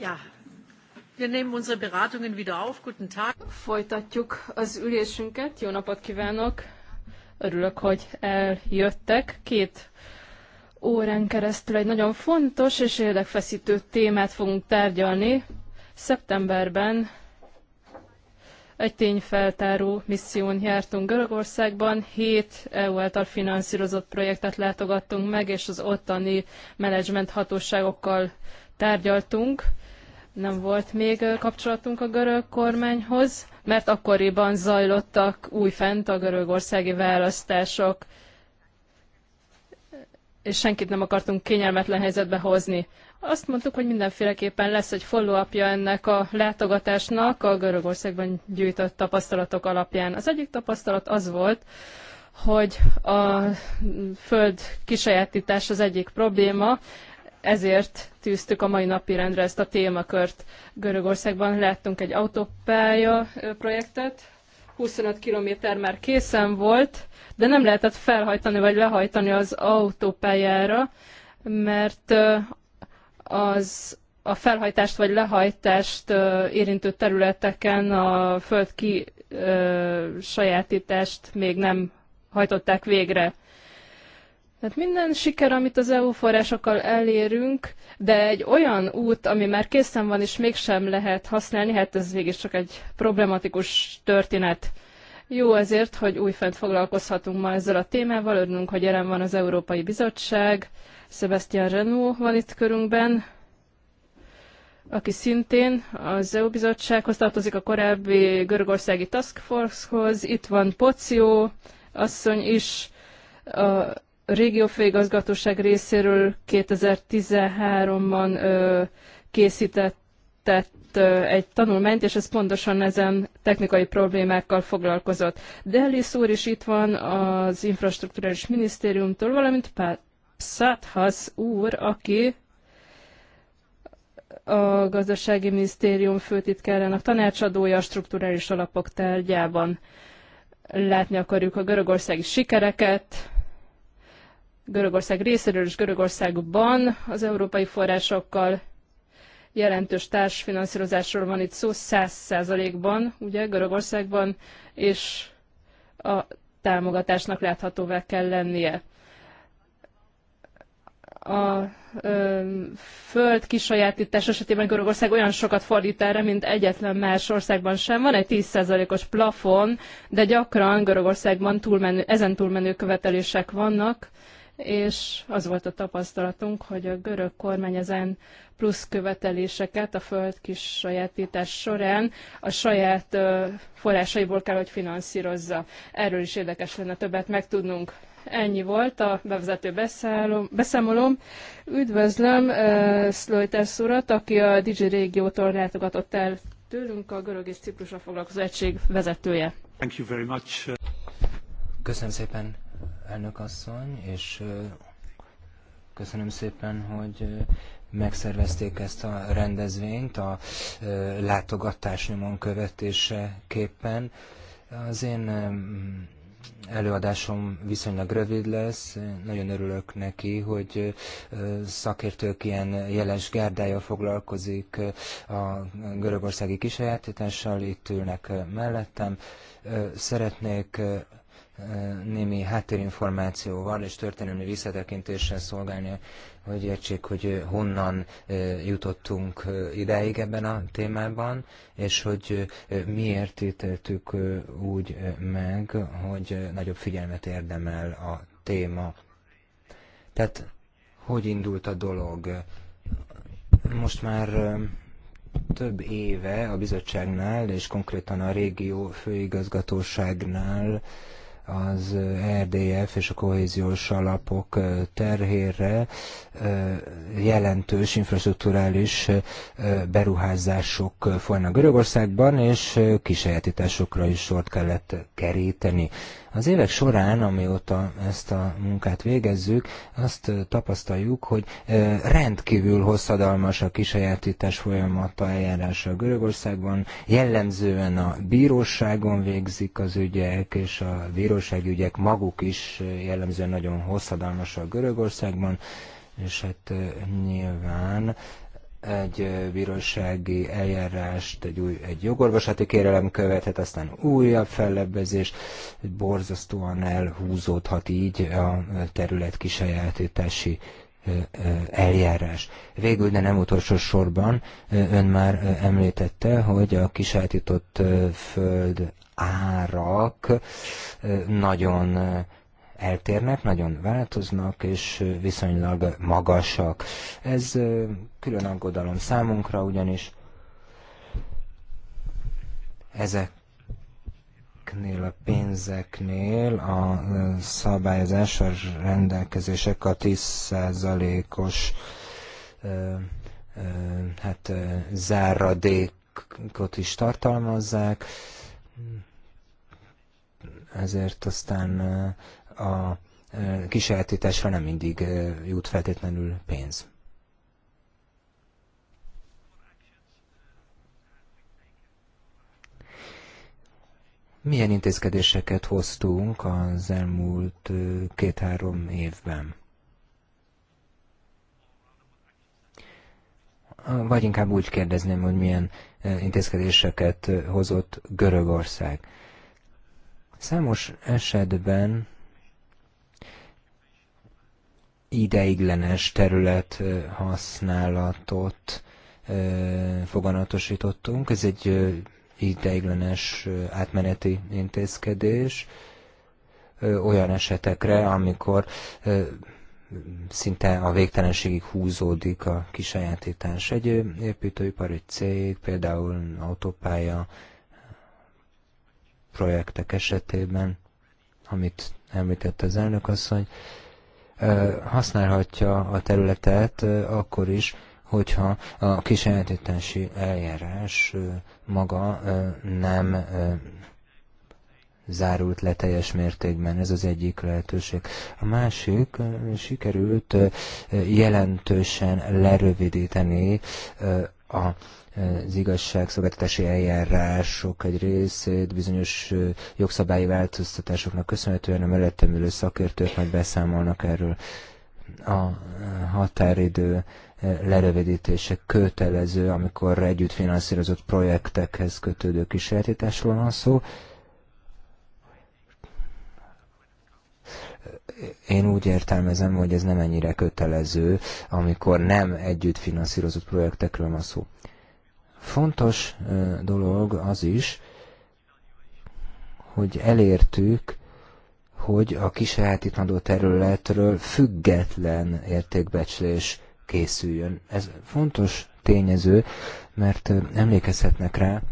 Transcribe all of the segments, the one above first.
Ja. Wir nehmen unsere Beratungen wieder auf. Guten Tag. Folytatjuk az ülésünket. Jó napot kívánok. Örülök, hogy eljöttek. Két órán keresztül egy nagyon fontos és érdekfeszítő témát fogunk tárgyalni. Szeptemberben egy tényfeltáró misszión jártunk Görögországban, hét EU által finanszírozott projektet látogattunk meg, és az ottani menedzsment hatóságokkal tárgyaltunk nem volt még kapcsolatunk a görög kormányhoz, mert akkoriban zajlottak újfent a görögországi választások, és senkit nem akartunk kényelmetlen helyzetbe hozni. Azt mondtuk, hogy mindenféleképpen lesz egy follow ennek a látogatásnak a Görögországban gyűjtött tapasztalatok alapján. Az egyik tapasztalat az volt, hogy a föld kisajátítás az egyik probléma, ezért tűztük a mai napi rendre ezt a témakört. Görögországban láttunk egy autópálya projektet, 25 kilométer már készen volt, de nem lehetett felhajtani vagy lehajtani az autópályára, mert az a felhajtást vagy lehajtást érintő területeken a föld ki sajátítást még nem hajtották végre. Tehát minden siker, amit az EU forrásokkal elérünk, de egy olyan út, ami már készen van, és mégsem lehet használni, hát ez végig csak egy problematikus történet. Jó azért, hogy újfent foglalkozhatunk ma ezzel a témával, örülünk, hogy jelen van az Európai Bizottság, Sebastian Renault van itt körünkben, aki szintén az EU bizottsághoz tartozik a korábbi görögországi Task Force-hoz. Itt van Poció asszony is, a régiófőigazgatóság részéről 2013-ban készítettett egy tanulmányt, és ez pontosan ezen technikai problémákkal foglalkozott. Dellis úr is itt van az infrastruktúrális minisztériumtól, valamint Pátszáthasz úr, aki a gazdasági minisztérium főtitkárának tanácsadója a strukturális alapok tárgyában. Látni akarjuk a görögországi sikereket, Görögország részéről és Görögországban az európai forrásokkal jelentős társfinanszírozásról van itt szó, 100%-ban, ugye Görögországban, és a támogatásnak láthatóvá kell lennie. A ö, föld kisajátítás esetében Görögország olyan sokat fordít erre, mint egyetlen más országban sem. Van egy 10%-os plafon, de gyakran Görögországban túlmenő, ezen túlmenő követelések vannak, és az volt a tapasztalatunk, hogy a görög kormány ezen plusz követeléseket a föld sajátítás során a saját forrásaiból kell, hogy finanszírozza. Erről is érdekes lenne többet megtudnunk. Ennyi volt a bevezető beszállom, beszámolom. Üdvözlöm uh, Szlojters urat, aki a Digi régiótól látogatott el tőlünk, a görög és ciprusra foglalkozó egység vezetője. Thank you very much. Köszönöm szépen, elnök asszony, és köszönöm szépen, hogy megszervezték ezt a rendezvényt a látogatás nyomon követéseképpen. Az én előadásom viszonylag rövid lesz. Nagyon örülök neki, hogy szakértők ilyen jeles gárdája foglalkozik a görögországi kisajátítással. Itt ülnek mellettem. Szeretnék némi háttérinformációval és történelmi visszatekintéssel szolgálni, hogy értsék, hogy honnan jutottunk ideig ebben a témában, és hogy miért ítéltük úgy meg, hogy nagyobb figyelmet érdemel a téma. Tehát hogy indult a dolog? Most már több éve a bizottságnál, és konkrétan a régió főigazgatóságnál az RDF és a kohéziós alapok terhére jelentős infrastruktúrális beruházások folynak Görögországban, és kisajátításokra is sort kellett keríteni. Az évek során, amióta ezt a munkát végezzük, azt tapasztaljuk, hogy rendkívül hosszadalmas a kisajátítás folyamata eljárása a Görögországban, jellemzően a bíróságon végzik az ügyek, és a bírósági ügyek maguk is jellemzően nagyon hosszadalmasak Görögországban, és hát nyilván egy bírósági eljárást, egy, új, egy jogorvosati kérelem követhet, aztán újabb fellebbezés, borzasztóan elhúzódhat így a terület kisajátítási eljárás. Végül, de nem utolsó sorban, ön már említette, hogy a kisajátított föld árak nagyon eltérnek, nagyon változnak, és viszonylag magasak. Ez külön aggodalom számunkra, ugyanis ezek ezeknél a pénzeknél a szabályozás, a rendelkezések a 10%-os hát záradékot is tartalmazzák, ezért aztán a e, kísérletítésre nem mindig e, jut feltétlenül pénz. Milyen intézkedéseket hoztunk az elmúlt e, két-három évben? Vagy inkább úgy kérdezném, hogy milyen intézkedéseket hozott Görögország. Számos esetben ideiglenes terület használatot foganatosítottunk. Ez egy ideiglenes átmeneti intézkedés olyan esetekre, amikor szinte a végtelenségig húzódik a kisajátítás. Egy építőipari cég, például autópálya projektek esetében, amit említett az elnök asszony, hogy használhatja a területet akkor is, hogyha a kísérletítési eljárás maga nem zárult le teljes mértékben. Ez az egyik lehetőség. A másik, sikerült jelentősen lerövidíteni a az igazságszolgáltatási eljárások egy részét bizonyos jogszabályi változtatásoknak köszönhetően a mellettem ülő szakértők majd beszámolnak erről. A határidő lerövidítése kötelező, amikor együtt finanszírozott projektekhez kötődő kísérletításról van szó. én úgy értelmezem, hogy ez nem ennyire kötelező, amikor nem együtt finanszírozott projektekről van szó. Fontos dolog az is, hogy elértük, hogy a kisajátítandó területről független értékbecslés készüljön. Ez fontos tényező, mert emlékezhetnek rá,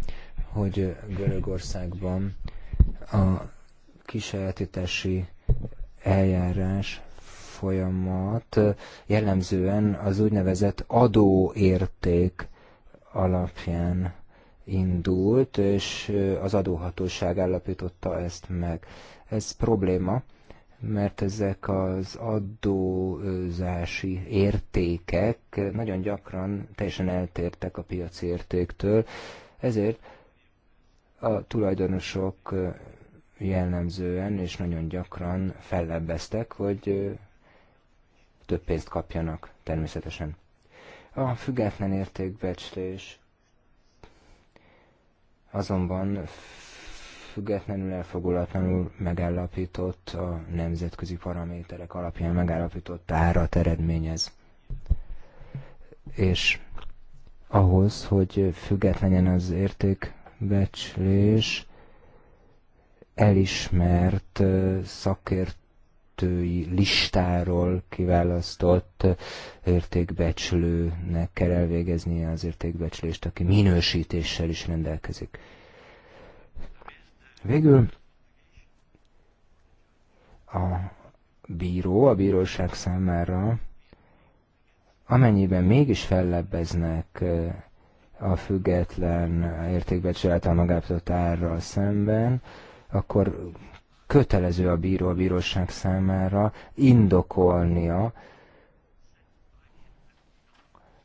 hogy Görögországban a kisajátítási eljárás folyamat jellemzően az úgynevezett adóérték alapján indult, és az adóhatóság állapította ezt meg. Ez probléma, mert ezek az adózási értékek nagyon gyakran teljesen eltértek a piaci értéktől, ezért a tulajdonosok jellemzően és nagyon gyakran fellebbeztek, hogy több pénzt kapjanak természetesen. A független értékbecslés azonban függetlenül elfogulatlanul megállapított, a nemzetközi paraméterek alapján megállapított árat eredményez. És ahhoz, hogy függetlenjen az értékbecslés, elismert szakért költői listáról kiválasztott értékbecslőnek kell elvégeznie az értékbecslést, aki minősítéssel is rendelkezik. Végül a bíró, a bíróság számára, amennyiben mégis fellebbeznek a független értékbecsülete a megállapított árral szemben, akkor kötelező a bíró a bíróság számára indokolnia,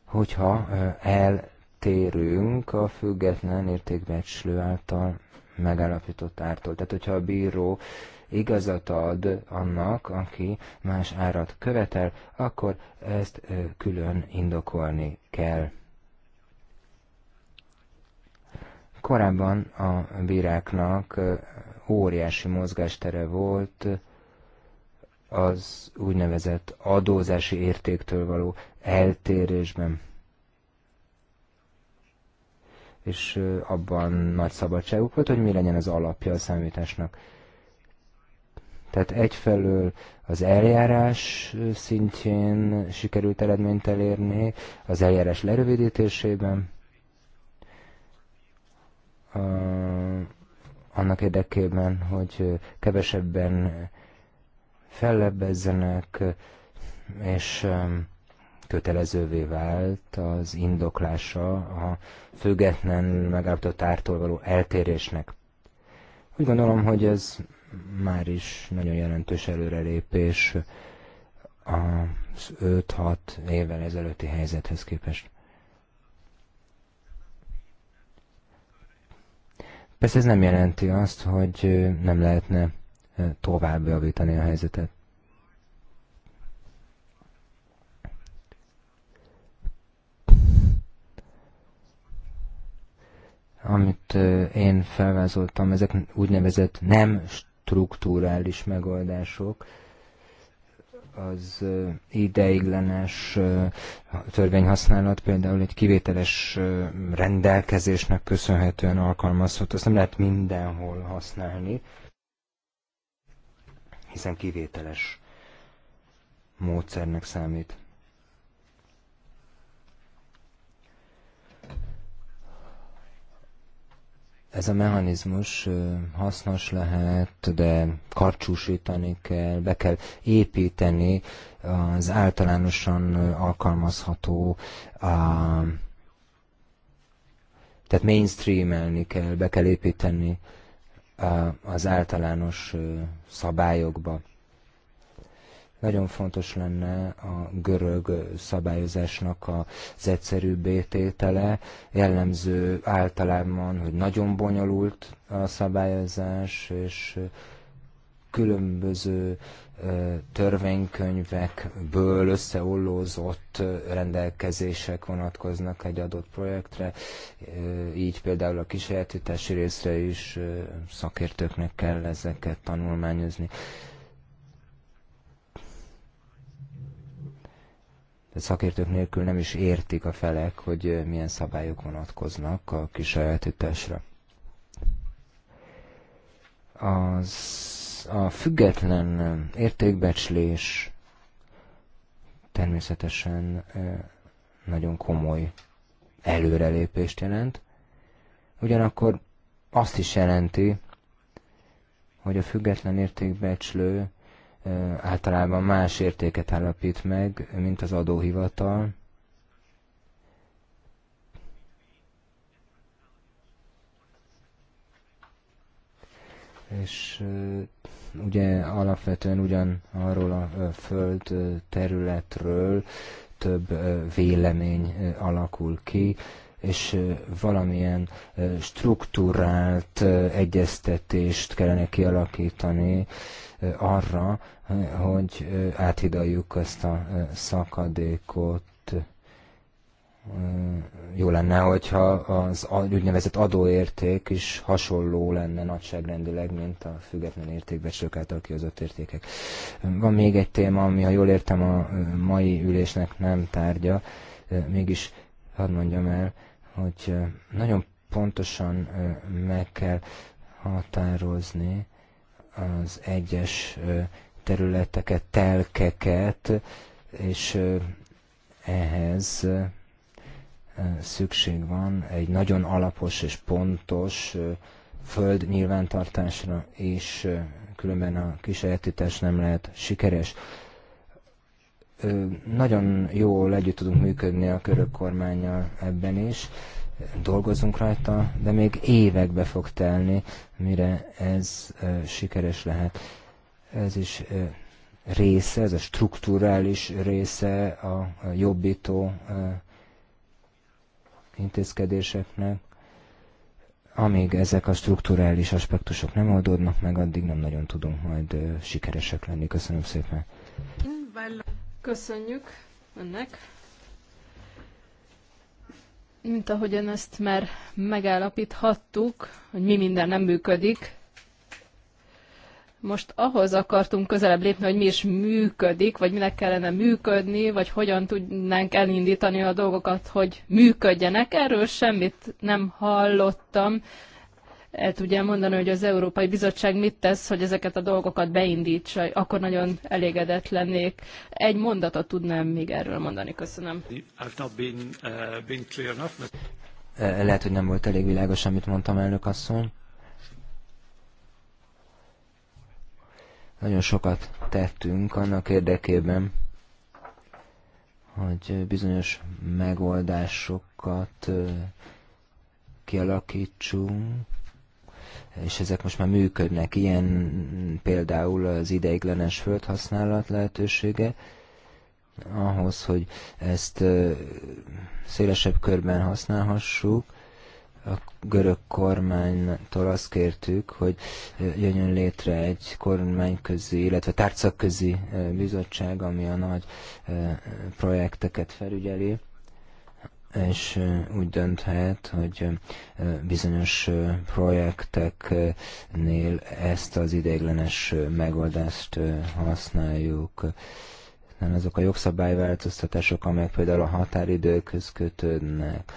hogyha eltérünk a független értékbecslő által megállapított ártól. Tehát, hogyha a bíró igazat ad annak, aki más árat követel, akkor ezt külön indokolni kell. Korábban a bíráknak óriási mozgástere volt az úgynevezett adózási értéktől való eltérésben. És abban nagy szabadságuk volt, hogy mi legyen az alapja a számításnak. Tehát egyfelől az eljárás szintjén sikerült eredményt elérni, az eljárás lerövidítésében, a annak érdekében, hogy kevesebben fellebbezzenek, és kötelezővé vált az indoklása a független megállapított ártól való eltérésnek. Úgy gondolom, hogy ez már is nagyon jelentős előrelépés az 5-6 évvel ezelőtti helyzethez képest. Persze ez nem jelenti azt, hogy nem lehetne tovább javítani a helyzetet. Amit én felvázoltam, ezek úgynevezett nem struktúrális megoldások, az ideiglenes törvényhasználat például egy kivételes rendelkezésnek köszönhetően alkalmazható. Ezt nem lehet mindenhol használni, hiszen kivételes módszernek számít. Ez a mechanizmus hasznos lehet, de karcsúsítani kell, be kell építeni az általánosan alkalmazható a tehát mainstreamelni kell, be kell építeni az általános szabályokba. Nagyon fontos lenne a görög szabályozásnak az egyszerűbb tétele, jellemző általában, hogy nagyon bonyolult a szabályozás, és különböző törvénykönyvekből összeollózott rendelkezések vonatkoznak egy adott projektre, így például a kísérletítási részre is szakértőknek kell ezeket tanulmányozni. de szakértők nélkül nem is értik a felek, hogy milyen szabályok vonatkoznak a kisajátításra. Az, a független értékbecslés természetesen nagyon komoly előrelépést jelent, ugyanakkor azt is jelenti, hogy a független értékbecslő általában más értéket állapít meg, mint az adóhivatal. És ugye alapvetően ugyan arról a föld területről több vélemény alakul ki, és valamilyen struktúrált egyeztetést kellene kialakítani arra, hogy áthidaljuk ezt a szakadékot jó lenne, hogyha az úgynevezett adóérték is hasonló lenne nagyságrendileg, mint a független értékbecsők által kihozott értékek. Van még egy téma, ami, ha jól értem, a mai ülésnek nem tárgya, mégis hadd mondjam el, hogy nagyon pontosan meg kell határozni az egyes területeket, telkeket, és ehhez szükség van egy nagyon alapos és pontos föld nyilvántartásra, és különben a kisajátítás nem lehet sikeres nagyon jól együtt tudunk működni a körök kormányjal ebben is, dolgozunk rajta, de még évekbe fog telni, mire ez sikeres lehet. Ez is része, ez a strukturális része a jobbító intézkedéseknek. Amíg ezek a strukturális aspektusok nem oldódnak meg, addig nem nagyon tudunk majd sikeresek lenni. Köszönöm szépen. Köszönjük önnek. Mint ahogyan ezt már megállapíthattuk, hogy mi minden nem működik, most ahhoz akartunk közelebb lépni, hogy mi is működik, vagy minek kellene működni, vagy hogyan tudnánk elindítani a dolgokat, hogy működjenek. Erről semmit nem hallottam el tudja mondani, hogy az Európai Bizottság mit tesz, hogy ezeket a dolgokat beindítsa, akkor nagyon elégedett lennék. Egy mondatot tudnám még erről mondani. Köszönöm. Uh, lehet, hogy nem volt elég világos, amit mondtam, elnök asszony. Nagyon sokat tettünk annak érdekében, hogy bizonyos megoldásokat kialakítsunk, és ezek most már működnek. Ilyen például az ideiglenes földhasználat lehetősége, ahhoz, hogy ezt szélesebb körben használhassuk, a görög kormánytól azt kértük, hogy jöjjön létre egy kormányközi, illetve tárcaközi bizottság, ami a nagy projekteket felügyeli és úgy dönthet, hogy bizonyos projekteknél ezt az ideiglenes megoldást használjuk. Nem azok a jogszabályváltoztatások, amelyek például a határidőkhöz kötődnek,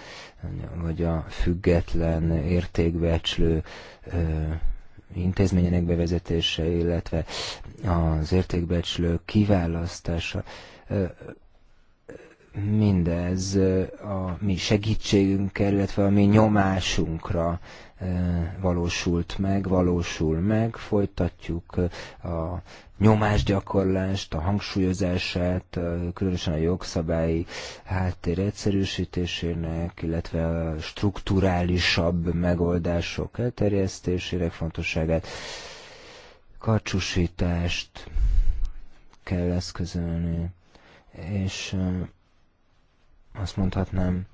vagy a független értékbecslő intézményének bevezetése, illetve az értékbecslő kiválasztása mindez a mi segítségünkkel, illetve a mi nyomásunkra valósult meg, valósul meg, folytatjuk a nyomásgyakorlást, a hangsúlyozását, különösen a jogszabályi háttér egyszerűsítésének, illetve a strukturálisabb megoldások elterjesztésének fontosságát, karcsúsítást kell eszközölni, és azt mondhatnám,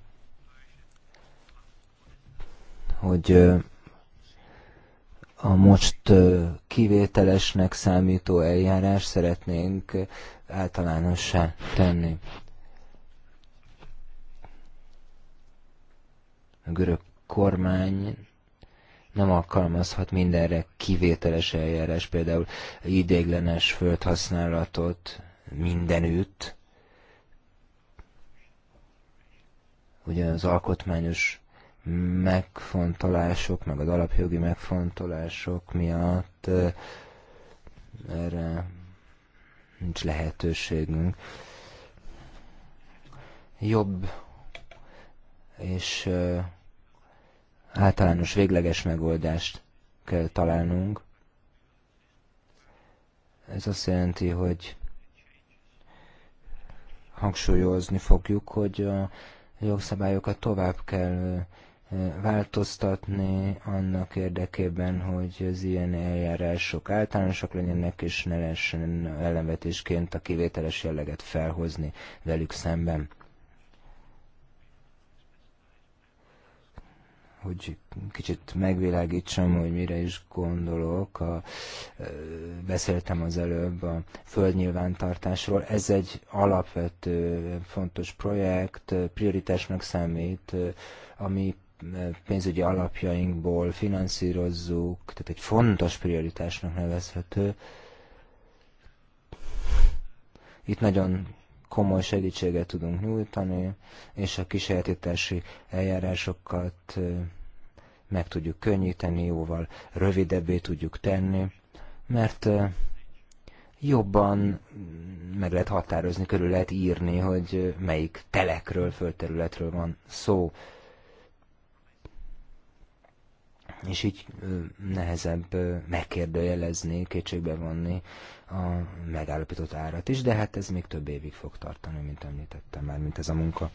hogy a most kivételesnek számító eljárás szeretnénk általánossá tenni. A görög kormány nem alkalmazhat mindenre kivételes eljárás, például ideiglenes földhasználatot mindenütt, ugye az alkotmányos megfontolások, meg az alapjogi megfontolások miatt erre nincs lehetőségünk. Jobb és általános végleges megoldást kell találnunk. Ez azt jelenti, hogy hangsúlyozni fogjuk, hogy a jogszabályokat tovább kell változtatni annak érdekében, hogy az ilyen eljárások általánosak legyenek, és ne lehessen ellenvetésként a kivételes jelleget felhozni velük szemben. hogy kicsit megvilágítsam, hogy mire is gondolok. A, beszéltem az előbb a földnyilvántartásról. Ez egy alapvető fontos projekt, prioritásnak számít, ami pénzügyi alapjainkból finanszírozzuk, tehát egy fontos prioritásnak nevezhető. Itt nagyon komoly segítséget tudunk nyújtani, és a kísérletítési eljárásokat meg tudjuk könnyíteni, jóval rövidebbé tudjuk tenni, mert jobban meg lehet határozni, körül lehet írni, hogy melyik telekről, földterületről van szó és így nehezebb megkérdőjelezni, kétségbe vonni a megállapított árat is, de hát ez még több évig fog tartani, mint említettem már, mint ez a munka.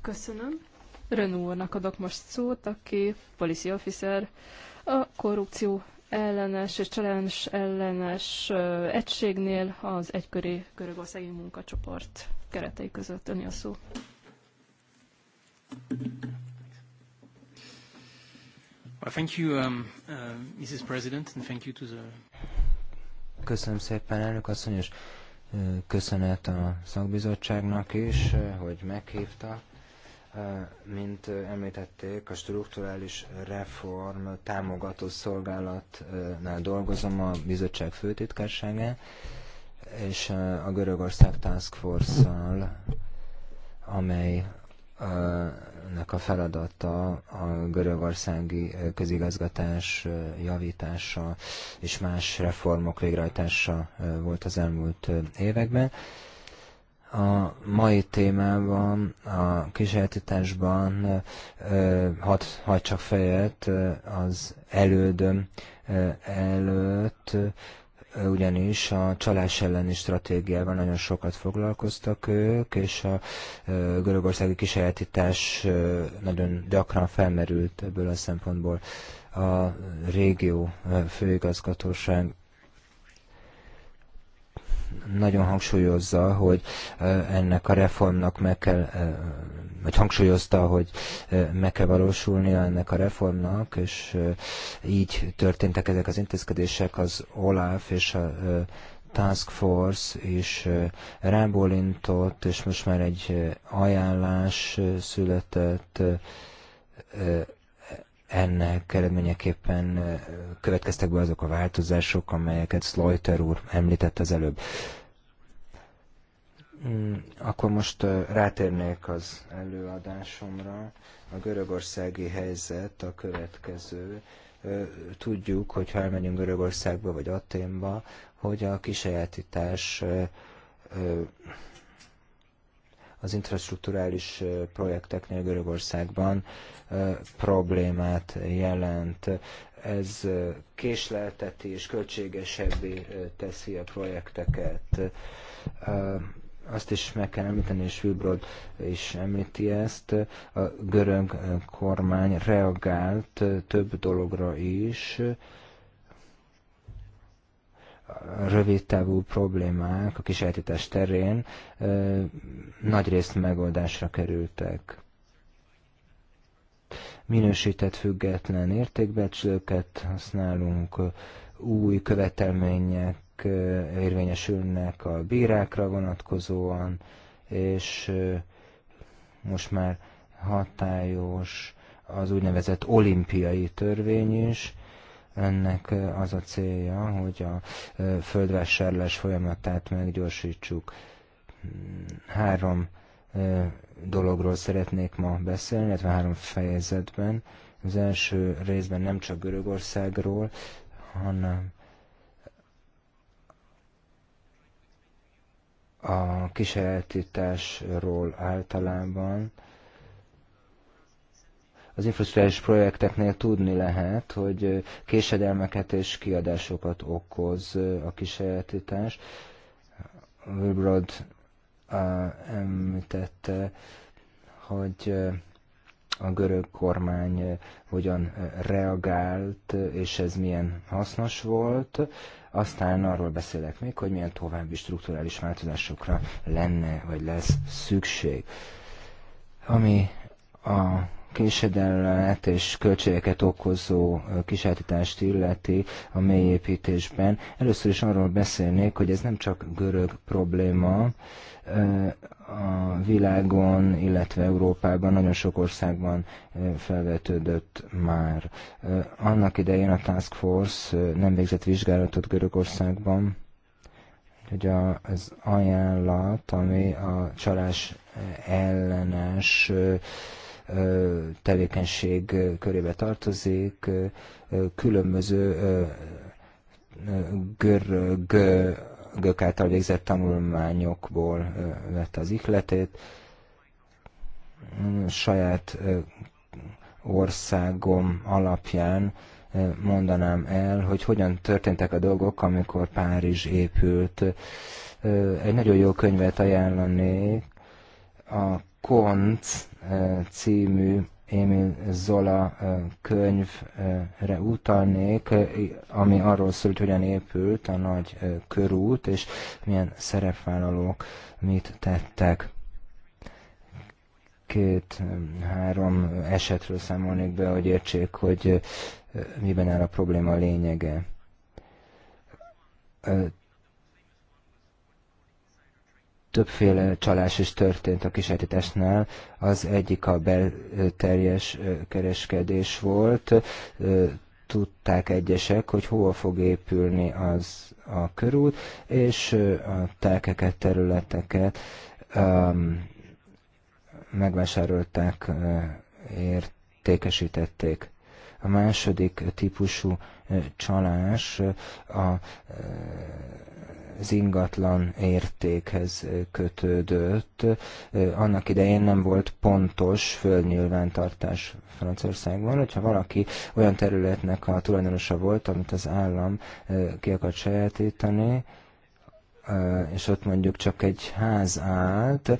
Köszönöm. Renault úrnak adok most szót, aki policy officer, a korrupció ellenes és csalás ellenes egységnél az egyköré görögországi munkacsoport keretei között ön a szó. Thank you. Köszönöm szépen, elnök asszony, és köszönet a szakbizottságnak is, hogy meghívta. Mint említették, a strukturális reform támogató szolgálatnál dolgozom a bizottság főtitkárságán, és a Görögország Task Force-szal, amely a feladata a görögországi közigazgatás javítása és más reformok végrehajtása volt az elmúlt években. A mai témában, a kísérletításban hat hat csak fejet az elődöm előtt, ugyanis a csalás elleni stratégiával nagyon sokat foglalkoztak ők, és a görögországi kisajátítás nagyon gyakran felmerült ebből a szempontból a régió főigazgatóság nagyon hangsúlyozza, hogy ennek a reformnak meg kell vagy hangsúlyozta, hogy meg kell valósulnia ennek a reformnak, és így történtek ezek az intézkedések, az OLAF és a Task Force is rábólintott, és most már egy ajánlás született ennek eredményeképpen következtek be azok a változások, amelyeket Slojter úr említett az előbb. Mm, akkor most rátérnék az előadásomra. A görögországi helyzet a következő. Tudjuk, hogy ha elmegyünk Görögországba vagy Aténba, hogy a kisajátítás az infrastruktúrális projekteknél Görögországban problémát jelent. Ez késlelteti és költségesebbé teszi a projekteket azt is meg kell említeni, és Wilbrod is említi ezt, a görög kormány reagált több dologra is, rövidtávú problémák a kisejtítás terén nagyrészt megoldásra kerültek. Minősített független értékbecslőket használunk, új követelmények érvényesülnek a bírákra vonatkozóan, és most már hatályos az úgynevezett olimpiai törvény is. Ennek az a célja, hogy a földvásárlás folyamatát meggyorsítsuk. Három dologról szeretnék ma beszélni, illetve három fejezetben. Az első részben nem csak Görögországról, hanem a kísérletításról általában. Az infrastruktúrális projekteknél tudni lehet, hogy késedelmeket és kiadásokat okoz a kísérletítás. Wilbrod említette, hogy a görög kormány hogyan reagált, és ez milyen hasznos volt. Aztán arról beszélek még, hogy milyen további strukturális változásokra lenne vagy lesz szükség. Ami a késedelmet és költségeket okozó kisállítást illeti a mélyépítésben. Először is arról beszélnék, hogy ez nem csak görög probléma, a világon, illetve Európában, nagyon sok országban felvetődött már. Annak idején a Task Force nem végzett vizsgálatot Görögországban, hogy az ajánlat, ami a csalás ellenes tevékenység körébe tartozik, különböző görög gök által végzett tanulmányokból vette az ihletét. Saját országom alapján mondanám el, hogy hogyan történtek a dolgok, amikor Párizs épült. Egy nagyon jó könyvet ajánlanék, a Konc című Émil Zola könyvre utalnék, ami arról szólt, hogyan épült a nagy körút, és milyen szerepvállalók mit tettek. Két-három esetről számolnék be, hogy értsék, hogy miben áll a probléma lényege Többféle csalás is történt a kisátításnál. Az egyik a belterjes kereskedés volt. Tudták egyesek, hogy hova fog épülni az a körút, és a telkeket, területeket um, megvásárolták, értékesítették. A második típusú csalás a az ingatlan értékhez kötődött. Annak idején nem volt pontos földnyilvántartás Franciaországban, hogyha valaki olyan területnek a tulajdonosa volt, amit az állam ki akart sajátítani, és ott mondjuk csak egy ház állt,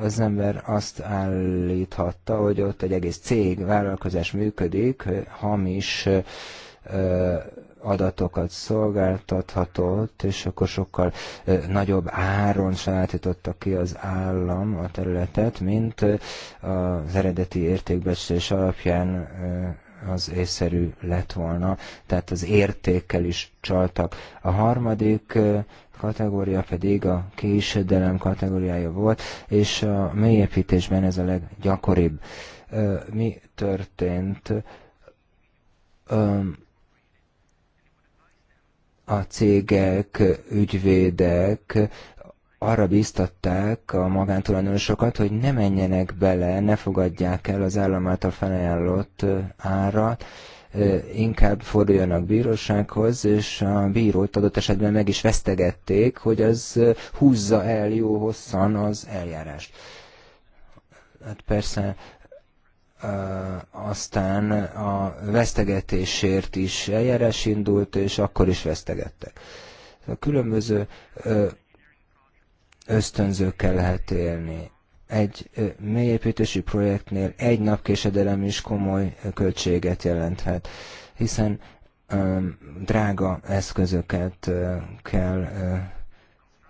az ember azt állíthatta, hogy ott egy egész cég, vállalkozás működik, hamis adatokat szolgáltathatott, és akkor sokkal nagyobb áron sajátította ki az állam a területet, mint az eredeti értékbecslés alapján az észszerű lett volna, tehát az értékkel is csaltak. A harmadik kategória pedig a késedelem kategóriája volt, és a mélyépítésben ez a leggyakoribb. Mi történt? a cégek, ügyvédek arra biztatták a magántulajdonosokat, hogy ne menjenek bele, ne fogadják el az állam által felajánlott árat, inkább forduljanak bírósághoz, és a bírót adott esetben meg is vesztegették, hogy az húzza el jó hosszan az eljárást. Hát persze aztán a vesztegetésért is eljárás indult, és akkor is vesztegettek. A különböző ösztönzőkkel lehet élni. Egy mélyépítési projektnél egy nap késedelem is komoly költséget jelenthet, hiszen drága eszközöket kell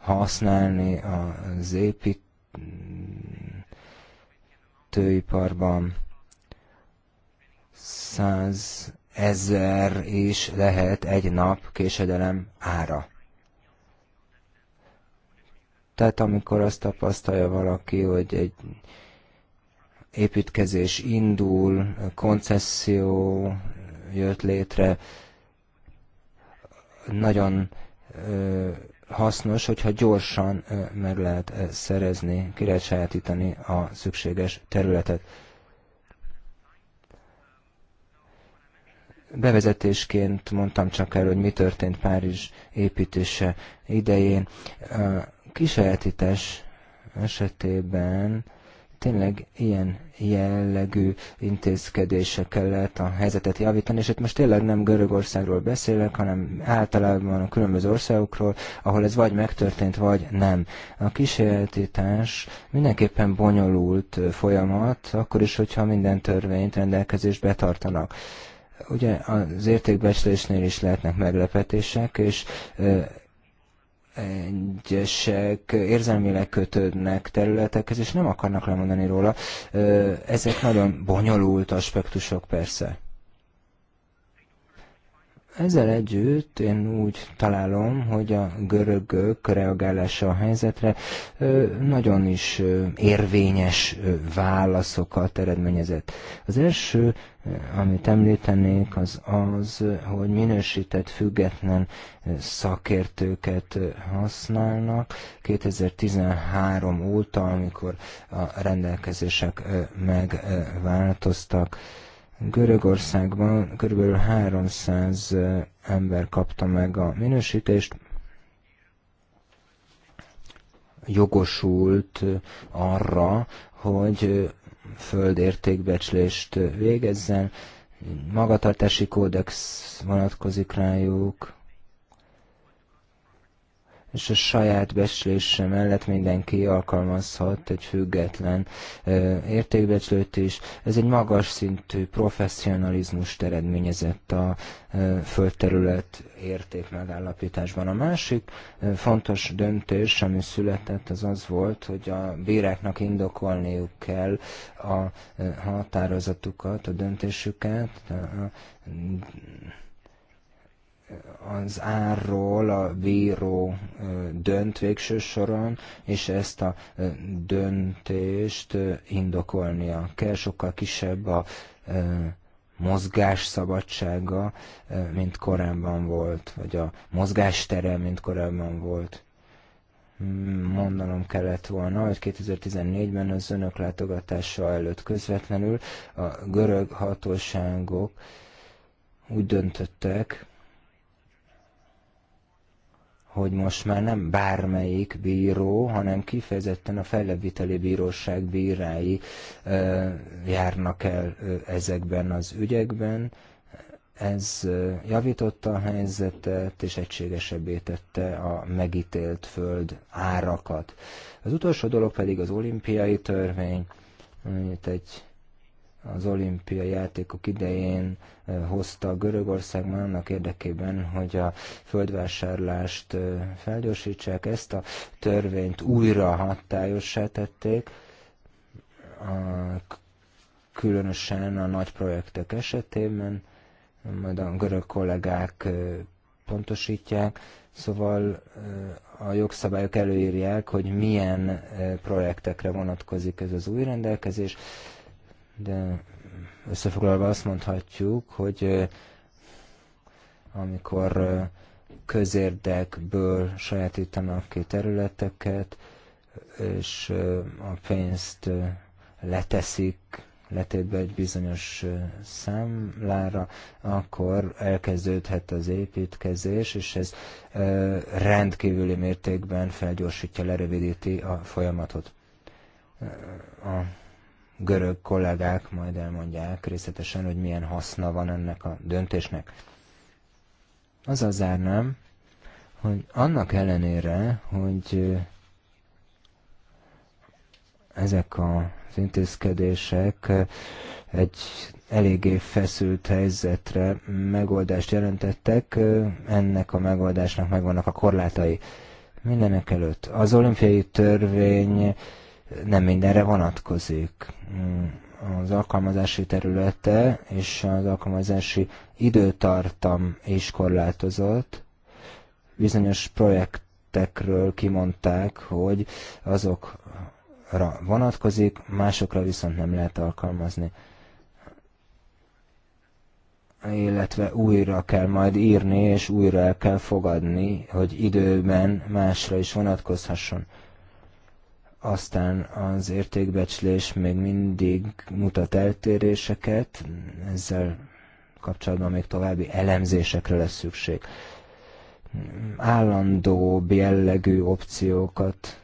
használni az építőiparban száz ezer is lehet egy nap késedelem ára. Tehát amikor azt tapasztalja valaki, hogy egy építkezés indul, koncesszió jött létre, nagyon ö, hasznos, hogyha gyorsan ö, meg lehet szerezni, ki lehet sajátítani a szükséges területet. Bevezetésként mondtam csak el, hogy mi történt Párizs építése idején. A kisajátítás esetében tényleg ilyen jellegű intézkedésekkel lehet a helyzetet javítani, és itt most tényleg nem Görögországról beszélek, hanem általában a különböző országokról, ahol ez vagy megtörtént, vagy nem. A kísérletítás mindenképpen bonyolult folyamat, akkor is, hogyha minden törvényt rendelkezés betartanak. Ugye az értékbecslésnél is lehetnek meglepetések, és egyesek érzelmileg kötődnek területekhez, és nem akarnak lemondani róla. Ezek nagyon bonyolult aspektusok persze. Ezzel együtt én úgy találom, hogy a görögök reagálása a helyzetre nagyon is érvényes válaszokat eredményezett. Az első, amit említenék, az az, hogy minősített független szakértőket használnak. 2013 óta, amikor a rendelkezések megváltoztak, Görögországban kb. 300 ember kapta meg a minősítést, jogosult arra, hogy földértékbecslést végezzen, magatartási kódex vonatkozik rájuk, és a saját becslése mellett mindenki alkalmazhat egy független értékbecslőt is. Ez egy magas szintű professzionalizmust eredményezett a földterület érték megállapításban. A másik fontos döntés, ami született, az az volt, hogy a bíráknak indokolniuk kell a határozatukat, a döntésüket, a az árról a bíró dönt végső soron, és ezt a döntést indokolnia kell. Sokkal kisebb a mozgás szabadsága, mint korábban volt, vagy a mozgástere, mint korábban volt. Hmm, mondanom kellett volna, hogy 2014-ben az önök látogatása előtt közvetlenül a görög hatóságok úgy döntöttek, hogy most már nem bármelyik bíró, hanem kifejezetten a fellebbviteli bíróság bírái ö, járnak el ö, ezekben az ügyekben. Ez ö, javította a helyzetet és egységesebbé tette a megítélt föld árakat. Az utolsó dolog pedig az olimpiai törvény, amit egy az olimpiai játékok idején eh, hozta már annak érdekében, hogy a földvásárlást eh, felgyorsítsák. Ezt a törvényt újra hatályossá tették, a, különösen a nagy projektek esetében, majd a görög kollégák eh, pontosítják, szóval a jogszabályok előírják, hogy milyen projektekre vonatkozik ez az új rendelkezés de összefoglalva azt mondhatjuk, hogy amikor közérdekből sajátítanak ki területeket, és a pénzt leteszik, letétbe egy bizonyos számlára, akkor elkezdődhet az építkezés, és ez rendkívüli mértékben felgyorsítja, lerövidíti a folyamatot. A görög kollégák majd elmondják részletesen, hogy milyen haszna van ennek a döntésnek. Az az zárnám, hogy annak ellenére, hogy ezek az intézkedések egy eléggé feszült helyzetre megoldást jelentettek, ennek a megoldásnak megvannak a korlátai. Mindenek előtt az olimpiai törvény nem mindenre vonatkozik. Mm, az alkalmazási területe és az alkalmazási időtartam is korlátozott. Bizonyos projektekről kimondták, hogy azokra vonatkozik, másokra viszont nem lehet alkalmazni illetve újra kell majd írni, és újra el kell fogadni, hogy időben másra is vonatkozhasson. Aztán az értékbecslés még mindig mutat eltéréseket, ezzel kapcsolatban még további elemzésekre lesz szükség. Állandó jellegű opciókat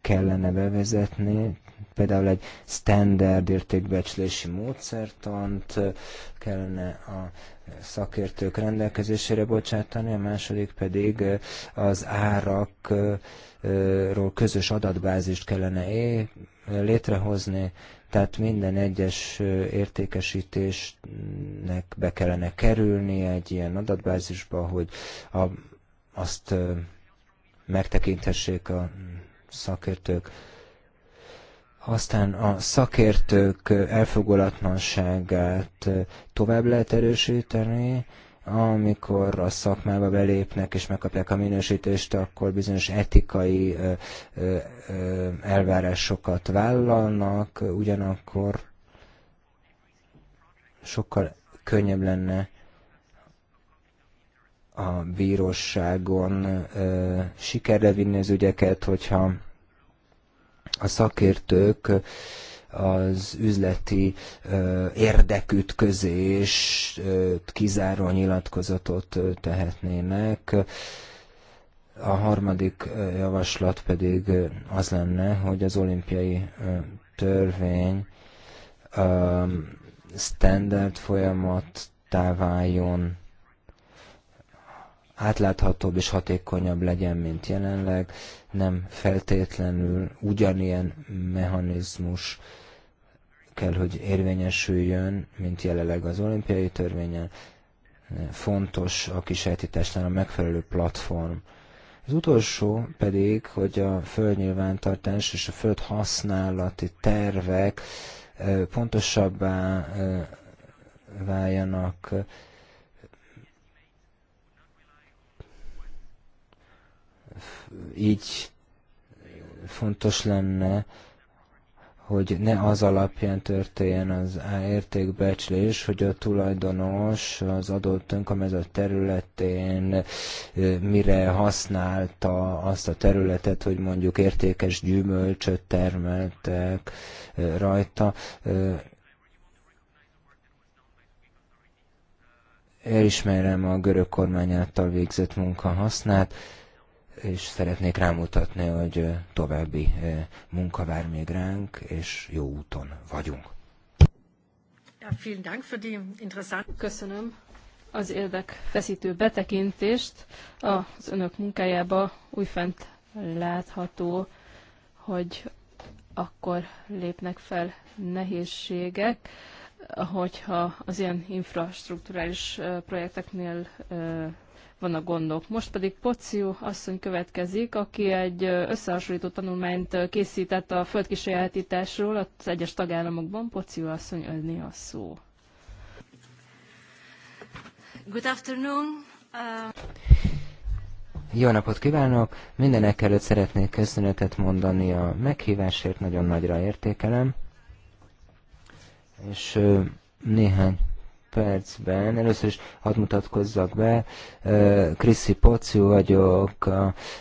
kellene bevezetni, például egy standard értékbecslési módszertant kellene a szakértők rendelkezésére bocsátani, a második pedig az árakról közös adatbázist kellene létrehozni, tehát minden egyes értékesítésnek be kellene kerülni egy ilyen adatbázisba, hogy a, azt megtekinthessék a szakértők. Aztán a szakértők elfogulatlanságát tovább lehet erősíteni, amikor a szakmába belépnek és megkapják a minősítést, akkor bizonyos etikai elvárásokat vállalnak, ugyanakkor sokkal könnyebb lenne a bíróságon sikerre vinni az ügyeket, hogyha a szakértők az üzleti érdekütközés kizáró nyilatkozatot tehetnének. A harmadik javaslat pedig az lenne, hogy az olimpiai törvény standard folyamattá váljon, átláthatóbb és hatékonyabb legyen, mint jelenleg, nem feltétlenül ugyanilyen mechanizmus kell, hogy érvényesüljön, mint jelenleg az olimpiai törvényen. Fontos a kisejtítésnál a megfelelő platform. Az utolsó pedig, hogy a földnyilvántartás és a föld használati tervek pontosabbá váljanak, így fontos lenne, hogy ne az alapján történjen az értékbecslés, hogy a tulajdonos az adott önkormányzat területén mire használta azt a területet, hogy mondjuk értékes gyümölcsöt termeltek rajta. Elismerem a görög kormány által végzett munka hasznát és szeretnék rámutatni, hogy további munka vár még ránk, és jó úton vagyunk. Köszönöm az érdekfeszítő betekintést. Az önök munkájába újfent látható, hogy akkor lépnek fel nehézségek, hogyha az ilyen infrastruktúrális projekteknél van a gondok. Most pedig Poció asszony következik, aki egy összehasonlító tanulmányt készített a földkísérletításról az egyes tagállamokban. Poció asszony önni a szó. Good afternoon. Uh... Jó napot kívánok! Mindenek előtt szeretnék köszönetet mondani a meghívásért, nagyon nagyra értékelem. És néhány percben. Először is hadd mutatkozzak be. Kriszi Pociu vagyok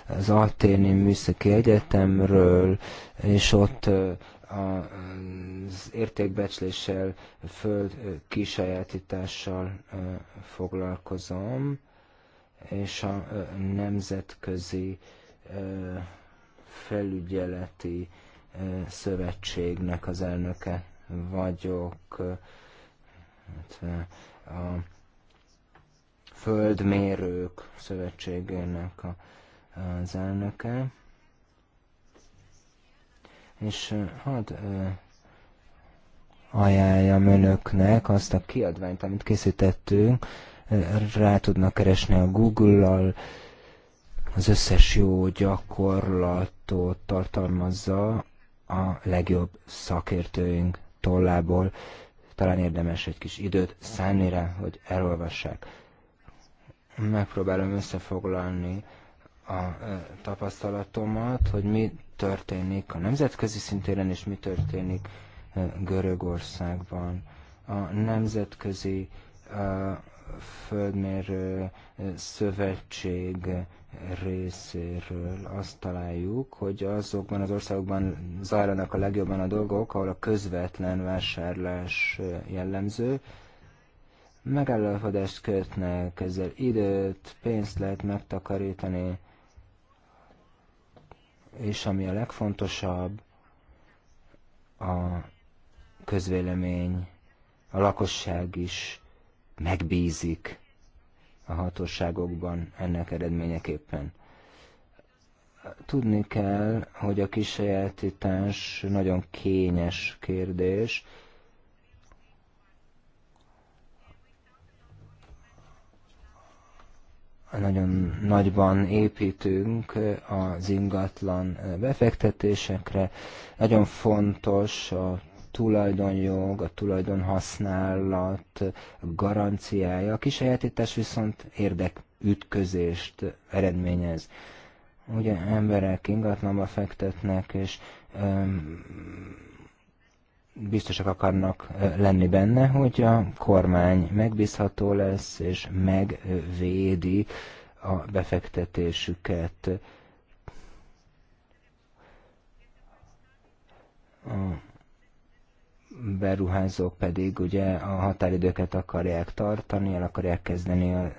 az Aténi Műszaki Egyetemről, és ott az értékbecsléssel, föld kisajátítással foglalkozom, és a nemzetközi felügyeleti szövetségnek az elnöke vagyok. Hát, a Földmérők Szövetségének a, az elnöke. És hát ajánljam önöknek azt a kiadványt, amit készítettünk, rá tudnak keresni a Google-al, az összes jó gyakorlatot tartalmazza a legjobb szakértőink tollából talán érdemes egy kis időt szánni rá, hogy elolvassák. Megpróbálom összefoglalni a e, tapasztalatomat, hogy mi történik a nemzetközi szintéren, és mi történik e, Görögországban. A nemzetközi e, földmérő szövetség részéről azt találjuk, hogy azokban az országokban zajlanak a legjobban a dolgok, ahol a közvetlen vásárlás jellemző, megállapodást kötnek, ezzel időt, pénzt lehet megtakarítani, és ami a legfontosabb, a közvélemény, a lakosság is megbízik a hatóságokban ennek eredményeképpen. Tudni kell, hogy a kisajátítás nagyon kényes kérdés, nagyon nagyban építünk az ingatlan befektetésekre. Nagyon fontos a tulajdonjog, a tulajdonhasználat garanciája. A kisajátítás viszont érdekütközést eredményez. Ugye emberek ingatlanba fektetnek, és öm, biztosak akarnak lenni benne, hogy a kormány megbízható lesz, és megvédi a befektetésüket. a beruházók pedig ugye a határidőket akarják tartani, el akarják kezdeni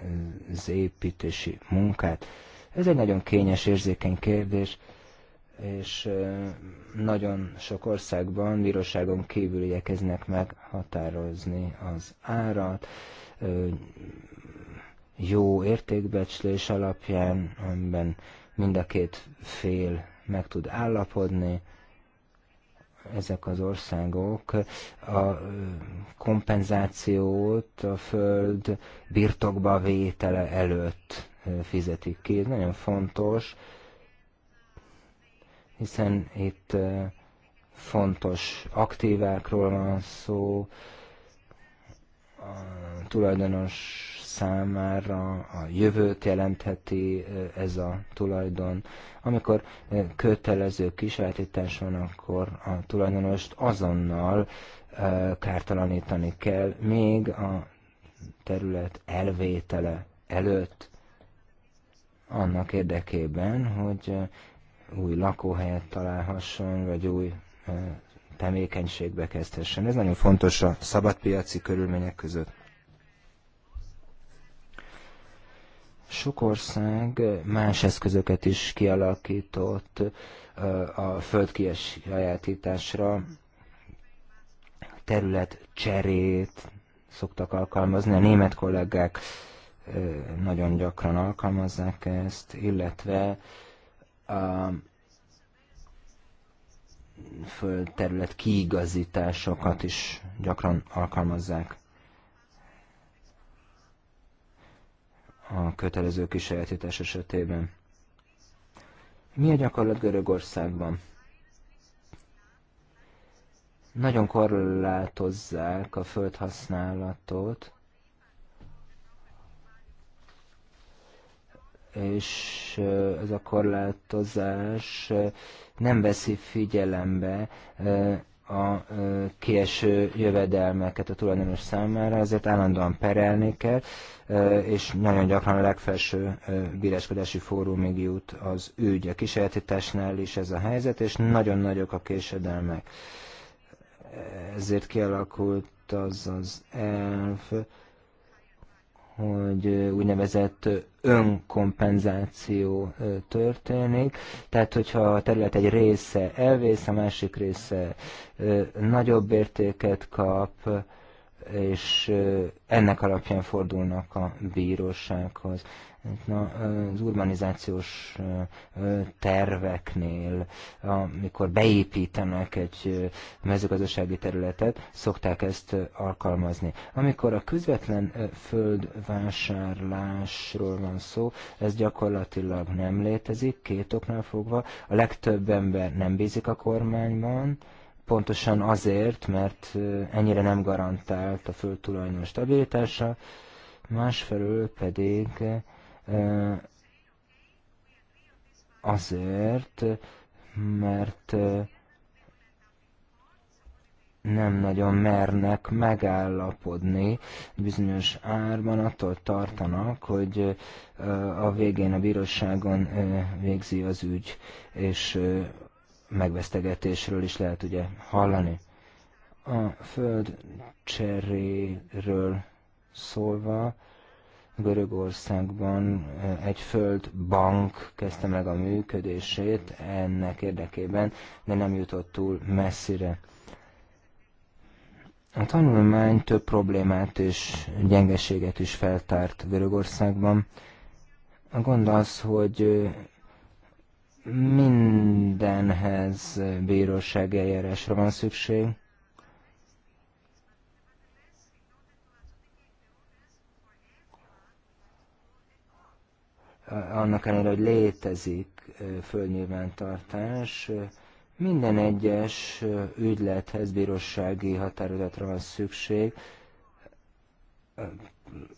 az építési munkát. Ez egy nagyon kényes, érzékeny kérdés, és nagyon sok országban bíróságon kívül igyekeznek meghatározni az árat, jó értékbecslés alapján, amiben mind a két fél meg tud állapodni, ezek az országok a kompenzációt a föld birtokba vétele előtt fizetik ki. Ez nagyon fontos, hiszen itt fontos aktívákról van szó, tulajdonos számára a jövőt jelentheti ez a tulajdon. Amikor kötelező kisajátítás van, akkor a tulajdonost azonnal kártalanítani kell, még a terület elvétele előtt annak érdekében, hogy új lakóhelyet találhasson, vagy új tevékenységbe kezdhessen. Ez nagyon fontos a szabadpiaci körülmények között. Sok ország más eszközöket is kialakított a földkies sajátításra, terület cserét szoktak alkalmazni. A német kollégák nagyon gyakran alkalmazzák ezt, illetve a földterület kiigazításokat is gyakran alkalmazzák. a kötelező kisajátítás esetében. Mi a gyakorlat Görögországban? Nagyon korlátozzák a földhasználatot, és ez a korlátozás nem veszi figyelembe a kieső jövedelmeket a tulajdonos számára, ezért állandóan perelni kell, és nagyon gyakran a legfelső bíráskodási fórumig jut az ügy. A kisajátításnál is ez a helyzet, és nagyon nagyok a késedelmek. Ezért kialakult az az elv, hogy úgynevezett önkompenzáció történik. Tehát, hogyha a terület egy része elvész, a másik része nagyobb értéket kap, és ennek alapján fordulnak a bírósághoz az urbanizációs terveknél, amikor beépítenek egy mezőgazdasági területet, szokták ezt alkalmazni. Amikor a közvetlen földvásárlásról van szó, ez gyakorlatilag nem létezik, két oknál fogva. A legtöbb ember nem bízik a kormányban, pontosan azért, mert ennyire nem garantált a földtulajdon stabilitása, másfelől pedig Azért, mert nem nagyon mernek megállapodni bizonyos árban, attól tartanak, hogy a végén a bíróságon végzi az ügy, és megvesztegetésről is lehet ugye hallani. A föld cseréről szólva, Görögországban egy földbank kezdte meg a működését ennek érdekében, de nem jutott túl messzire. A tanulmány több problémát és gyengeséget is feltárt Görögországban. A gond az, hogy mindenhez bírósági eljárásra van szükség, annak ellenére, hogy létezik földnyilvántartás, minden egyes ügylethez bírósági határozatra van szükség.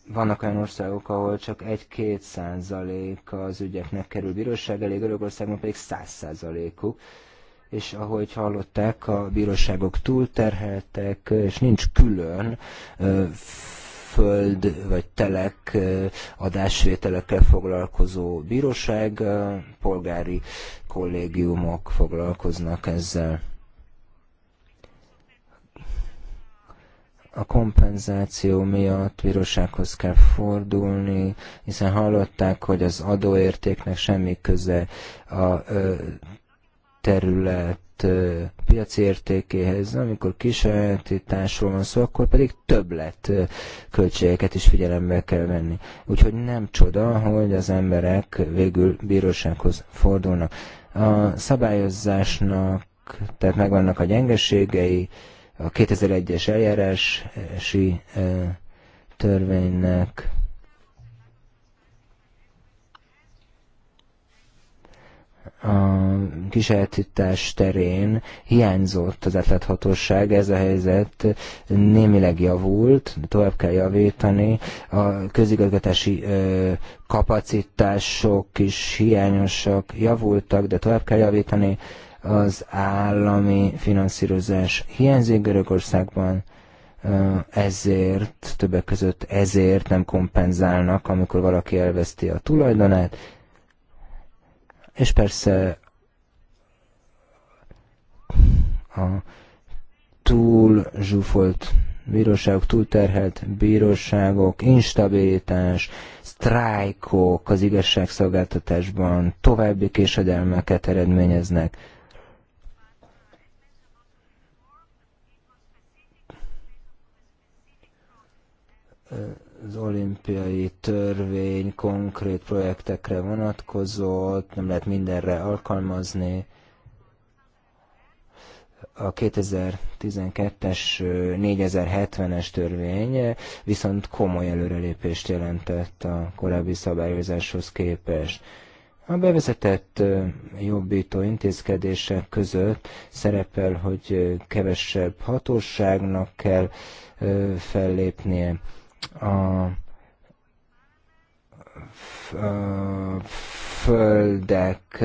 Vannak olyan országok, ahol csak egy-két százalék az ügyeknek kerül bíróság elé, Görögországban pedig száz százalékuk. És ahogy hallották, a bíróságok túlterheltek, és nincs külön föld vagy telek adásvételekkel foglalkozó bíróság, polgári kollégiumok foglalkoznak ezzel. a kompenzáció miatt bírósághoz kell fordulni, hiszen hallották, hogy az adóértéknek semmi köze a terület saját piaci értékéhez, amikor kisajátításról van szó, akkor pedig többlet költségeket is figyelembe kell venni. Úgyhogy nem csoda, hogy az emberek végül bírósághoz fordulnak. A szabályozásnak, tehát megvannak a gyengeségei, a 2001-es eljárási törvénynek, a kísérletítás terén hiányzott az átláthatóság, ez a helyzet némileg javult, tovább kell javítani, a közigazgatási kapacitások is hiányosak, javultak, de tovább kell javítani, az állami finanszírozás hiányzik Görögországban, ezért, többek között ezért nem kompenzálnak, amikor valaki elveszti a tulajdonát, és persze a túl zsúfolt bíróságok, túl terhelt bíróságok, instabilitás, sztrájkok az igazságszolgáltatásban további késedelmeket eredményeznek. Uh az olimpiai törvény konkrét projektekre vonatkozott, nem lehet mindenre alkalmazni. A 2012-es 4070-es törvény viszont komoly előrelépést jelentett a korábbi szabályozáshoz képest. A bevezetett jobbító intézkedések között szerepel, hogy kevesebb hatóságnak kell fellépnie a földek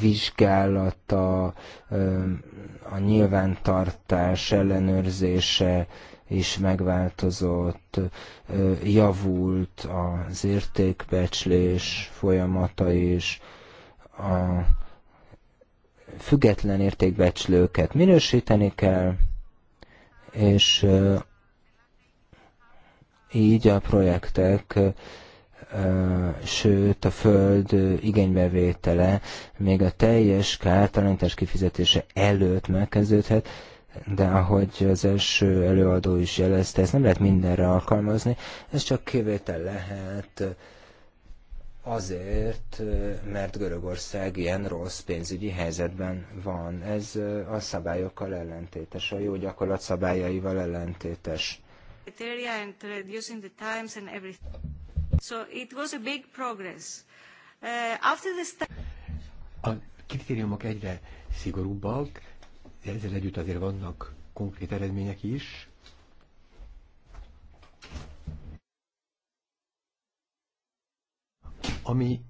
vizsgálata, a nyilvántartás ellenőrzése is megváltozott, javult az értékbecslés folyamata is, a független értékbecslőket minősíteni kell, és így a projektek, sőt a föld igénybevétele még a teljes kártalanítás kifizetése előtt megkezdődhet, de ahogy az első előadó is jelezte, ezt nem lehet mindenre alkalmazni, ez csak kivétel lehet azért, mert Görögország ilyen rossz pénzügyi helyzetben van. Ez a szabályokkal ellentétes, a jó gyakorlat szabályaival ellentétes criteria and reducing the times and everything. So it was a big progress. Uh, after the a kritériumok egyre szigorúbbak, de ezzel együtt azért vannak konkrét eredmények is. Ami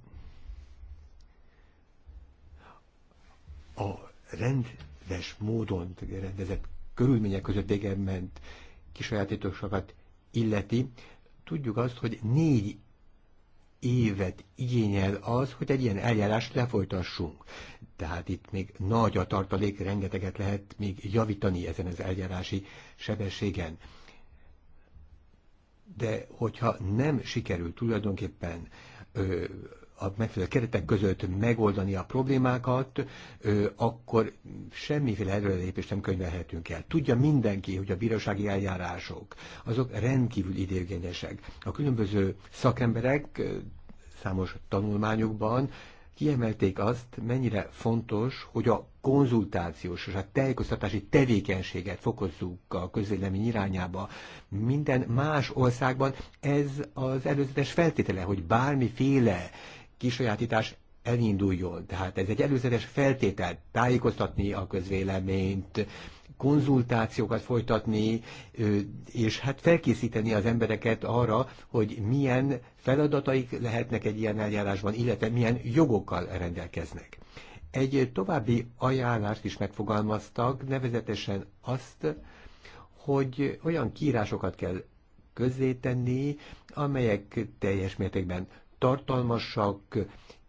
a rendes módon rendezett körülmények között végigment kisajátításokat illeti, tudjuk azt, hogy négy évet igényel az, hogy egy ilyen eljárást lefolytassunk. Tehát itt még nagy a tartalék, rengeteget lehet még javítani ezen az eljárási sebességen. De hogyha nem sikerül tulajdonképpen ö, a megfelelő keretek között megoldani a problémákat, akkor semmiféle előrelépést nem könyvelhetünk el. Tudja mindenki, hogy a bírósági eljárások azok rendkívül időgényesek. A különböző szakemberek számos tanulmányokban kiemelték azt, mennyire fontos, hogy a konzultációs és a tájékoztatási tevékenységet fokozzuk a közvélemény irányába. Minden más országban ez az előzetes feltétele, hogy bármiféle kisajátítás elinduljon. Tehát ez egy előzetes feltétel, tájékoztatni a közvéleményt, konzultációkat folytatni, és hát felkészíteni az embereket arra, hogy milyen feladataik lehetnek egy ilyen eljárásban, illetve milyen jogokkal rendelkeznek. Egy további ajánlást is megfogalmaztak, nevezetesen azt, hogy olyan kiírásokat kell közzétenni, amelyek teljes mértékben tartalmasak,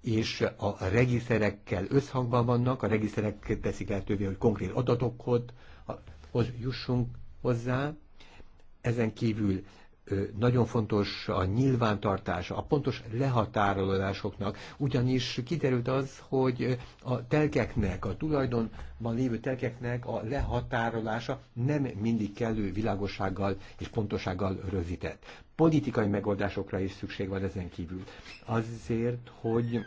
és a regiszerekkel összhangban vannak, a regiszerek teszik lehetővé, hogy konkrét adatokhoz jussunk hozzá. Ezen kívül nagyon fontos a nyilvántartása, a pontos lehatárolásoknak, ugyanis kiderült az, hogy a telkeknek, a tulajdonban lévő telkeknek a lehatárolása nem mindig kellő világossággal és pontosággal rövidített politikai megoldásokra is szükség van ezen kívül. Azért, hogy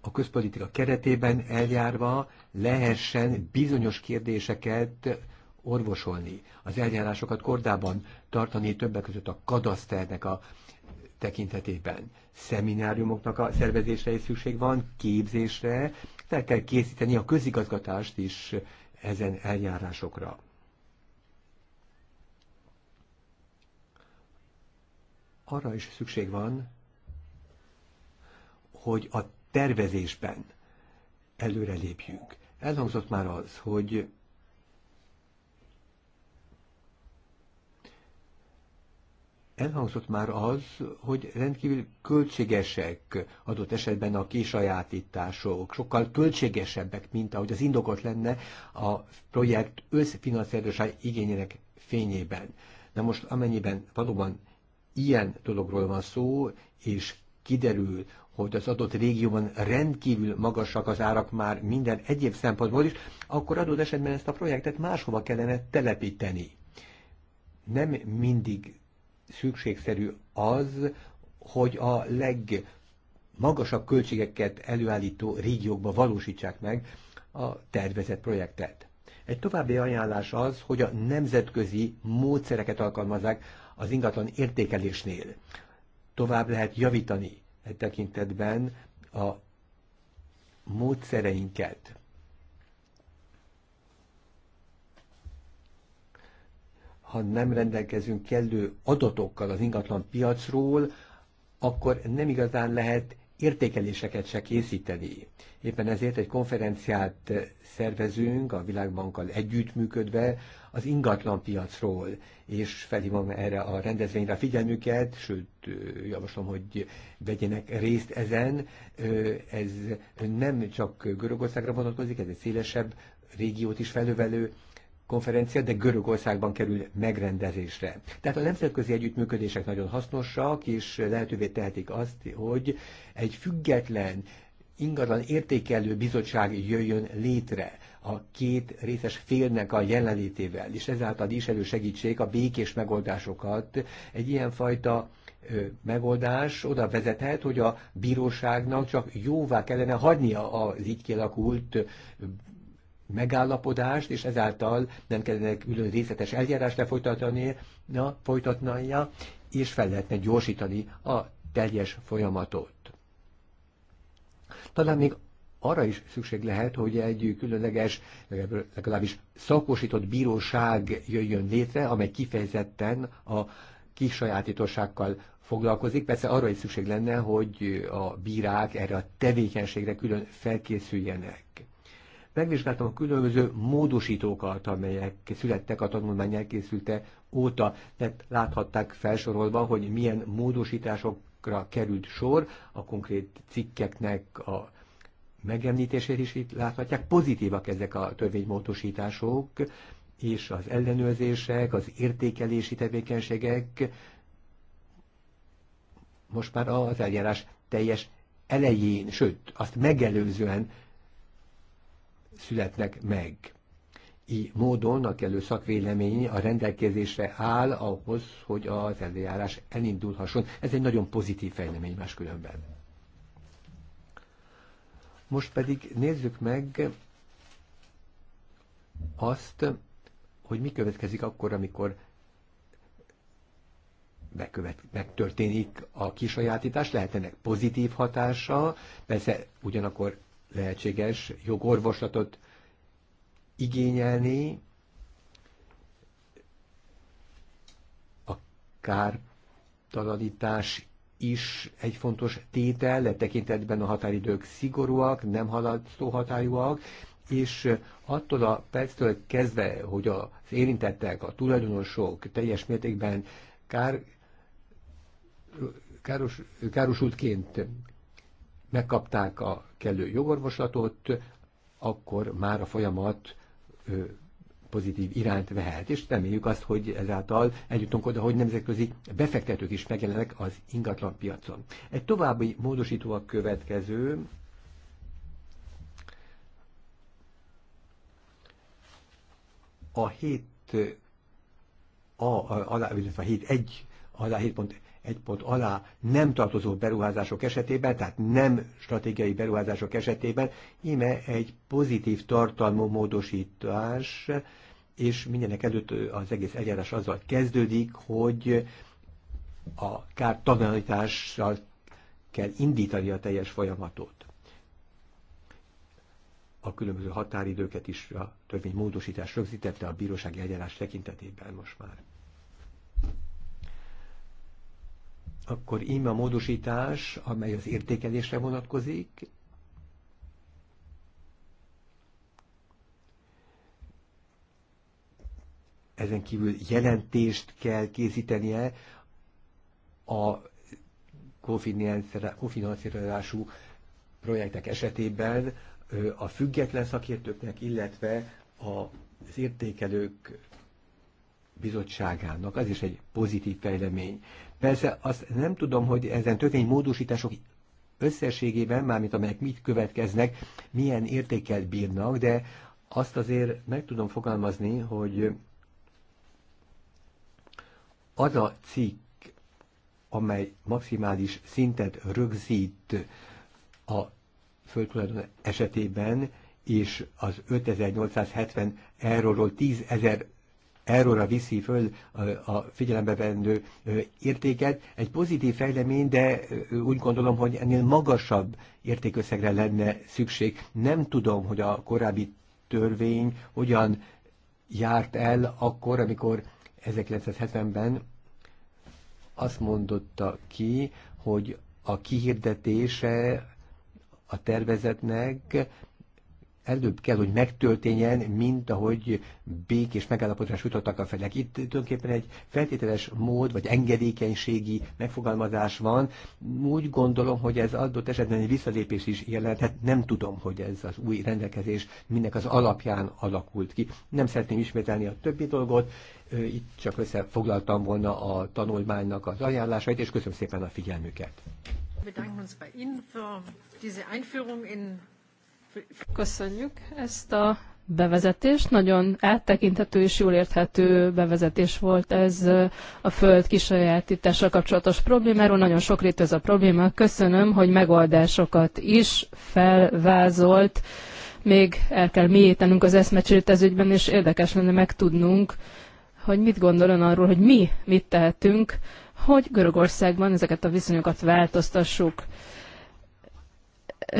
a közpolitika keretében eljárva lehessen bizonyos kérdéseket orvosolni, az eljárásokat kordában tartani többek között a kadaszternek a tekintetében. Szemináriumoknak a szervezésre is szükség van, képzésre, fel kell készíteni a közigazgatást is ezen eljárásokra. arra is szükség van, hogy a tervezésben előre lépjünk. Elhangzott már az, hogy elhangzott már az, hogy rendkívül költségesek adott esetben a kisajátítások, sokkal költségesebbek, mint ahogy az indokot lenne a projekt összfinanszírozási igényének fényében. Na most amennyiben valóban ilyen dologról van szó, és kiderül, hogy az adott régióban rendkívül magasak az árak már minden egyéb szempontból is, akkor adott esetben ezt a projektet máshova kellene telepíteni. Nem mindig szükségszerű az, hogy a legmagasabb költségeket előállító régiókba valósítsák meg a tervezett projektet. Egy további ajánlás az, hogy a nemzetközi módszereket alkalmazzák az ingatlan értékelésnél. Tovább lehet javítani egy tekintetben a módszereinket. Ha nem rendelkezünk kellő adatokkal az ingatlan piacról, akkor nem igazán lehet értékeléseket se készíteni. Éppen ezért egy konferenciát szervezünk a Világbankkal együttműködve az ingatlanpiacról, és felhívom erre a rendezvényre a figyelmüket, sőt, javaslom, hogy vegyenek részt ezen. Ez nem csak Görögországra vonatkozik, ez egy szélesebb régiót is felövelő konferencia, de Görögországban kerül megrendezésre. Tehát a nemzetközi együttműködések nagyon hasznosak, és lehetővé tehetik azt, hogy egy független ingatlan értékelő bizottság jöjjön létre a két részes félnek a jelenlétével, és ezáltal is elősegítsék a békés megoldásokat. Egy ilyenfajta megoldás oda vezethet, hogy a bíróságnak csak jóvá kellene hagynia az így kialakult megállapodást, és ezáltal nem kellene külön részletes eljárást na folytatnia, és fel lehetne gyorsítani a teljes folyamatot. Talán még arra is szükség lehet, hogy egy különleges, legalábbis szakosított bíróság jöjjön létre, amely kifejezetten a sajátítossággal foglalkozik. Persze arra is szükség lenne, hogy a bírák erre a tevékenységre külön felkészüljenek. Megvizsgáltam a különböző módosítókat, amelyek születtek a tanulmány elkészülte óta, mert láthatták felsorolva, hogy milyen módosításokra került sor a konkrét cikkeknek a megemlítését is itt láthatják, pozitívak ezek a törvénymódosítások, és az ellenőrzések, az értékelési tevékenységek most már az eljárás teljes elején, sőt, azt megelőzően születnek meg. Így módon a kellő szakvélemény a rendelkezésre áll ahhoz, hogy az eljárás elindulhasson. Ez egy nagyon pozitív fejlemény máskülönben. Most pedig nézzük meg azt, hogy mi következik akkor, amikor bekövet, megtörténik a kisajátítás, lehet ennek pozitív hatása, persze ugyanakkor lehetséges jogorvoslatot igényelni, a kártalanítás is egy fontos tétel, de tekintetben a határidők szigorúak, nem haladszó hatályúak, és attól a perctől kezdve, hogy az érintettek, a tulajdonosok teljes mértékben kár, káros, károsultként megkapták a kellő jogorvoslatot, akkor már a folyamat pozitív irányt vehet, és reméljük azt, hogy ezáltal eljutunk oda, hogy nemzetközi befektetők is megjelenek az ingatlan piacon. Egy további módosító a következő, a 7 a, a, a, a a, a, a, a, a 7 1 alá 7.1 egy pont alá nem tartozó beruházások esetében, tehát nem stratégiai beruházások esetében, íme egy pozitív tartalmú módosítás, és mindenek előtt az egész eljárás azzal kezdődik, hogy a kártalanítással kell indítani a teljes folyamatot. A különböző határidőket is a törvény módosítás rögzítette a bírósági eljárás tekintetében most már. Akkor íme a módosítás, amely az értékelésre vonatkozik, ezen kívül jelentést kell készítenie a kofinanszírozású projektek esetében a független szakértőknek, illetve az értékelők bizottságának. Az is egy pozitív fejlemény. Persze azt nem tudom, hogy ezen törvénymódosítások összességében, mármint amelyek mit következnek, milyen értékkel bírnak, de azt azért meg tudom fogalmazni, hogy az a cikk, amely maximális szintet rögzít a földtulajdon esetében, és az 5870 euróról 10 ezer a viszi föl a figyelembe vendő értéket. Egy pozitív fejlemény, de úgy gondolom, hogy ennél magasabb értékösszegre lenne szükség. Nem tudom, hogy a korábbi törvény hogyan járt el akkor, amikor 1970-ben azt mondotta ki, hogy a kihirdetése a tervezetnek előbb kell, hogy megtörténjen, mint ahogy békés megállapodás jutottak a felek. Itt tulajdonképpen egy feltételes mód, vagy engedékenységi megfogalmazás van. Úgy gondolom, hogy ez adott esetben egy visszalépés is jelenthet. Nem tudom, hogy ez az új rendelkezés minek az alapján alakult ki. Nem szeretném ismételni a többi dolgot, itt csak összefoglaltam volna a tanulmánynak az ajánlásait, és köszönöm szépen a figyelmüket. Bedanken uns bei Ihnen für diese Einführung in Köszönjük ezt a bevezetést. Nagyon áttekinthető és jól érthető bevezetés volt ez a föld kisajátítása kapcsolatos problémáról. Nagyon sokrétű ez a probléma. Köszönöm, hogy megoldásokat is felvázolt. Még el kell mélyítenünk az eszmecsét ez ügyben, és érdekes lenne megtudnunk, hogy mit gondol ön arról, hogy mi mit tehetünk, hogy Görögországban ezeket a viszonyokat változtassuk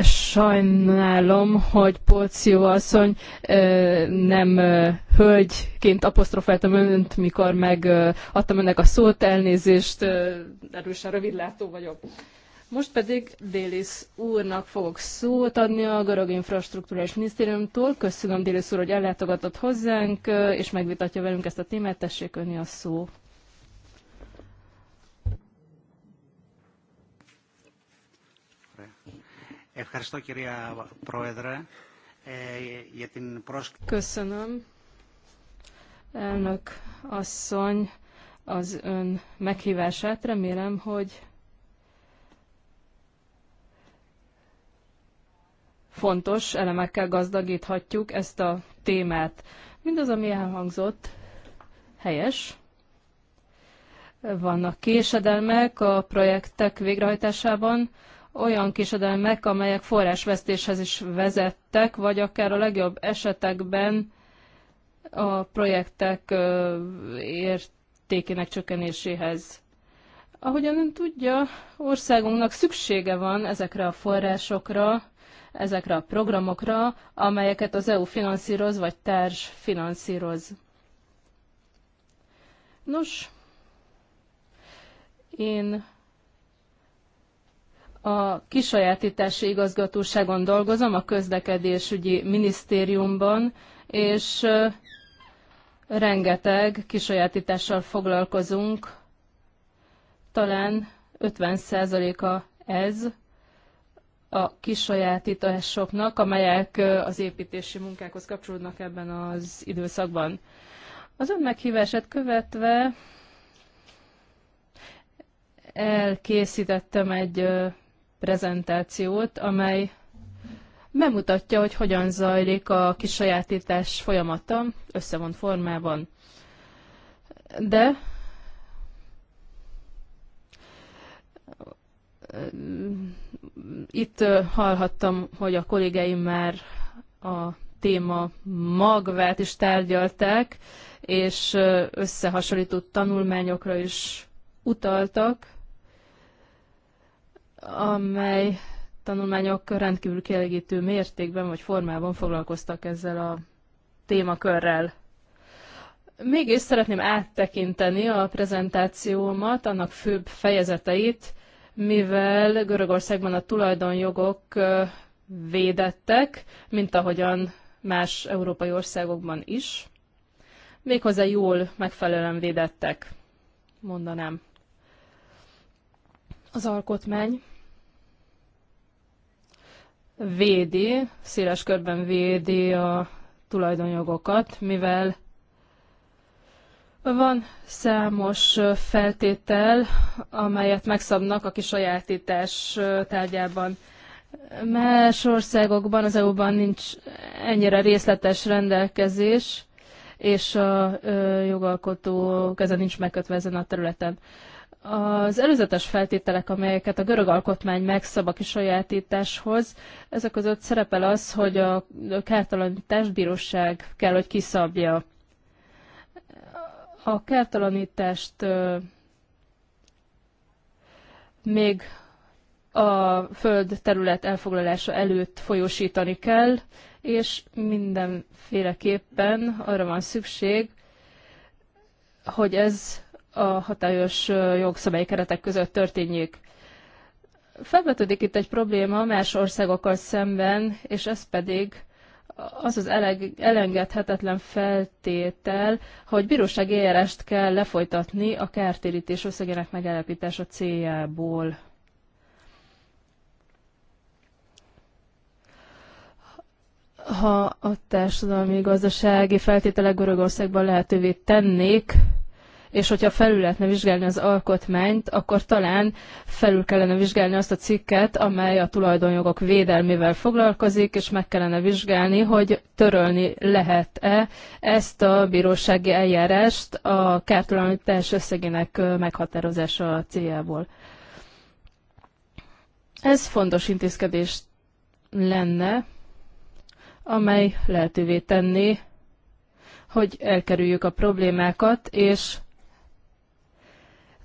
sajnálom, hogy Polció asszony nem hölgyként apostrofáltam önt, mikor megadtam önnek a szót, elnézést, erősen rövidlátó vagyok. Most pedig Délis úrnak fogok szót adni a garag Infrastruktúrás Minisztériumtól. Köszönöm Délis úr, hogy ellátogatott hozzánk, és megvitatja velünk ezt a témát. Tessék önni a szó. Ευχαριστώ κυρία Πρόεδρε για την πρόσκληση. Köszönöm, elnök asszony, az ön meghívását. Remélem, hogy fontos elemekkel gazdagíthatjuk ezt a témát. Mindaz, ami elhangzott, helyes. Vannak késedelmek a projektek végrehajtásában, olyan késedelmek, amelyek forrásvesztéshez is vezettek, vagy akár a legjobb esetekben a projektek értékének csökkenéséhez. Ahogyan ön tudja, országunknak szüksége van ezekre a forrásokra, ezekre a programokra, amelyeket az EU finanszíroz, vagy társ finanszíroz. Nos, én a kisajátítási igazgatóságon dolgozom, a közlekedésügyi minisztériumban, és rengeteg kisajátítással foglalkozunk, talán 50%-a ez a kisajátításoknak, amelyek az építési munkákhoz kapcsolódnak ebben az időszakban. Az ön meghívását követve elkészítettem egy prezentációt, amely bemutatja, hogy hogyan zajlik a kisajátítás folyamata összevont formában. De itt hallhattam, hogy a kollégeim már a téma magvát is tárgyalták, és összehasonlított tanulmányokra is utaltak amely tanulmányok rendkívül kielégítő mértékben vagy formában foglalkoztak ezzel a témakörrel. Mégis szeretném áttekinteni a prezentációmat, annak főbb fejezeteit, mivel Görögországban a tulajdonjogok védettek, mint ahogyan más európai országokban is. Méghozzá jól, megfelelően védettek, mondanám. Az alkotmány védi, széles körben védi a tulajdonjogokat, mivel van számos feltétel, amelyet megszabnak a kisajátítás tárgyában. Más országokban, az EU-ban nincs ennyire részletes rendelkezés, és a jogalkotó keze nincs megkötve ezen a területen. Az előzetes feltételek, amelyeket a görög alkotmány megszab a kisajátításhoz, ezek között szerepel az, hogy a kártalanítást bíróság kell, hogy kiszabja. A kártalanítást még a föld terület elfoglalása előtt folyósítani kell, és mindenféleképpen arra van szükség, hogy ez a hatályos jogszabályi keretek között történjék. Felvetődik itt egy probléma más országokkal szemben, és ez pedig az az eleg, elengedhetetlen feltétel, hogy bírósági eljárást kell lefolytatni a kártérítés összegének megállapítása céljából. Ha a társadalmi gazdasági feltételek Görögországban lehetővé tennék, és hogyha felül lehetne vizsgálni az alkotmányt, akkor talán felül kellene vizsgálni azt a cikket, amely a tulajdonjogok védelmével foglalkozik, és meg kellene vizsgálni, hogy törölni lehet-e ezt a bírósági eljárást a kártalanítás összegének meghatározása céljából. Ez fontos intézkedés lenne, amely lehetővé tenni, hogy elkerüljük a problémákat, és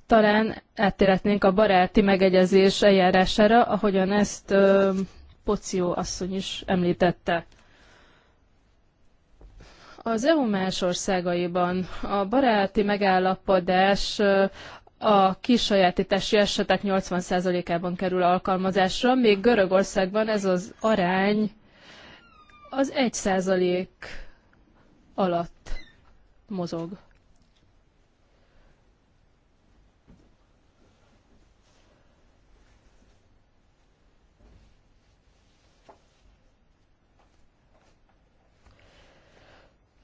talán áttérhetnénk a baráti megegyezés eljárására, ahogyan ezt ö, Poció asszony is említette. Az EU más országaiban a baráti megállapodás a kisajátítási esetek 80%-ában kerül alkalmazásra, még Görögországban ez az arány az 1% alatt mozog.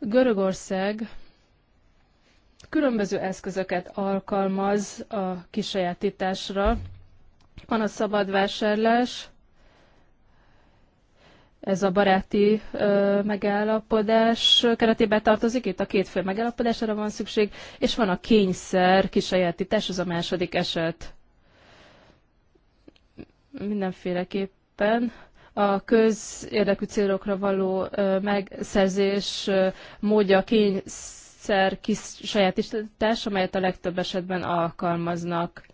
Görögország különböző eszközöket alkalmaz a kisajátításra. Van a szabad vásárlás, ez a baráti ö, megállapodás keretében tartozik, itt a két fő megállapodásra van szükség, és van a kényszer kisajátítás, ez a második eset. Mindenféleképpen a közérdekű célokra való megszerzés módja kényszer kisajátítás, amelyet a legtöbb esetben alkalmaznak.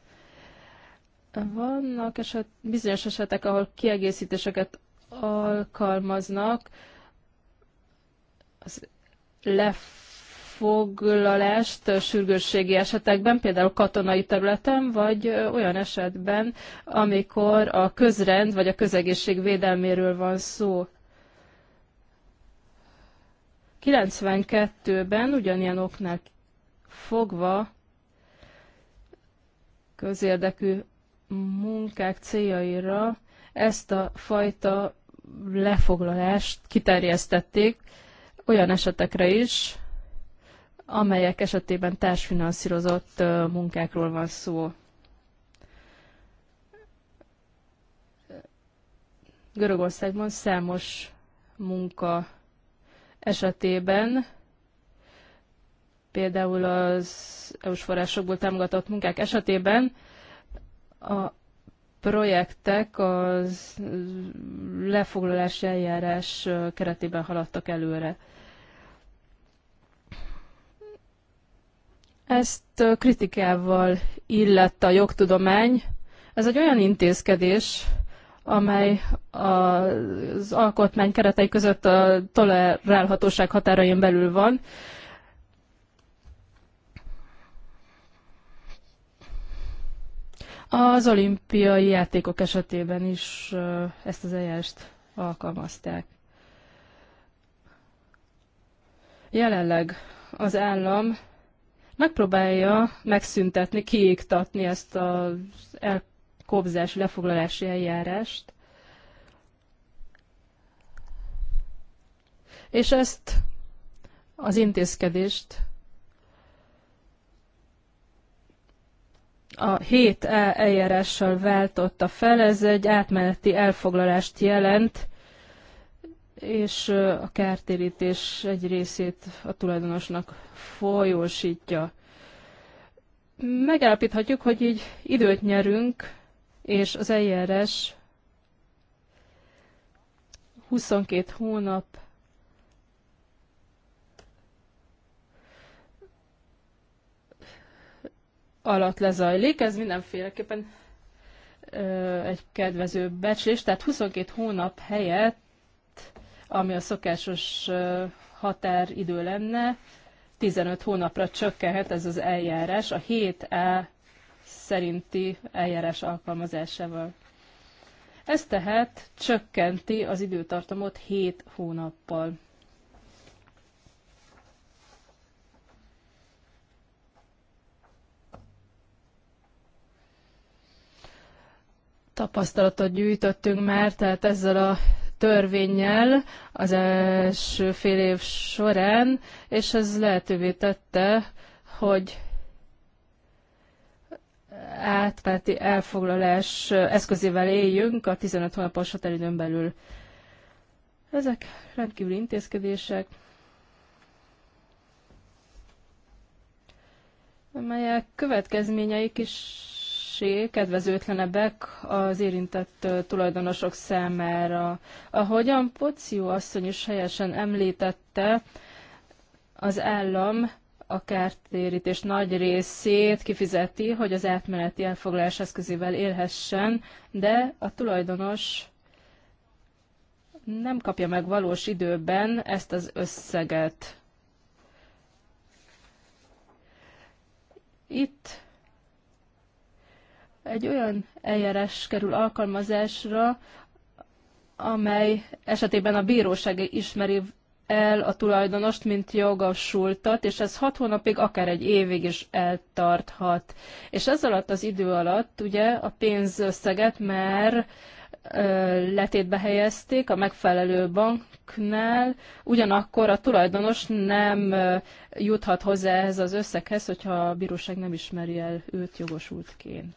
Vannak eset, bizonyos esetek, ahol kiegészítéseket alkalmaznak, az lef foglalást sürgősségi esetekben, például katonai területen, vagy olyan esetben, amikor a közrend vagy a közegészség védelméről van szó. 92-ben ugyanilyen oknál fogva közérdekű munkák céljaira ezt a fajta lefoglalást kiterjesztették olyan esetekre is, amelyek esetében társfinanszírozott munkákról van szó. Görögországban számos munka esetében például az EU-s forrásokból támogatott munkák esetében a projektek az lefoglalási eljárás keretében haladtak előre. Ezt kritikával illette a jogtudomány. Ez egy olyan intézkedés, amely az alkotmány keretei között a tolerálhatóság határain belül van. Az olimpiai játékok esetében is ezt az eljárást alkalmazták. Jelenleg az állam megpróbálja megszüntetni, kiiktatni ezt az elkobzási, lefoglalási eljárást. És ezt az intézkedést a 7 eljárással váltotta fel, ez egy átmeneti elfoglalást jelent, és a kártérítés egy részét a tulajdonosnak folyósítja. Megállapíthatjuk, hogy így időt nyerünk, és az eljárás 22 hónap alatt lezajlik. Ez mindenféleképpen egy kedvező becslés, tehát 22 hónap helyett ami a szokásos határidő lenne, 15 hónapra csökkenhet ez az eljárás a 7A szerinti eljárás alkalmazásával. Ez tehát csökkenti az időtartamot 7 hónappal. Tapasztalatot gyűjtöttünk már, tehát ezzel a törvényel az első fél év során, és ez lehetővé tette, hogy átpárti elfoglalás eszközével éljünk a 15 hónapos határidőn belül. Ezek rendkívüli intézkedések, amelyek következményeik is kevéssé kedvezőtlenebbek az érintett tulajdonosok számára. a Poció asszony is helyesen említette, az állam a kártérítés nagy részét kifizeti, hogy az átmeneti elfoglalás eszközével élhessen, de a tulajdonos nem kapja meg valós időben ezt az összeget. Itt egy olyan eljárás kerül alkalmazásra, amely esetében a bíróság ismeri el a tulajdonost, mint jogosultat, és ez hat hónapig, akár egy évig is eltarthat. És ez alatt az idő alatt ugye a pénzösszeget már letétbe helyezték a megfelelő banknál, ugyanakkor a tulajdonos nem juthat hozzá ehhez az összeghez, hogyha a bíróság nem ismeri el őt jogosultként.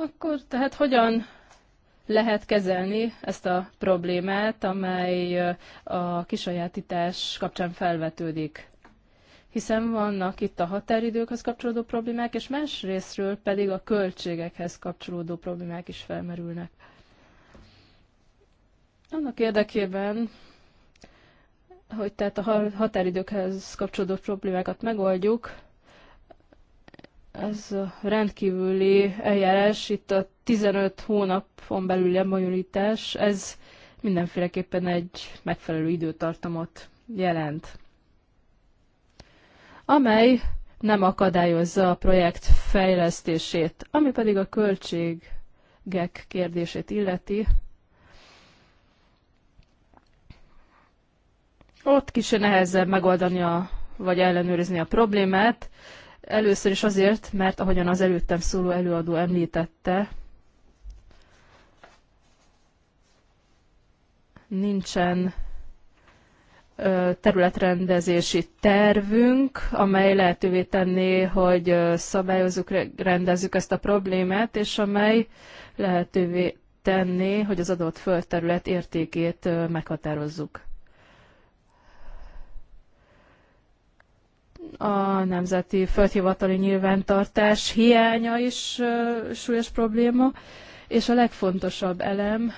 Akkor tehát hogyan lehet kezelni ezt a problémát, amely a kisajátítás kapcsán felvetődik? hiszen vannak itt a határidőkhöz kapcsolódó problémák, és más részről pedig a költségekhez kapcsolódó problémák is felmerülnek. Annak érdekében, hogy tehát a határidőkhez kapcsolódó problémákat megoldjuk, ez a rendkívüli eljárás, itt a 15 hónapon belüli lebonyolítás, ez mindenféleképpen egy megfelelő időtartamot jelent, amely nem akadályozza a projekt fejlesztését, ami pedig a költségek kérdését illeti. Ott kicsi nehezebb megoldani a, vagy ellenőrizni a problémát, Először is azért, mert ahogyan az előttem szóló előadó említette, nincsen területrendezési tervünk, amely lehetővé tenné, hogy szabályozzuk, rendezzük ezt a problémát, és amely lehetővé tenné, hogy az adott földterület értékét meghatározzuk. a nemzeti földhivatali nyilvántartás hiánya is súlyos probléma, és a legfontosabb elem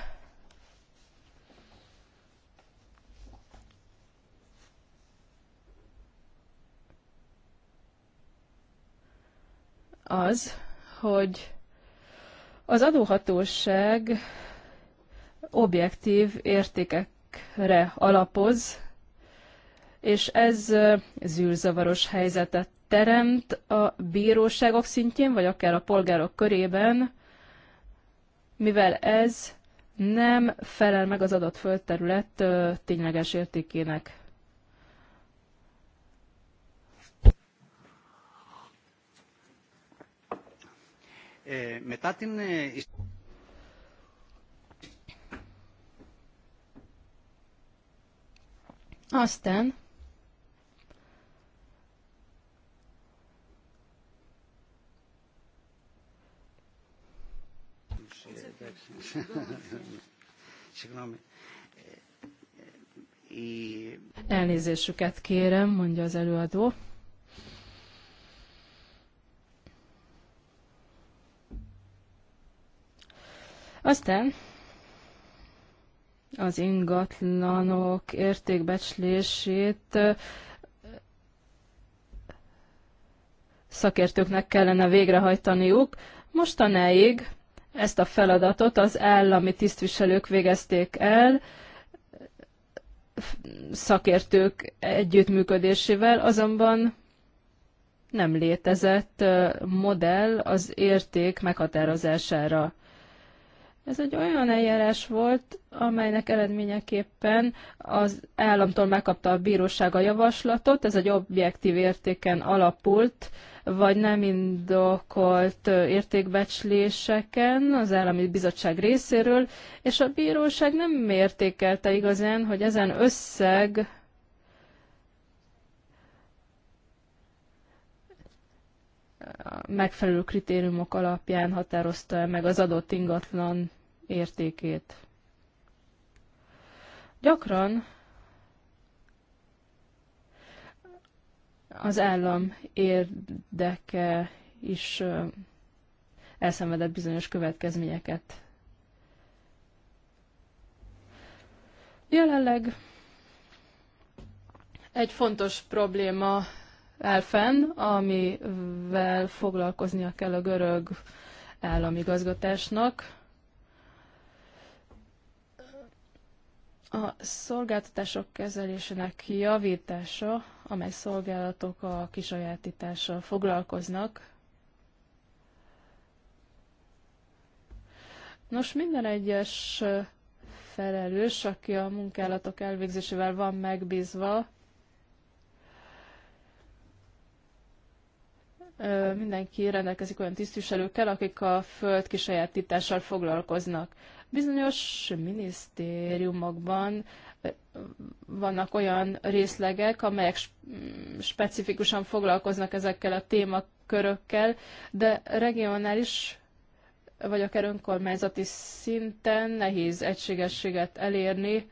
az, hogy az adóhatóság objektív értékekre alapoz, és ez zűrzavaros helyzetet teremt a bíróságok szintjén, vagy akár a polgárok körében, mivel ez nem felel meg az adott földterület tényleges értékének. Eh, eh, Aztán Elnézésüket kérem, mondja az előadó. Aztán az ingatlanok értékbecslését szakértőknek kellene végrehajtaniuk. Mostanáig ezt a feladatot az állami tisztviselők végezték el, szakértők együttműködésével, azonban nem létezett modell az érték meghatározására. Ez egy olyan eljárás volt, amelynek eredményeképpen az államtól megkapta a bíróság a javaslatot, ez egy objektív értéken alapult, vagy nem indokolt értékbecsléseken az állami bizottság részéről, és a bíróság nem értékelte igazán, hogy ezen összeg megfelelő kritériumok alapján határozta -e meg az adott ingatlan értékét. Gyakran az állam érdeke is elszenvedett bizonyos következményeket. Jelenleg egy fontos probléma áll fenn, amivel foglalkoznia kell a görög államigazgatásnak. A szolgáltatások kezelésének javítása amely szolgálatok a kisajátítással foglalkoznak. Nos, minden egyes felelős, aki a munkálatok elvégzésével van megbízva, mindenki rendelkezik olyan tisztviselőkkel, akik a föld kisajátítással foglalkoznak. Bizonyos minisztériumokban vannak olyan részlegek, amelyek specifikusan foglalkoznak ezekkel a témakörökkel, de regionális vagy akár önkormányzati szinten nehéz egységességet elérni,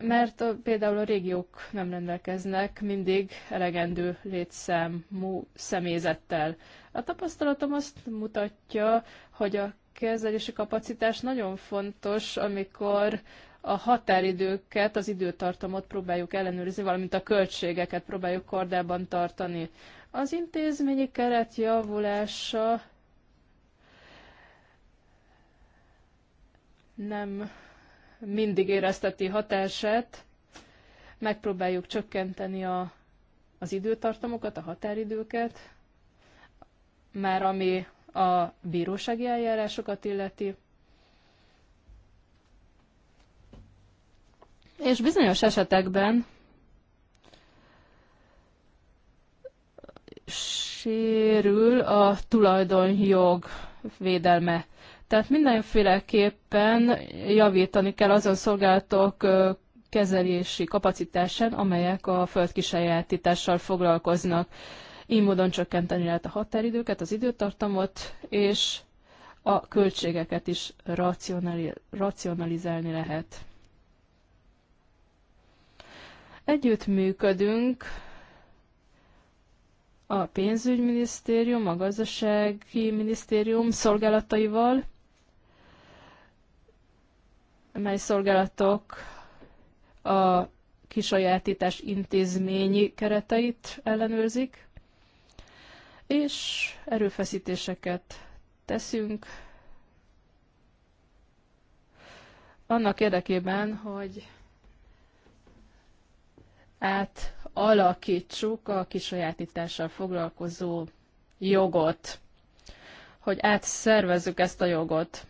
mert a, például a régiók nem rendelkeznek mindig elegendő létszámú személyzettel. A tapasztalatom azt mutatja, hogy a kezelési kapacitás nagyon fontos, amikor a határidőket, az időtartamot próbáljuk ellenőrizni, valamint a költségeket próbáljuk kordában tartani. Az intézményi keret javulása nem mindig érezteti hatását. Megpróbáljuk csökkenteni a, az időtartamokat, a határidőket, már ami a bírósági eljárásokat illeti. és bizonyos esetekben sérül a tulajdonjog védelme. Tehát mindenféleképpen javítani kell azon szolgálatok kezelési kapacitásán, amelyek a földkisajátítással foglalkoznak. Így módon csökkenteni lehet a határidőket, az időtartamot, és a költségeket is racionali- racionalizálni lehet. Együttműködünk a pénzügyminisztérium, a gazdasági minisztérium szolgálataival, mely szolgálatok a kisajátítás intézményi kereteit ellenőrzik, és erőfeszítéseket teszünk annak érdekében, hogy átalakítsuk a kisajátítással foglalkozó jogot, hogy átszervezzük ezt a jogot.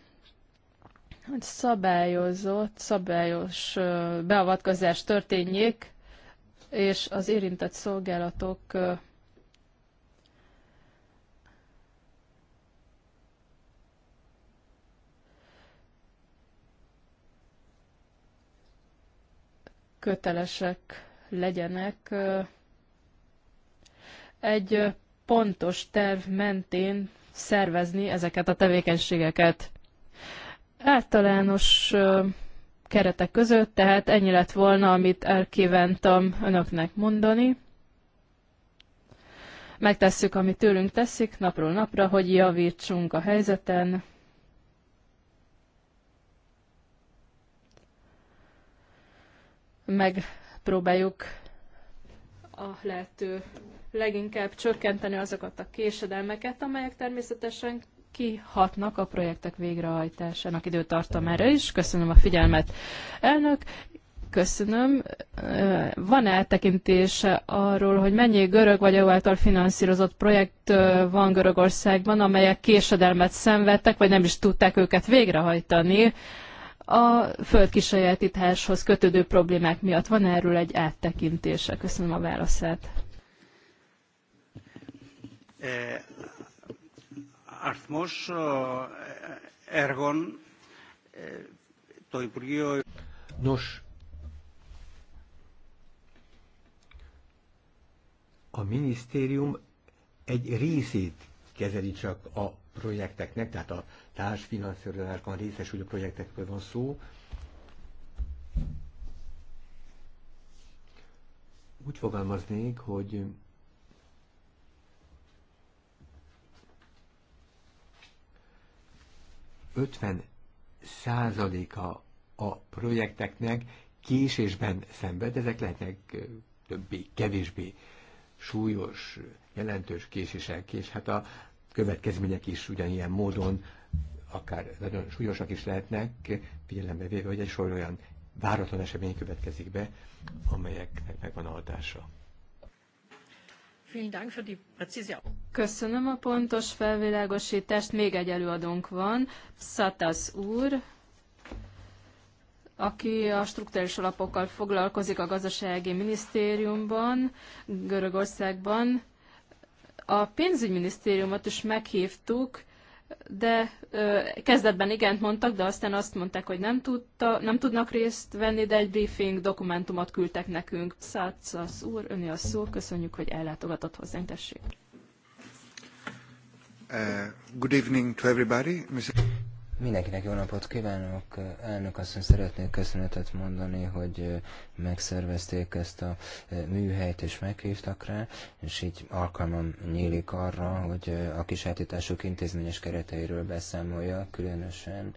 Hogy szabályozott, szabályos beavatkozás történjék, és az érintett szolgálatok kötelesek legyenek egy pontos terv mentén szervezni ezeket a tevékenységeket. Általános keretek között, tehát ennyi lett volna, amit elkívántam önöknek mondani. Megtesszük, amit tőlünk teszik, napról napra, hogy javítsunk a helyzeten. Meg megpróbáljuk a lehető leginkább csökkenteni azokat a késedelmeket, amelyek természetesen kihatnak a projektek végrehajtásának időtartamára is. Köszönöm a figyelmet, elnök. Köszönöm. Van eltekintése arról, hogy mennyi görög vagy EU által finanszírozott projekt van Görögországban, amelyek késedelmet szenvedtek, vagy nem is tudták őket végrehajtani a földkisajátításhoz kötődő problémák miatt. Van erről egy áttekintése? Köszönöm a válaszát. Eh, eh, eh, Nos, a minisztérium egy részét kezeli csak a projekteknek, tehát a társfinanszírozásban részesülő projektekről van szó. Úgy fogalmaznék, hogy ötven százaléka a projekteknek késésben szenved, ezek lehetnek többé, kevésbé súlyos, jelentős késések, és hát a következmények is ugyanilyen módon akár nagyon súlyosak is lehetnek, figyelembe véve, hogy egy sor olyan váratlan esemény következik be, amelyeknek megvan a hatása. Köszönöm a pontos felvilágosítást. Még egy előadónk van, Szatasz úr, aki a struktúrális alapokkal foglalkozik a gazdasági minisztériumban, Görögországban. A pénzügyminisztériumot is meghívtuk, de ö, kezdetben igent mondtak, de aztán azt mondták, hogy nem, tudta, nem tudnak részt venni, de egy briefing dokumentumot küldtek nekünk. az úr, öni a szó, köszönjük, hogy ellátogatott hozzánk, tessék. Uh, good evening to everybody. Mr. Mindenkinek jó napot kívánok! Elnök asszony, szeretnék köszönetet mondani, hogy megszervezték ezt a műhelyt és meghívtak rá, és így alkalmam nyílik arra, hogy a kisátítások intézményes kereteiről beszámolja, különösen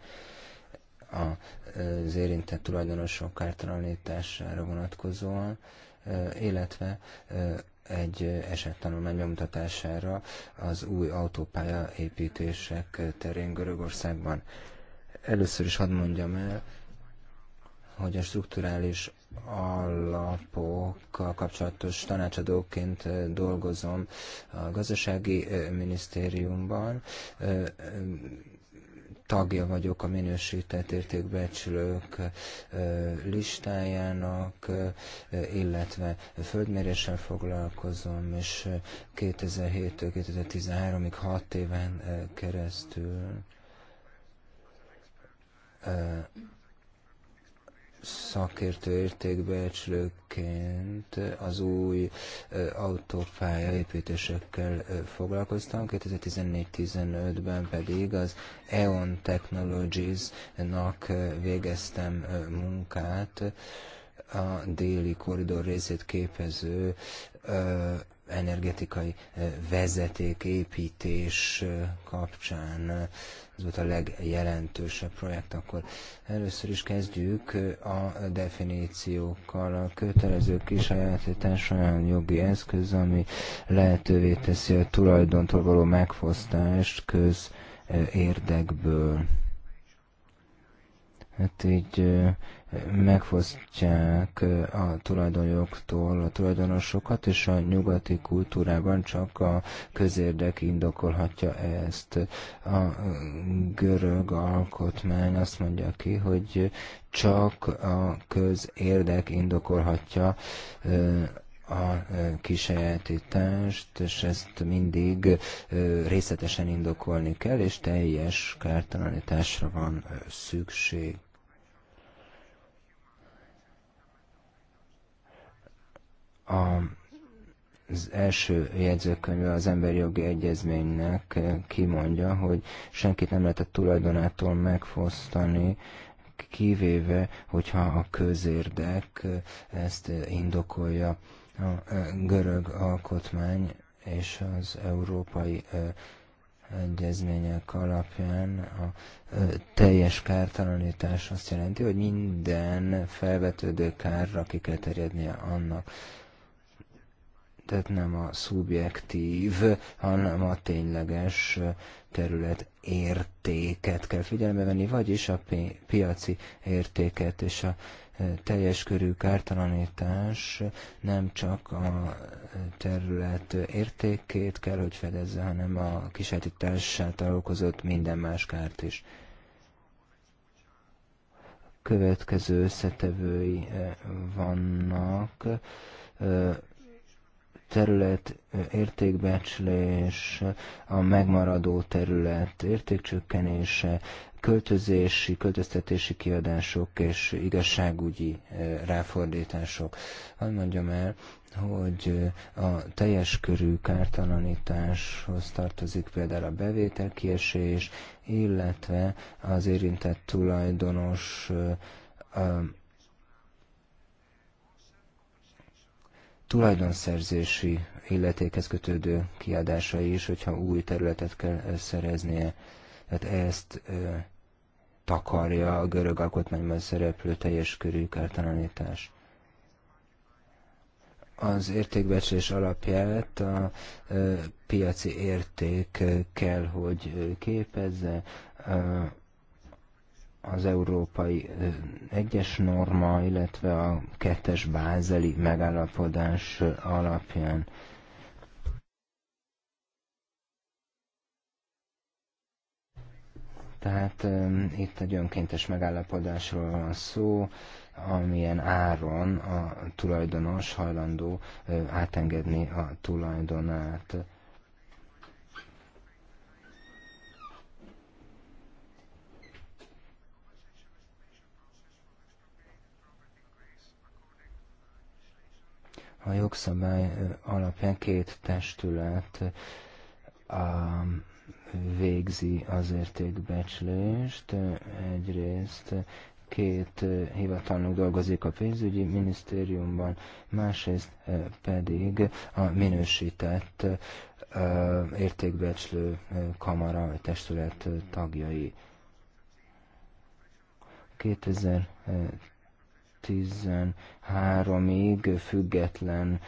az érintett tulajdonosok kártalanítására vonatkozóan, illetve egy esettanulmány bemutatására az új autópálya építések terén Görögországban. Először is hadd mondjam el, hogy a strukturális alapokkal kapcsolatos tanácsadóként dolgozom a gazdasági minisztériumban tagja vagyok a minősített értékbecsülők listájának, illetve földméréssel foglalkozom, és 2007-től 2013-ig 6 éven keresztül szakértő értékbecslőként az új autópálya építésekkel foglalkoztam, 2014-15-ben pedig az EON Technologies-nak végeztem munkát a déli koridor részét képező energetikai vezetéképítés kapcsán ez volt a legjelentősebb projekt, akkor először is kezdjük a definíciókkal. A kötelező kisajátítás olyan jogi eszköz, ami lehetővé teszi a tulajdontól való megfosztást köz érdekből. Hát így megfosztják a tulajdonjogtól a tulajdonosokat, és a nyugati kultúrában csak a közérdek indokolhatja ezt. A görög alkotmány azt mondja ki, hogy csak a közérdek indokolhatja a kisajátítást, és ezt mindig részletesen indokolni kell, és teljes kártalanításra van szükség. A az első jegyzőkönyve az emberi jogi egyezménynek eh, kimondja, hogy senkit nem lehet a tulajdonától megfosztani, kivéve, hogyha a közérdek eh, ezt indokolja a eh, görög alkotmány és az európai egyezmények alapján a teljes kártalanítás azt jelenti, hogy minden felvetődő kárra ki kell terjednie annak, tehát nem a szubjektív, hanem a tényleges terület értéket kell figyelembe venni, vagyis a pi piaci értéket és a e, teljes körű kártalanítás nem csak a e, terület értékét kell, hogy fedezze, hanem a kisátításától okozott minden más kárt is. Következő összetevői e, vannak terület értékbecslés, a megmaradó terület értékcsökkenése, költözési, költöztetési kiadások és igazságügyi ráfordítások. Hadd mondjam el, hogy a teljes körű kártalanításhoz tartozik például a bevételkiesés, illetve az érintett tulajdonos tulajdonszerzési illetékhez kötődő kiadásai is, hogyha új területet kell szereznie. Tehát ezt ö, takarja a görög alkotmányban szereplő teljes körű kártalanítás. Az értékbecsés alapját a ö, piaci érték kell, hogy képezze, az európai egyes norma, illetve a kettes bázeli megállapodás alapján. Tehát um, itt egy önkéntes megállapodásról van szó, amilyen áron a tulajdonos hajlandó uh, átengedni a tulajdonát. A jogszabály alapján két testület a, végzi az értékbecslést. Egyrészt két hivatalnok dolgozik a pénzügyi minisztériumban, másrészt pedig a minősített értékbecslő kamara vagy testület tagjai. 2000 2013-ig független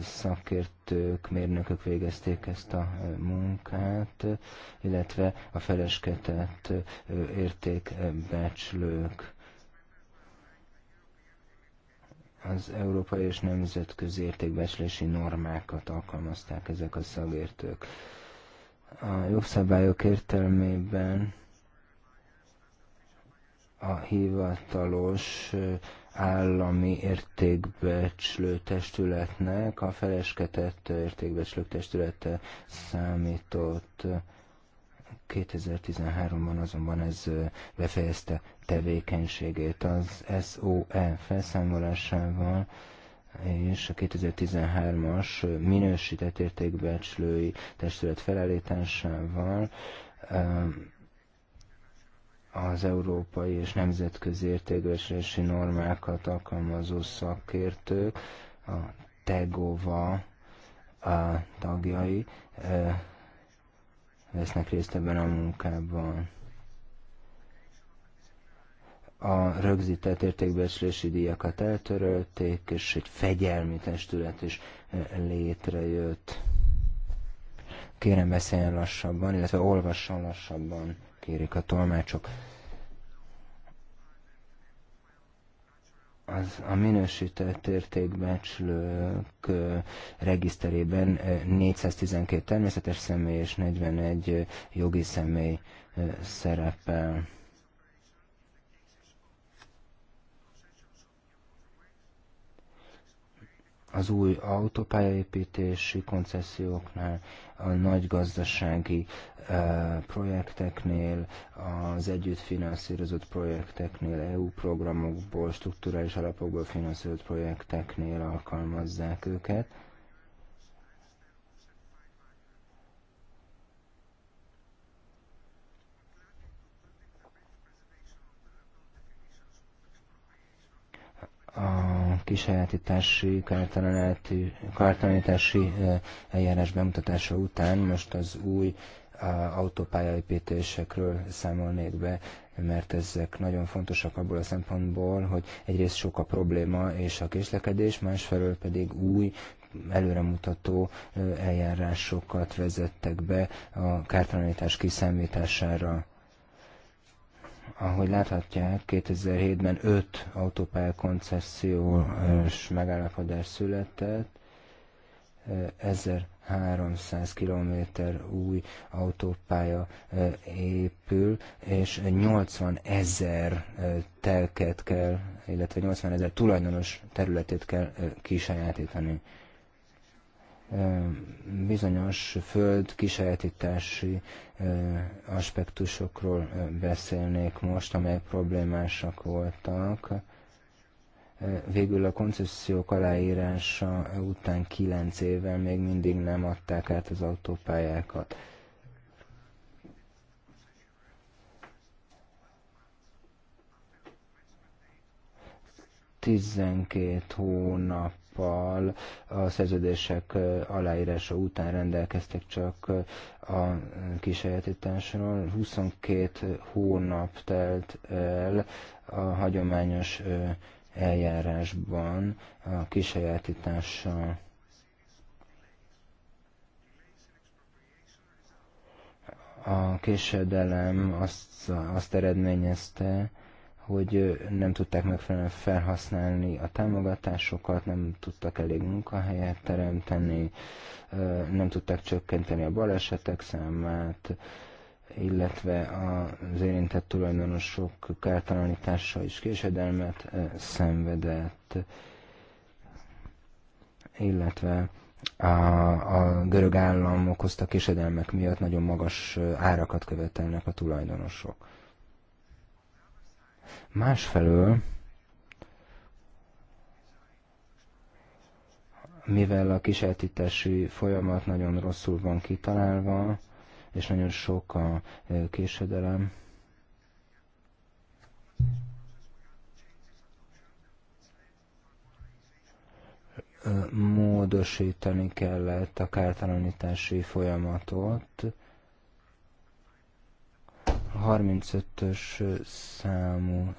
szakértők, mérnökök végezték ezt a munkát, illetve a felesketett értékbecslők az európai és nemzetközi értékbecslési normákat alkalmazták ezek a szakértők. A jogszabályok értelmében a hivatalos állami értékbecslő testületnek a felesketett értékbecslő testülete számított 2013-ban azonban ez befejezte tevékenységét az SOE felszámolásával és a 2013-as minősített értékbecslői testület felállításával az európai és nemzetközi értékesési normákat alkalmazó szakértők, a TEGOVA a tagjai e, vesznek részt ebben a munkában. A rögzített értékbecslési díjakat eltörölték, és egy fegyelmi testület is e, létrejött. Kérem beszéljen lassabban, illetve olvasson lassabban kérik a tolmácsok. az a minősített értékbecslők regiszterében 412 természetes személy és 41 jogi személy szerepel. az új autópályaépítési konceszióknál, a nagy gazdasági projekteknél, az együtt finanszírozott projekteknél, EU programokból, strukturális alapokból finanszírozott projekteknél alkalmazzák őket. a kisajátítási kártalanítási eljárás bemutatása után most az új autópályaépítésekről számolnék be, mert ezek nagyon fontosak abból a szempontból, hogy egyrészt sok a probléma és a késlekedés, másfelől pedig új előremutató eljárásokat vezettek be a kártalanítás kiszámítására ahogy láthatják, 2007-ben 5 autópálya koncesziós megállapodás született, 1300 km új autópálya e, épül, és 80 ezer e, telket kell, illetve 80 ezer tulajdonos területét kell e, kisajátítani bizonyos föld kisajátítási aspektusokról beszélnék most, amelyek problémásak voltak. Végül a koncesziók aláírása után kilenc évvel még mindig nem adták át az autópályákat. Tizenkét hónap Európával a szerződések aláírása után rendelkeztek csak a kisajátításról. 22 hónap telt el a hagyományos eljárásban a kisajátítással a késedelem azt, azt eredményezte, hogy nem tudták megfelelően felhasználni a támogatásokat, nem tudtak elég munkahelyet teremteni, nem tudták csökkenteni a balesetek számát, illetve az érintett tulajdonosok kártalanítása is késedelmet szenvedett, illetve a, a görög állam okozta késedelmek miatt nagyon magas árakat követelnek a tulajdonosok. Másfelől, mivel a kiseltítési folyamat nagyon rosszul van kitalálva, és nagyon sok a e, késedelem, e, módosítani kellett a kártalanítási folyamatot, 35-ös számú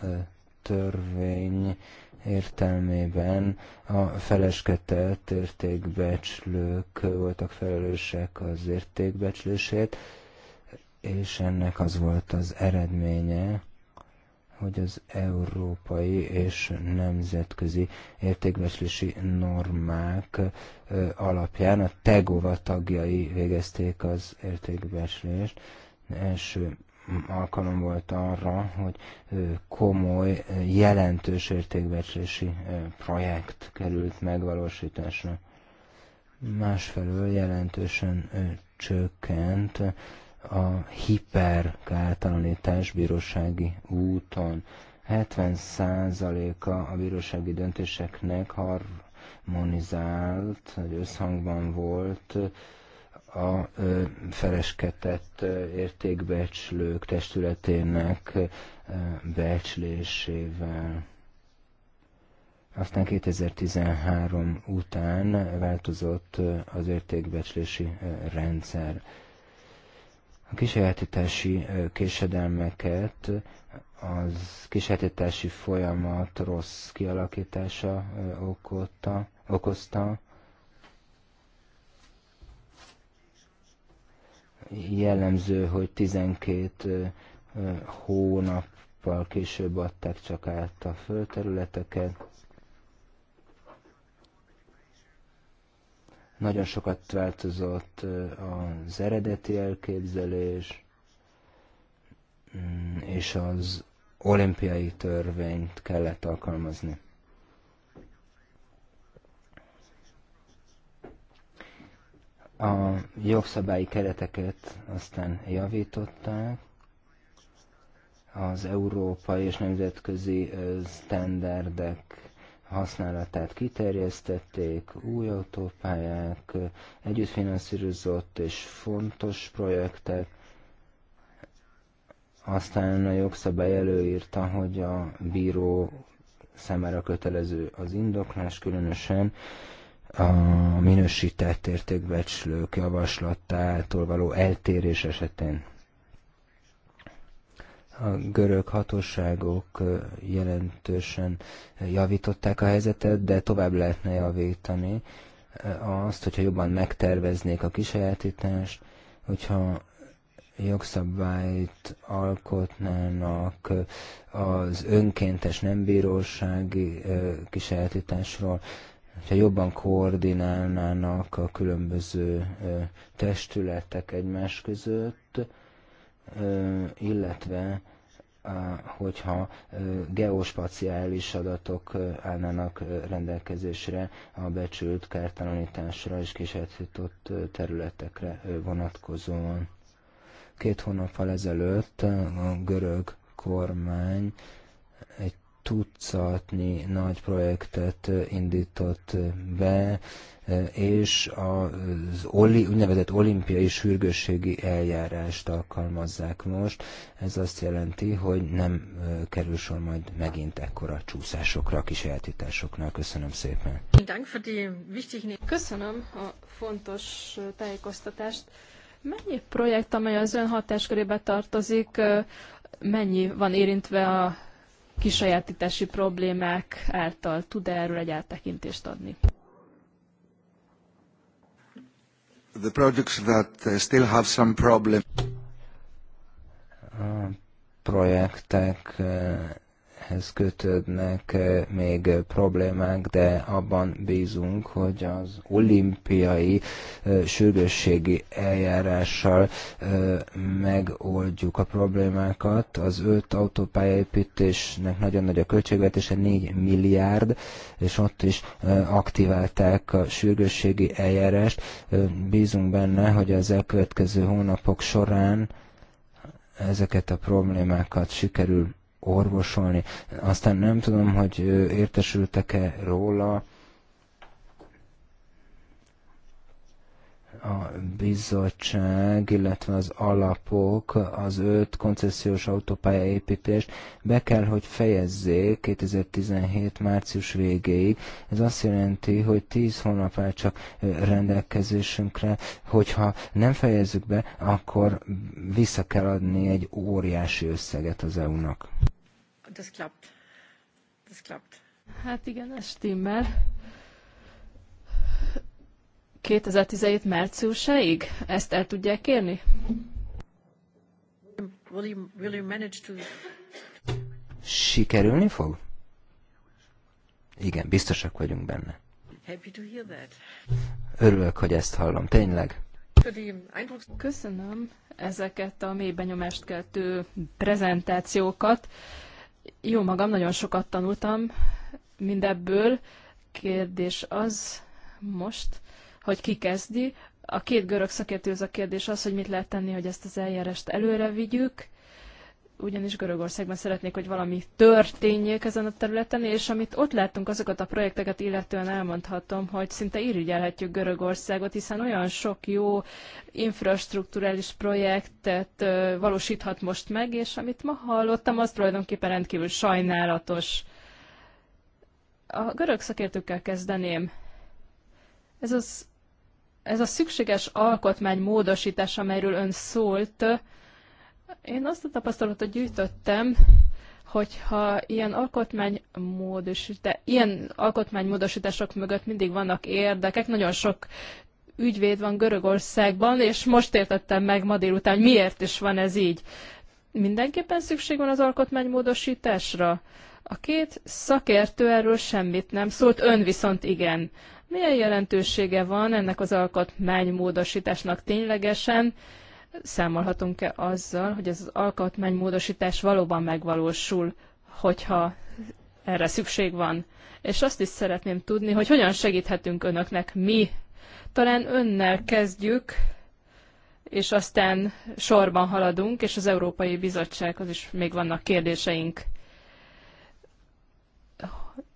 törvény értelmében a feleskedett értékbecslők voltak felelősek az értékbecslését, és ennek az volt az eredménye, hogy az európai és nemzetközi értékbecslési normák alapján a TEGOVA tagjai végezték az értékbecslést. Első alkalom volt arra, hogy komoly, jelentős értékbecslési projekt került megvalósításra. Másfelől jelentősen csökkent a hiperkártalanítás bírósági úton. 70%-a a bírósági döntéseknek harmonizált, vagy összhangban volt a feleskedett értékbecslők testületének becslésével. Aztán 2013 után változott az értékbecslési rendszer. A kisajátítási késedelmeket az kisajátítási folyamat rossz kialakítása okotta, okozta, jellemző, hogy 12 hónappal később adták csak át a földterületeket. Nagyon sokat változott az eredeti elképzelés, mm, és az olimpiai törvényt kellett alkalmazni. A jogszabályi kereteket aztán javították, az európai és nemzetközi standardek használatát kiterjesztették, új autópályák, együttfinanszírozott és fontos projektek, aztán a jogszabály előírta, hogy a bíró számára kötelező az indoklás, különösen a minősített értékbecslők javaslatától való eltérés esetén. A görög hatóságok jelentősen javították a helyzetet, de tovább lehetne javítani azt, hogyha jobban megterveznék a kisajátítást, hogyha jogszabályt alkotnának az önkéntes nem bírósági kisajátításról, ha jobban koordinálnának a különböző testületek egymás között, illetve hogyha geospaciális adatok állnának rendelkezésre a becsült kártalanításra és kísérletított területekre vonatkozóan. Két hónappal ezelőtt a görög kormány tucatnyi nagy projektet indított be, és az oli, úgynevezett olimpiai sürgősségi eljárást alkalmazzák most. Ez azt jelenti, hogy nem kerül sor majd megint ekkora csúszásokra, a Köszönöm szépen. Köszönöm a fontos tájékoztatást. Mennyi projekt, amely az ön hatáskörébe tartozik, mennyi van érintve a kisajátítási problémák által tud -e erről egy áttekintést adni? The projects that uh, still have some problem. A projektek uh, ehhez kötődnek eh, még problémák, de abban bízunk, hogy az olimpiai eh, sürgősségi eljárással eh, megoldjuk a problémákat. Az öt autópályaépítésnek nagyon nagy a költségvetése, 4 milliárd, és ott is aktiválták a sürgősségi eljárást. Bízunk benne, hogy az elkövetkező hónapok során ezeket a problémákat sikerül orvosolni. Aztán nem tudom, hogy értesültek-e róla, a bizottság, illetve az alapok az öt koncesziós autópálya építést be kell, hogy fejezzék 2017 március végéig. Ez azt jelenti, hogy 10 hónap áll csak rendelkezésünkre, hogyha nem fejezzük be, akkor vissza kell adni egy óriási összeget az EU-nak. Das klappt. Das klappt. Hát igen, ez stimmel. 2017 márciusáig? Ezt el tudják érni? Sikerülni fog? Igen, biztosak vagyunk benne. Örülök, hogy ezt hallom, tényleg. Köszönöm ezeket a mély benyomást keltő prezentációkat. Jó magam, nagyon sokat tanultam mindebből. Kérdés az most, hogy ki kezdi. A két görög szakértőz a kérdés az, hogy mit lehet tenni, hogy ezt az eljárást előre vigyük, ugyanis Görögországban szeretnék, hogy valami történjék ezen a területen, és amit ott láttunk, azokat a projekteket illetően elmondhatom, hogy szinte irigyelhetjük Görögországot, hiszen olyan sok jó infrastruktúrális projektet valósíthat most meg, és amit ma hallottam, az tulajdonképpen rendkívül sajnálatos. A görög szakértőkkel kezdeném. Ez az ez a szükséges alkotmány-módosítás amelyről ön szólt, én azt a tapasztalatot gyűjtöttem, hogyha ilyen alkotmánymódosítás, ilyen alkotmánymódosítások mögött mindig vannak érdekek, nagyon sok ügyvéd van Görögországban, és most értettem meg ma délután, hogy miért is van ez így. Mindenképpen szükség van az alkotmánymódosításra? A két szakértő erről semmit nem szólt, ön viszont igen. Milyen jelentősége van ennek az alkotmánymódosításnak ténylegesen? Számolhatunk-e azzal, hogy ez az alkotmánymódosítás valóban megvalósul, hogyha erre szükség van? És azt is szeretném tudni, hogy hogyan segíthetünk önöknek mi. Talán önnel kezdjük, és aztán sorban haladunk, és az Európai Bizottsághoz is még vannak kérdéseink.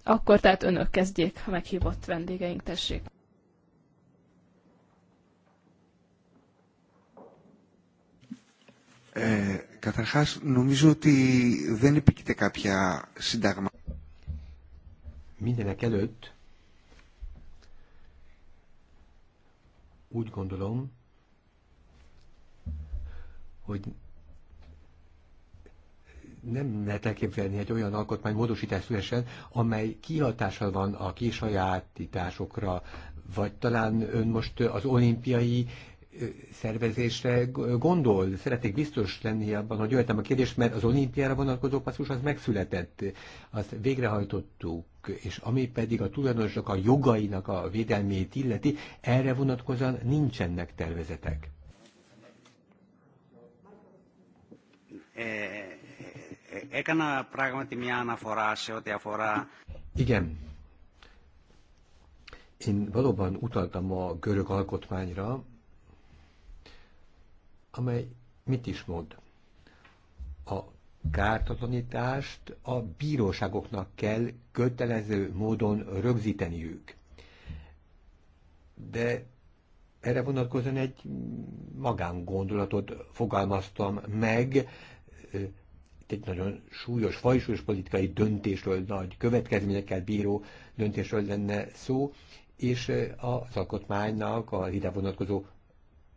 Akkor tehát önök kezdjék, ha meghívott vendégeink, tessék. Ε, καταρχάς, νομίζω ότι δεν επικείται κάποια σύνταγμα. Mindenek előtt úgy gondolom, hogy nem lehet elképzelni egy olyan alkotmány alkotmánymódosítás szülesen, amely kihatással van a kisajátításokra, vagy talán ön most az olimpiai szervezésre gondol? Szeretnék biztos lenni abban, hogy jöttem a kérdés, mert az olimpiára vonatkozó passzus az megszületett, azt végrehajtottuk, és ami pedig a tulajdonosok a jogainak a védelmét illeti, erre vonatkozóan nincsenek tervezetek. Eh, έκανα πράγματι μια αναφορά σε ό,τι αφορά... Igen. Én valóban utaltam a görög alkotmányra, amely mit is mond? A kártatlanítást a bíróságoknak kell kötelező módon rögzíteniük. De erre vonatkozóan egy gondolatot fogalmaztam meg, itt egy nagyon súlyos, fajsúlyos politikai döntésről, nagy következményekkel bíró döntésről lenne szó, és eh, az alkotmánynak a ide vonatkozó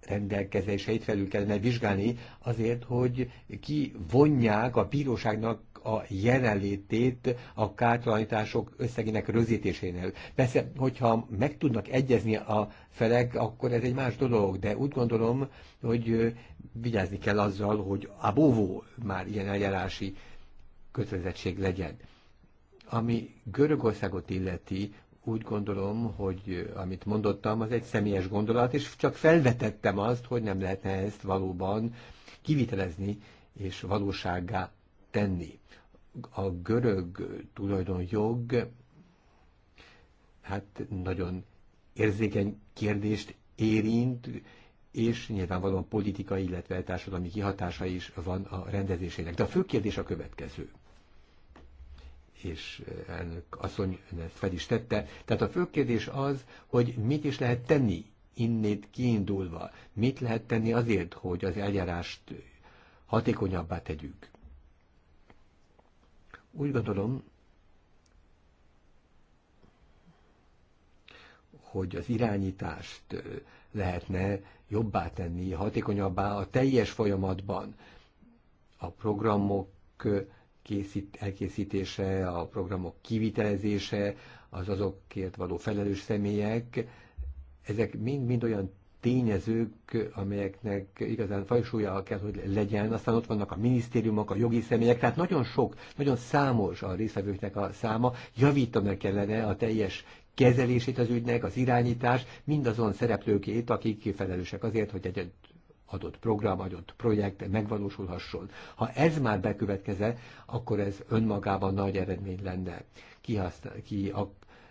rendelkezéseit felül kellene vizsgálni azért, hogy ki vonják a bíróságnak a jelenlétét a kártalanítások összegének rözítésénél. Persze, hogyha meg tudnak egyezni a felek, akkor ez egy más dolog, de úgy gondolom, hogy vigyázni kell azzal, hogy a bóvó már ilyen eljárási kötelezettség legyen. Ami Görögországot illeti, úgy gondolom, hogy amit mondottam, az egy személyes gondolat, és csak felvetettem azt, hogy nem lehetne ezt valóban kivitelezni és valósággá tenni. A görög tulajdonjog hát nagyon érzékeny kérdést érint, és nyilvánvalóan politikai, illetve társadalmi kihatása is van a rendezésének. De a fő kérdés a következő és eh, elnök asszony ezt fel is tette. Tehát a fő kérdés az, hogy mit is lehet tenni innét kiindulva. Mit lehet tenni azért, hogy az eljárást hatékonyabbá tegyük? Úgy gondolom, hogy az irányítást eh, lehetne jobbá tenni, hatékonyabbá a teljes folyamatban. A programok eh, készít, elkészítése, a programok kivitelezése, az azokért való felelős személyek, ezek mind-mind olyan tényezők, amelyeknek igazán fajsúlya kell, hogy legyen. Aztán ott vannak a minisztériumok, a jogi személyek, tehát nagyon sok, nagyon számos a részvevőknek a száma. Javítanak kellene a teljes kezelését az ügynek, az irányítás, mindazon szereplőkét, akik felelősek azért, hogy egy adott program, adott projekt megvalósulhasson. Ha ez már bekövetkezett, akkor ez önmagában nagy eredmény lenne. Kihasznál, ki a,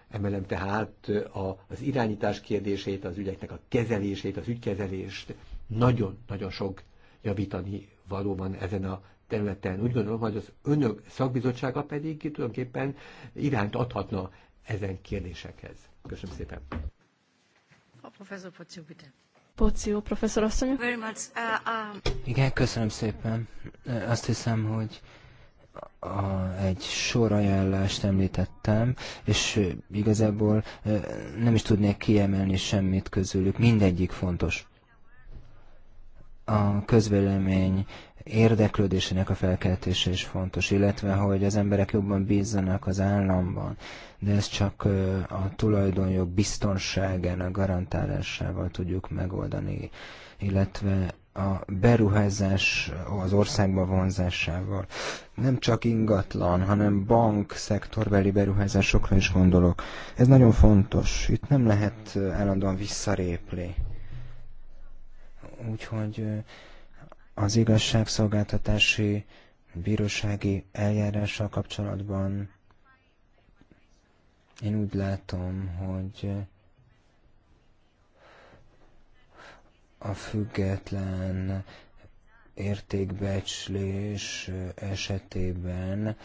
emelem tehát a, az irányítás kérdését, az ügyeknek a kezelését, az ügykezelést. Nagyon-nagyon sok javítani valóban ezen a területen. Úgy gondolom, hogy az önök szakbizottsága pedig tulajdonképpen irányt adhatna ezen kérdésekhez. Köszönöm szépen. A professzor Pocsi, Poció professzor asszony. Uh, um, Igen, köszönöm szépen. Azt hiszem, hogy a, egy sor ajánlást említettem, és igazából nem is tudnék kiemelni semmit közülük, mindegyik fontos a közvélemény érdeklődésének a felkeltése is fontos, illetve hogy az emberek jobban bízzanak az államban, de ezt csak a tulajdonjog biztonságának garantálásával tudjuk megoldani, illetve a beruházás az országba vonzásával. Nem csak ingatlan, hanem bank szektorbeli beruházásokra is gondolok. Ez nagyon fontos. Itt nem lehet állandóan visszarépli. Úgyhogy az igazságszolgáltatási bírósági eljárással kapcsolatban én úgy látom, hogy a független értékbecslés esetében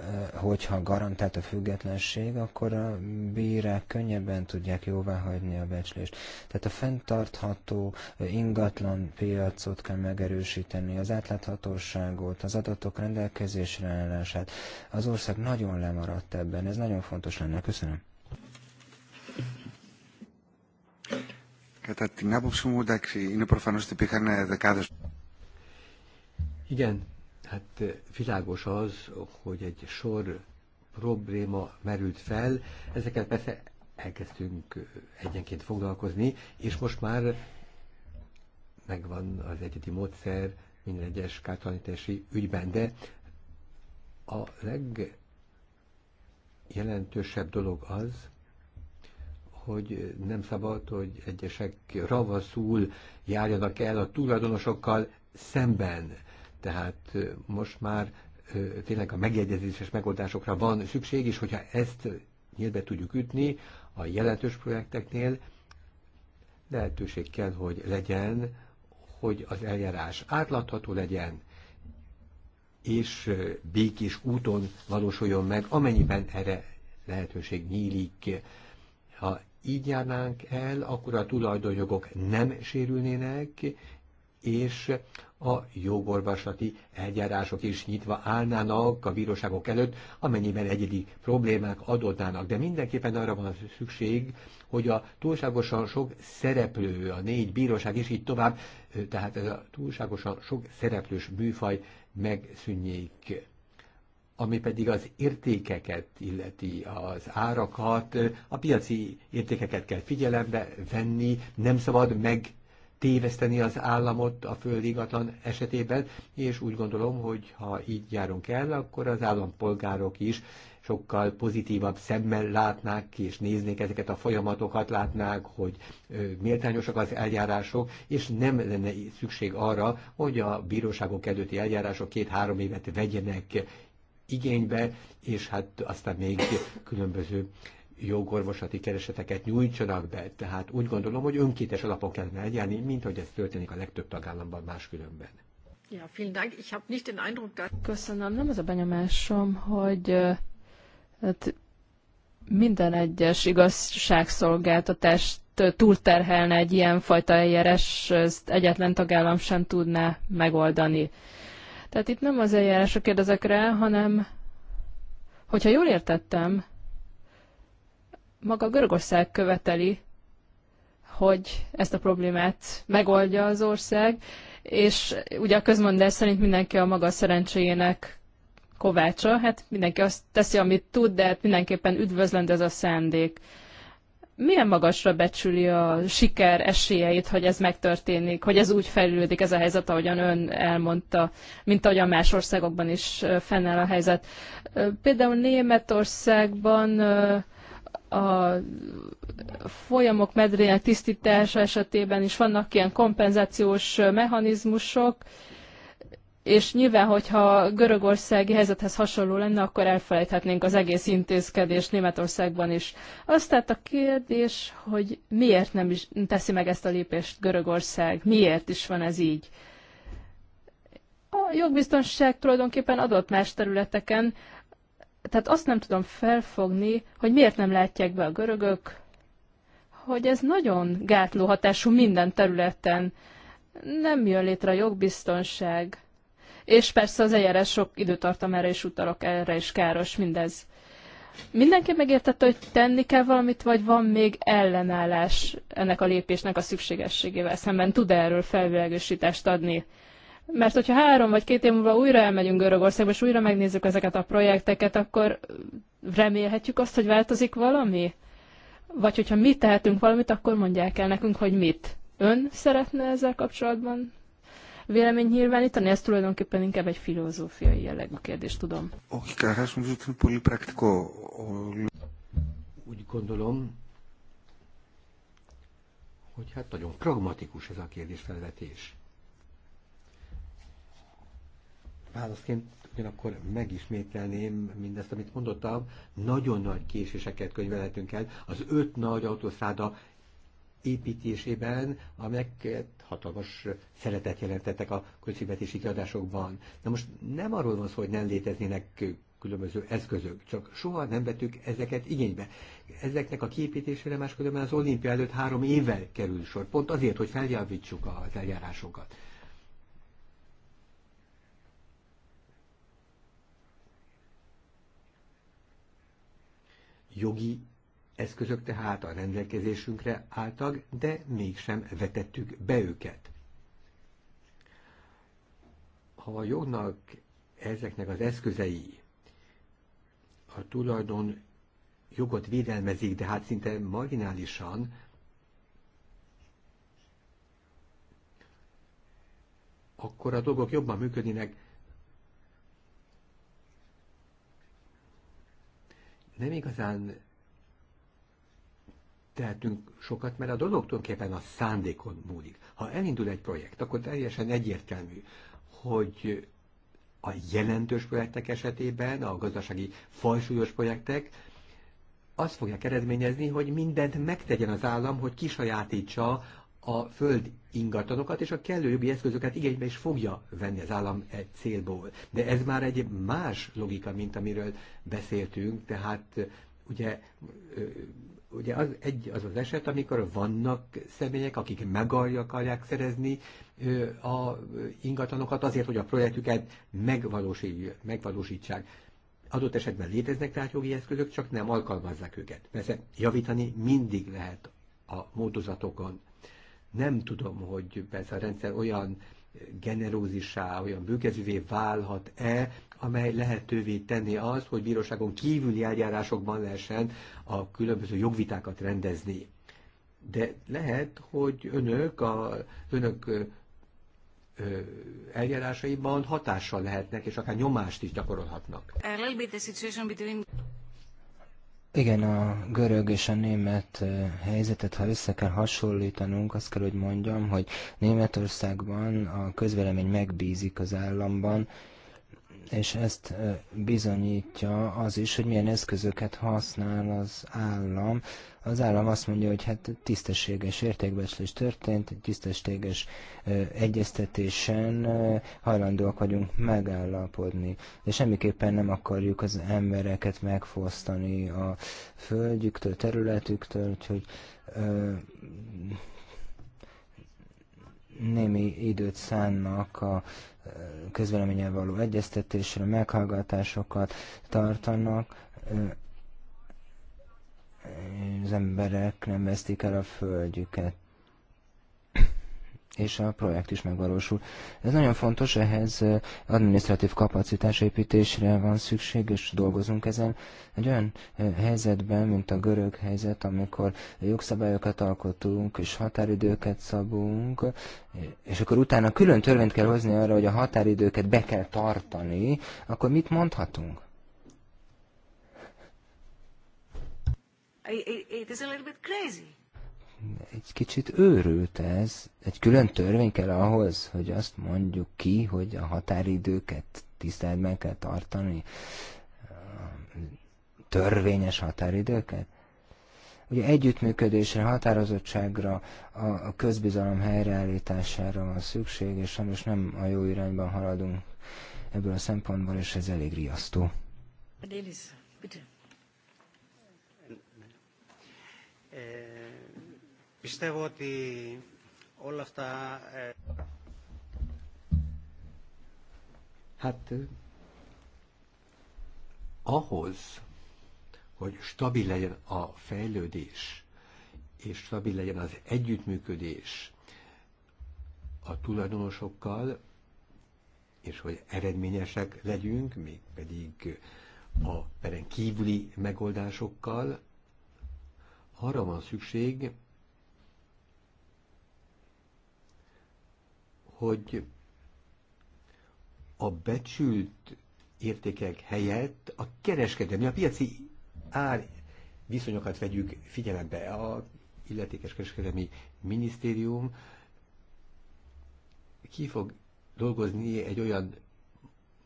Eh, hogyha garantált a függetlenség, akkor a bírák könnyebben tudják jóváhagyni a becslést. Tehát a fenntartható ingatlan piacot kell megerősíteni, az átláthatóságot, az adatok rendelkezésre állását. Az ország nagyon lemaradt ebben, ez nagyon fontos lenne. Köszönöm. Κατά την άποψή μου, εντάξει, είναι προφανώς ότι υπήρχαν δεκάδες... Igen, Hát világos az, hogy egy sor probléma merült fel, ezeket persze elkezdtünk egyenként foglalkozni, és most már megvan az egyedi módszer minden egyes kártalanítási ügyben, de a legjelentősebb dolog az, hogy nem szabad, hogy egyesek ravaszul járjanak el a tulajdonosokkal szemben. Tehát most már tényleg a megjegyezéses megoldásokra van szükség, és hogyha ezt nyílbe tudjuk ütni a jelentős projekteknél, lehetőség kell, hogy legyen, hogy az eljárás átlátható legyen, és békés úton valósuljon meg, amennyiben erre lehetőség nyílik. Ha így járnánk el, akkor a tulajdonjogok nem sérülnének, és a jogorvaslati eljárások is nyitva állnának a bíróságok előtt, amennyiben egyedi problémák adódnának. De mindenképpen arra van szükség, hogy a túlságosan sok szereplő, a négy bíróság és így tovább, tehát ez a túlságosan sok szereplős műfaj megszűnjék ami pedig az értékeket illeti, az árakat, a piaci értékeket kell figyelembe venni, nem szabad meg téveszteni az államot a földigatlan esetében, és úgy gondolom, hogy ha így járunk el, akkor az állampolgárok is sokkal pozitívabb szemmel látnák és néznék ezeket a folyamatokat, látnák, hogy méltányosak az eljárások, és nem lenne szükség arra, hogy a bíróságok előtti eljárások két-három évet vegyenek igénybe, és hát aztán még különböző jogorvoslati kereseteket nyújtsanak be. Tehát úgy gondolom, hogy önkétes alapon kellene eljárni, mint ahogy ez történik a legtöbb tagállamban máskülönben. Ja, vielen Dank. Ich habe nicht den Eindruck, dass... Köszönöm. Nem az a benyomásom, hogy hát minden egyes igazságszolgáltatást túlterhelne egy ilyen fajta eljárás, ezt egyetlen tagállam sem tudná megoldani. Tehát itt nem az eljárás a kérdezekre, hanem hogyha jól értettem, maga Görögország követeli, hogy ezt a problémát megoldja az ország, és ugye a közmondás szerint mindenki a maga szerencséjének kovácsa, hát mindenki azt teszi, amit tud, de hát mindenképpen üdvözlendő ez a szándék. Milyen magasra becsüli a siker esélyeit, hogy ez megtörténik, hogy ez úgy fejlődik ez a helyzet, ahogyan ön elmondta, mint ahogyan más országokban is fennáll a helyzet. Például Németországban a folyamok medrének tisztítása esetében is vannak ilyen kompenzációs mechanizmusok, és nyilván, hogyha görögországi helyzethez hasonló lenne, akkor elfelejthetnénk az egész intézkedést Németországban is. Azt tehát a kérdés, hogy miért nem is teszi meg ezt a lépést Görögország, miért is van ez így? A jogbiztonság tulajdonképpen adott más területeken, tehát azt nem tudom felfogni, hogy miért nem látják be a görögök, hogy ez nagyon gátló hatású minden területen. Nem jön létre a jogbiztonság. És persze az eljárás sok erre is utalok, erre is káros mindez. Mindenki megértette, hogy tenni kell valamit, vagy van még ellenállás ennek a lépésnek a szükségességével szemben? Tud -e erről felvilágosítást adni? Mert hogyha három vagy két év múlva újra elmegyünk Görögországba, és újra megnézzük ezeket a projekteket, akkor remélhetjük azt, hogy változik valami? Vagy hogyha mi tehetünk valamit, akkor mondják el nekünk, hogy mit. Ön szeretne ezzel kapcsolatban vélemény nyilvánítani? Ez tulajdonképpen inkább egy filozófiai jellegű kérdés, tudom. Úgy gondolom, hogy hát nagyon pragmatikus ez a kérdésfelvetés. válaszként ugyanakkor megismételném mindezt, amit mondottam, nagyon nagy késéseket könyvelhetünk el az öt nagy autószáda építésében, amelyeket hatalmas szeretet jelentettek a költségvetési kiadásokban. Na most nem arról van szó, hogy nem léteznének különböző eszközök, csak soha nem vettük ezeket igénybe. Ezeknek a kiépítésére máskülönben az olimpia előtt három évvel kerül sor, pont azért, hogy feljavítsuk az eljárásokat. jogi eszközök tehát a rendelkezésünkre álltak, de mégsem vetettük be őket. Ha a jognak ezeknek az eszközei a tulajdon jogot védelmezik, de hát szinte marginálisan, akkor a dolgok jobban működnének, nem igazán tehetünk sokat, mert a dolog tulajdonképpen a szándékon múlik. Ha elindul egy projekt, akkor teljesen egyértelmű, hogy a jelentős projektek esetében, a gazdasági fajsúlyos projektek azt fogják eredményezni, hogy mindent megtegyen az állam, hogy kisajátítsa a föld ingatlanokat és a kellő jogi eszközöket igénybe is fogja venni az állam egy célból. De ez már egy más logika, mint amiről beszéltünk, tehát ugye ugye az, egy, az az eset, amikor vannak személyek, akik megalja akarják szerezni a ingatlanokat azért, hogy a projektüket megvalósítsák. Adott esetben léteznek tehát jogi eszközök, csak nem alkalmazzák őket. Persze javítani mindig lehet a módozatokon. Nem tudom, hogy ez a rendszer olyan generózisá, olyan bőkezűvé válhat-e, amely lehetővé tenni azt, hogy bíróságon kívüli eljárásokban lehessen a különböző jogvitákat rendezni. De lehet, hogy önök, a, önök eljárásaiban hatással lehetnek, és akár nyomást is gyakorolhatnak. Igen, a görög és a német helyzetet, ha össze kell hasonlítanunk, azt kell, hogy mondjam, hogy Németországban a közvélemény megbízik az államban, és ezt bizonyítja az is, hogy milyen eszközöket használ az állam. Az állam azt mondja, hogy hát tisztességes értékbecslés történt, tisztességes egyeztetésen hajlandóak vagyunk megállapodni, és semmiképpen nem akarjuk az embereket megfosztani a földjüktől, területüktől, úgyhogy némi időt szánnak a közvéleménnyel való egyeztetésre, meghallgatásokat tartanak, az emberek nem vesztik el a földjüket és a projekt is megvalósul. Ez nagyon fontos, ehhez administratív kapacitásépítésre van szükség, és dolgozunk ezen. Egy olyan helyzetben, mint a görög helyzet, amikor jogszabályokat alkotunk, és határidőket szabunk, és akkor utána külön törvényt kell hozni arra, hogy a határidőket be kell tartani, akkor mit mondhatunk? It is a little bit crazy egy kicsit őrült ez. Egy külön törvény kell ahhoz, hogy azt mondjuk ki, hogy a határidőket tiszteletben kell tartani, törvényes határidőket. Ugye együttműködésre, határozottságra, a közbizalom helyreállítására van szükség, és sajnos nem a jó irányban haladunk ebből a szempontból, és ez elég riasztó. Délis, bitte. Πιστεύω ότι όλα αυτά... Hát ahhoz, hogy stabil legyen a fejlődés, és stabil legyen az együttműködés a tulajdonosokkal, és hogy eredményesek legyünk, mégpedig a peren kívüli megoldásokkal, arra van szükség, hogy a becsült értékek helyett a kereskedelmi, a piaci ár viszonyokat vegyük figyelembe. A illetékes kereskedelmi minisztérium ki fog dolgozni egy olyan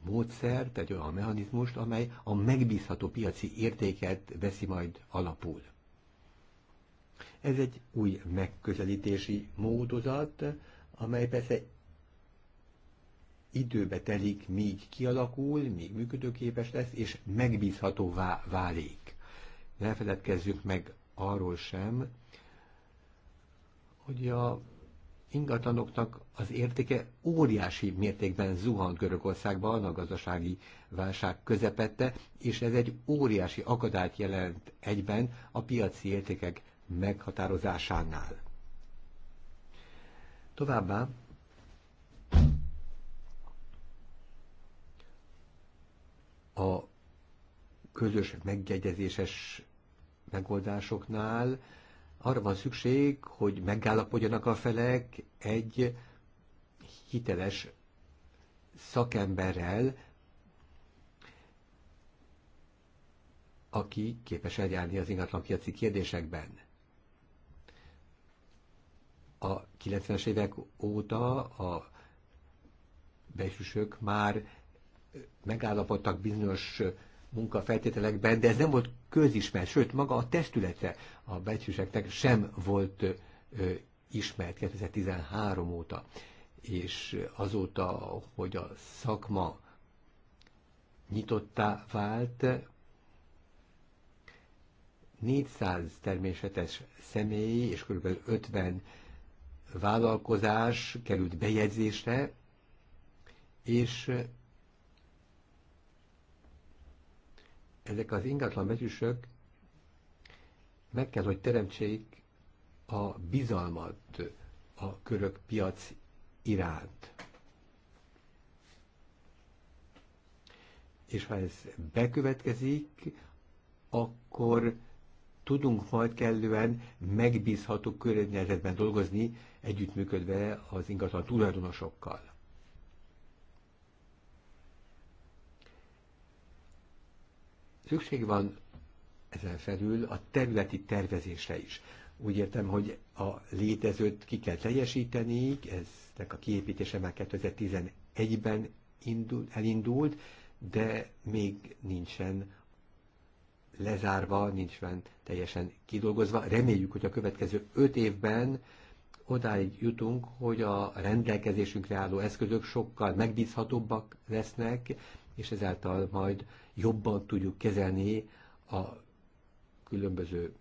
módszert, egy olyan mechanizmust, amely a megbízható piaci értéket veszi majd alapul. Ez egy új megközelítési módozat, amely persze időbe telik, míg kialakul, míg működőképes lesz, és megbízhatóvá válik. Ne feledkezzünk meg arról sem, hogy a ingatlanoknak az értéke óriási mértékben zuhant Görögországban a gazdasági válság közepette, és ez egy óriási akadályt jelent egyben a piaci értékek meghatározásánál. Továbbá a közös megjegyezéses megoldásoknál arra van szükség, hogy megállapodjanak a felek egy hiteles szakemberrel, aki képes eljárni az ingatlanpiaci kérdésekben. A 90-es évek óta a besűsök már megállapodtak bizonyos munkafeltételekben, de ez nem volt közismert, sőt, maga a testülete a becsüseknek sem volt ismert 2013 óta, és azóta, hogy a szakma nyitottá vált, 400 természetes személy és kb. 50 vállalkozás került bejegyzésre, és ezek az ingatlan betűsök meg kell, hogy teremtsék a bizalmat a körök piac iránt. És ha ez bekövetkezik, akkor tudunk majd kellően megbízható környezetben dolgozni, együttműködve az ingatlan tulajdonosokkal. Szükség van ezen felül a területi tervezésre is. Úgy értem, hogy a létezőt ki kell teljesíteni, eznek a kiépítése már 2011-ben elindult, de még nincsen lezárva, nincsen teljesen kidolgozva. Reméljük, hogy a következő öt évben odáig jutunk, hogy a rendelkezésünkre álló eszközök sokkal megbízhatóbbak lesznek, és ezáltal majd jobban tudjuk kezelni a különböző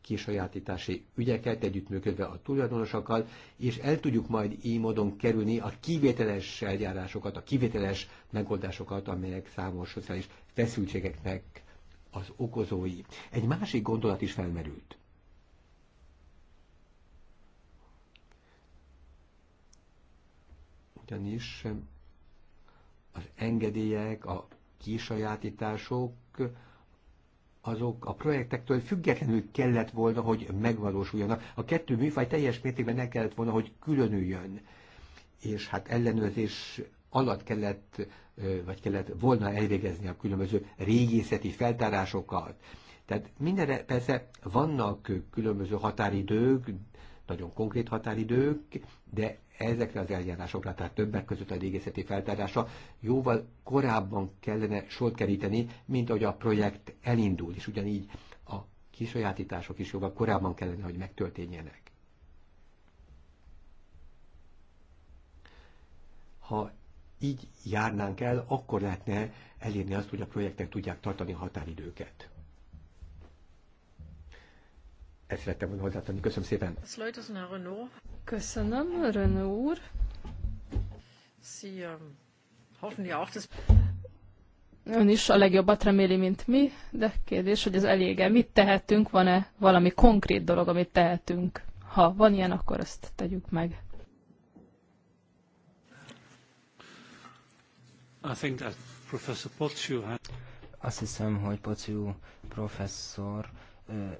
kisajátítási ügyeket együttműködve a tulajdonosokkal, és el tudjuk majd így módon kerülni a kivételes eljárásokat, a kivételes megoldásokat, amelyek számos szociális feszültségeknek az okozói. Egy másik gondolat is felmerült. Ugyanis az engedélyek, a kisajátítások, azok a projektektől függetlenül kellett volna, hogy megvalósuljanak. A kettő műfaj teljes mértékben ne kellett volna, hogy különüljön. És hát ellenőrzés alatt kellett, vagy kellett volna elvégezni a különböző régészeti feltárásokat. Tehát mindenre persze vannak különböző határidők, nagyon konkrét határidők, de ezekre az eljárásokra, tehát többek között a régészeti feltárása, jóval korábban kellene sort keríteni, mint ahogy a projekt elindul, és ugyanígy a kisajátítások is jóval korábban kellene, hogy megtörténjenek. Ha így járnánk el, akkor lehetne elérni azt, hogy a projektek tudják tartani a határidőket. Ezt szerettem volna hozzátenni. Köszönöm szépen. Köszönöm, Renault úr. Ähm, Ön is a legjobbat reméli, mint mi, de kérdés, hogy ez elége. Mit tehetünk? Van-e valami konkrét dolog, amit tehetünk? Ha van ilyen, akkor azt tegyük meg. I think that Professor Pocciu had... Azt hiszem, hogy Pocciu professzor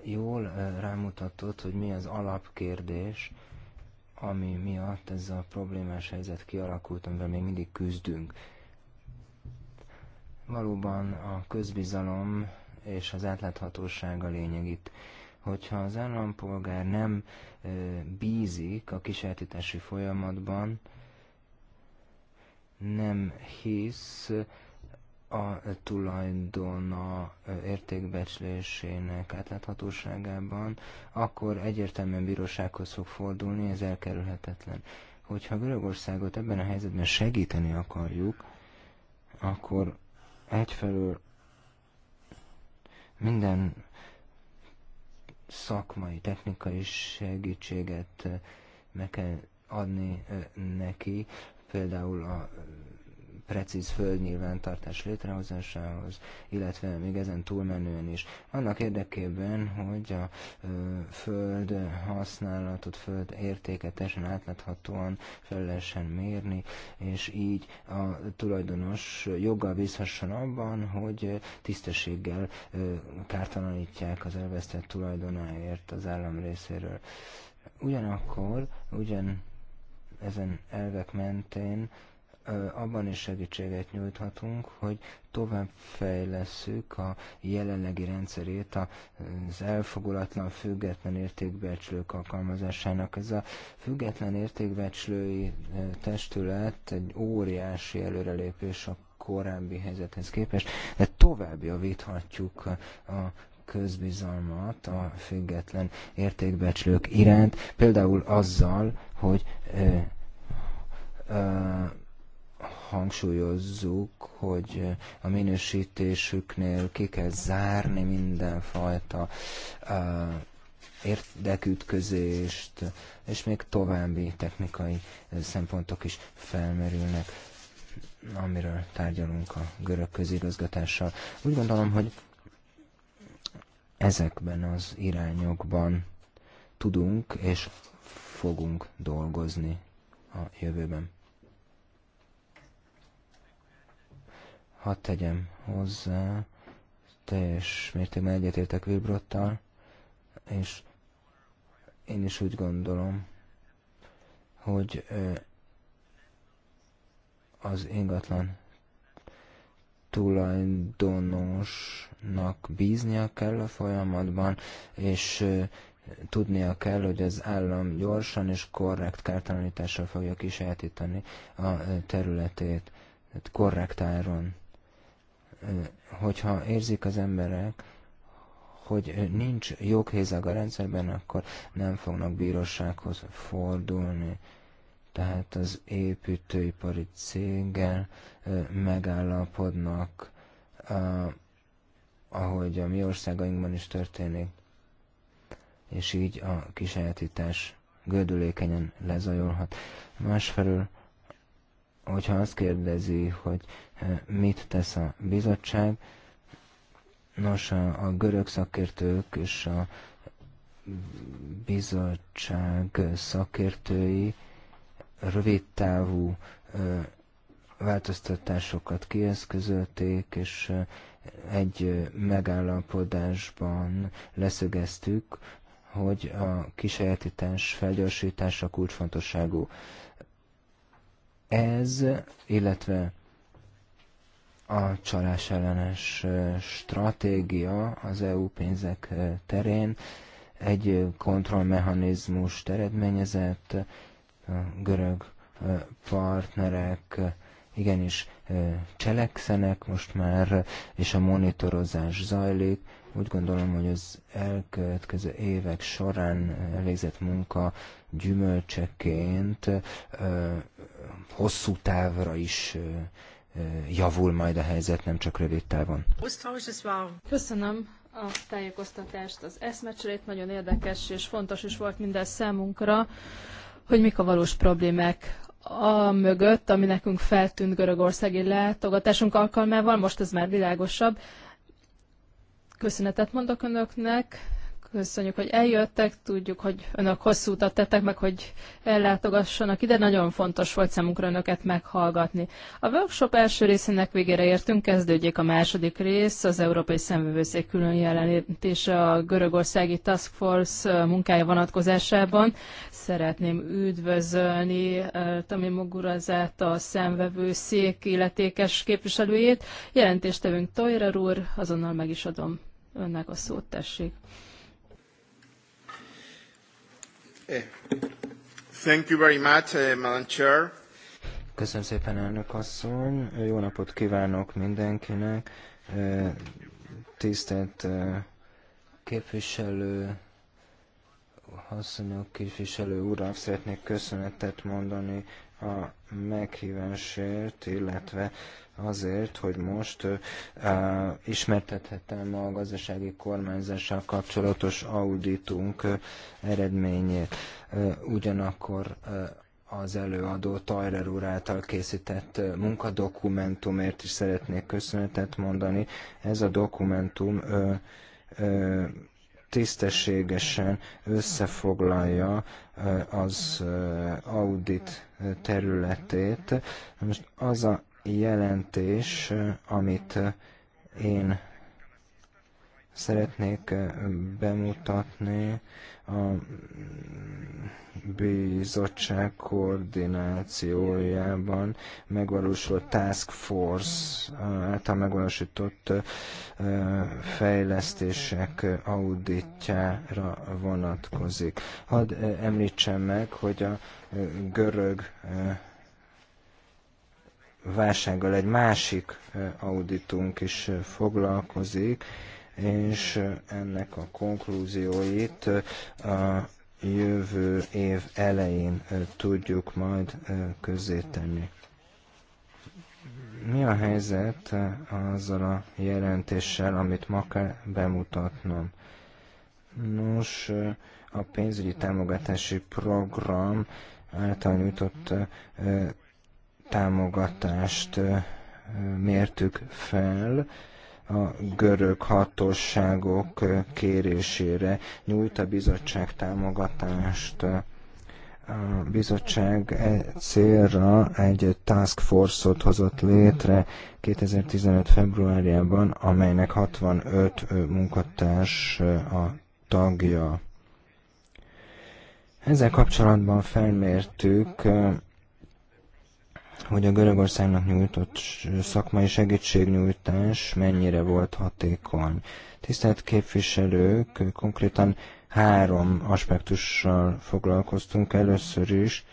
jól rámutatott, hogy mi az alapkérdés, ami miatt ez a problémás helyzet kialakult, amivel még mindig küzdünk. Valóban a közbizalom és az átláthatóság a lényeg itt. Hogyha az állampolgár nem bízik a kiseltítési folyamatban, nem hisz, a tulajdona értékbecslésének átláthatóságában, akkor egyértelműen bírósághoz fog fordulni, ez elkerülhetetlen. Hogyha Görögországot ebben a helyzetben segíteni akarjuk, akkor egyfelől minden szakmai, technikai segítséget meg kell adni neki, például a precíz földnyilvántartás létrehozásához, illetve még ezen túlmenően is. Annak érdekében, hogy a föld használatot, föld értéketesen átláthatóan fel lehessen mérni, és így a tulajdonos joggal bízhasson abban, hogy tisztességgel kártalanítják az elvesztett tulajdonáért az állam részéről. Ugyanakkor, ugyan ezen elvek mentén abban is segítséget nyújthatunk, hogy tovább fejlesszük a jelenlegi rendszerét az elfogulatlan független értékbecslők alkalmazásának. Ez a független értékbecslői testület egy óriási előrelépés a korábbi helyzethez képest, de tovább javíthatjuk a közbizalmat a független értékbecslők iránt, például azzal, hogy ö, ö, hangsúlyozzuk, hogy a minősítésüknél ki kell zárni mindenfajta érdekütközést, és még további technikai szempontok is felmerülnek, amiről tárgyalunk a görög közigazgatással. Úgy gondolom, hogy ezekben az irányokban tudunk és fogunk dolgozni a jövőben. hadd tegyem hozzá, teljes mértékben egyetértek Wilbrottal, és én is úgy gondolom, hogy az ingatlan tulajdonosnak bíznia kell a folyamatban, és tudnia kell, hogy az állam gyorsan és korrekt kártalanítással fogja kisajátítani a területét, korrekt áron hogyha érzik az emberek, hogy nincs joghézag a rendszerben, akkor nem fognak bírósághoz fordulni. Tehát az építőipari céggel megállapodnak, ahogy a mi országainkban is történik, és így a kisajátítás gödülékenyen lezajolhat. Másfelől, hogyha azt kérdezi, hogy Mit tesz a bizottság? Nos, a, a görög szakértők és a bizottság szakértői rövid távú változtatásokat kieszközölték, és egy megállapodásban leszögeztük, hogy a kisajátítás felgyorsítása kulcsfontosságú. Ez, illetve a csalás ellenes stratégia az EU pénzek terén egy kontrollmechanizmust eredményezett, a görög partnerek igenis cselekszenek most már, és a monitorozás zajlik. Úgy gondolom, hogy az elkövetkező évek során elégzett munka gyümölcseként hosszú távra is javul majd a helyzet, nem csak rövid távon. Köszönöm a tájékoztatást, az eszmecserét, nagyon érdekes és fontos is volt minden számunkra, hogy mik a valós problémák a mögött, ami nekünk feltűnt görögországi látogatásunk alkalmával, most ez már világosabb. Köszönetet mondok önöknek, Köszönjük, hogy eljöttek, tudjuk, hogy önök hosszú utat tettek meg, hogy ellátogassanak ide. Nagyon fontos volt számunkra önöket meghallgatni. A workshop első részének végére értünk, kezdődjék a második rész, az Európai Szemvevőszék külön jelentése a Görögországi Task Force munkája vonatkozásában. Szeretném üdvözölni Tami Mogurazát, a szemvevőszék illetékes képviselőjét. Jelentéstevünk tojra úr, azonnal meg is adom önnek a szót, tessék. Thank you very much, uh, Madam Chair. Köszönöm szépen, elnök asszony. Jó napot kívánok mindenkinek. Tisztelt képviselő, asszonyok, képviselő urak, szeretnék köszönetet mondani a meghívásért, illetve azért, hogy most uh, ismertethettem a gazdasági kormányzással kapcsolatos auditunk uh, eredményét. Uh, ugyanakkor uh, az előadó Tajrer úr által készített munkadokumentumért is szeretnék köszönetet mondani. Ez a dokumentum tisztességesen összefoglalja eh, az eh, audit területét. Most az a jelentés, eh, amit én szeretnék bemutatni a mm, bizottság koordinációjában megvalósult Task Force által megvalósított fejlesztések auditjára vonatkozik. Hadd említsem meg, hogy a görög válsággal egy másik auditunk is foglalkozik, és ennek a konklúzióit a jövő év elején tudjuk majd közzétenni. Mi a helyzet azzal a jelentéssel, amit ma kell bemutatnom? Nos, a pénzügyi támogatási program által nyújtott támogatást mértük fel, a görög hatóságok kérésére nyújt a bizottság támogatást. A bizottság e célra egy task force-ot hozott létre 2015. februárjában, amelynek 65 munkatárs a tagja. Ezzel kapcsolatban felmértük hogy a Görögországnak nyújtott szakmai segítségnyújtás mennyire volt hatékony. Tisztelt képviselők, konkrétan három aspektussal foglalkoztunk először is,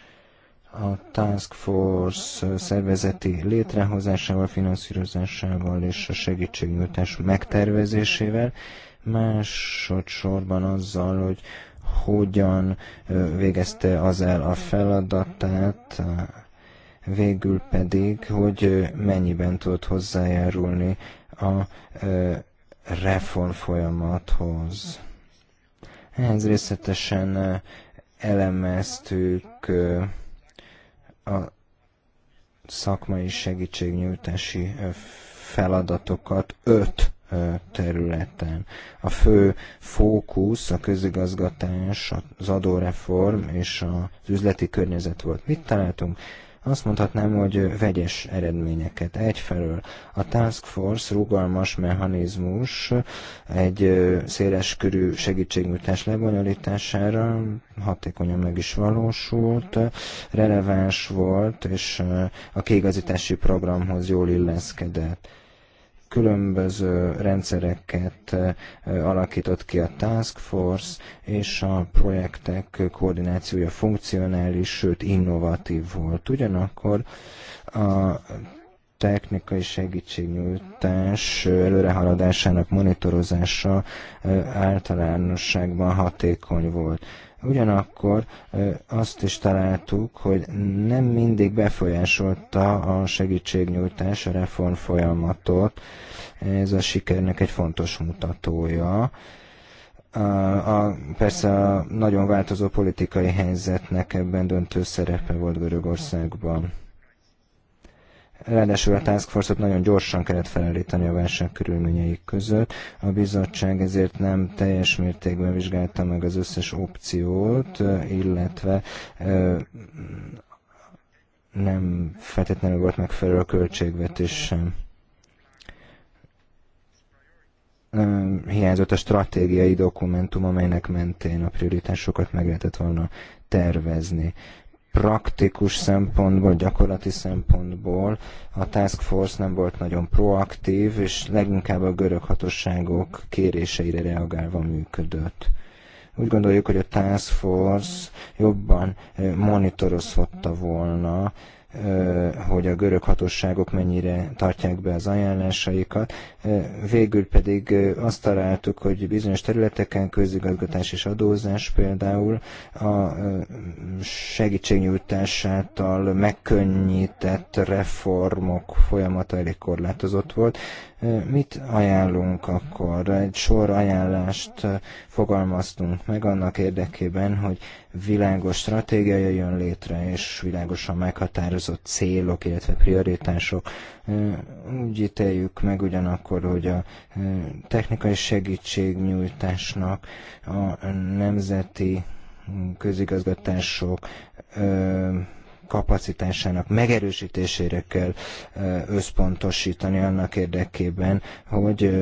a Task Force szervezeti létrehozásával, finanszírozásával és a segítségnyújtás megtervezésével, másodszorban azzal, hogy hogyan végezte az el a feladatát, végül pedig, hogy mennyiben tud hozzájárulni a reform folyamathoz. Ehhez részletesen elemeztük a szakmai segítségnyújtási feladatokat öt területen. A fő fókusz, a közigazgatás, az adóreform és az üzleti környezet volt. Mit találtunk? Azt mondhatnám, hogy vegyes eredményeket. Egyfelől a Task Force rugalmas mechanizmus egy széleskörű segítségnyújtás lebonyolítására hatékonyan meg is valósult, releváns volt, és a kiigazítási programhoz jól illeszkedett különböző rendszereket eh, alakított ki a Task Force, és a projektek koordinációja funkcionális, sőt innovatív volt. Ugyanakkor a technikai segítségnyújtás előrehaladásának monitorozása eh, általánosságban hatékony volt. Ugyanakkor azt is találtuk, hogy nem mindig befolyásolta a segítségnyújtás a reform folyamatot. Ez a sikernek egy fontos mutatója. A, a, persze a nagyon változó politikai helyzetnek ebben döntő szerepe volt Görögországban. Ráadásul a Task Force-ot nagyon gyorsan kellett felállítani a válság körülményeik között. A bizottság ezért nem teljes mértékben vizsgálta meg az összes opciót, illetve nem feltétlenül volt megfelelő a költségvetés sem hiányzott a stratégiai dokumentum, amelynek mentén a prioritásokat meg lehetett volna tervezni praktikus szempontból, gyakorlati szempontból a Task Force nem volt nagyon proaktív, és leginkább a görög hatóságok kéréseire reagálva működött. Úgy gondoljuk, hogy a Task Force jobban monitorozhatta volna, hogy a görög hatóságok mennyire tartják be az ajánlásaikat, Végül pedig azt találtuk, hogy bizonyos területeken, közigazgatás és adózás például a által megkönnyített reformok folyamata elég korlátozott volt. Mit ajánlunk akkor? Egy sor ajánlást fogalmaztunk meg annak érdekében, hogy világos stratégia jön létre, és világosan meghatározott célok, illetve prioritások. Úgy ítéljük meg ugyanakkor, akkor, hogy a technikai segítségnyújtásnak a nemzeti közigazgatások kapacitásának megerősítésére kell összpontosítani annak érdekében, hogy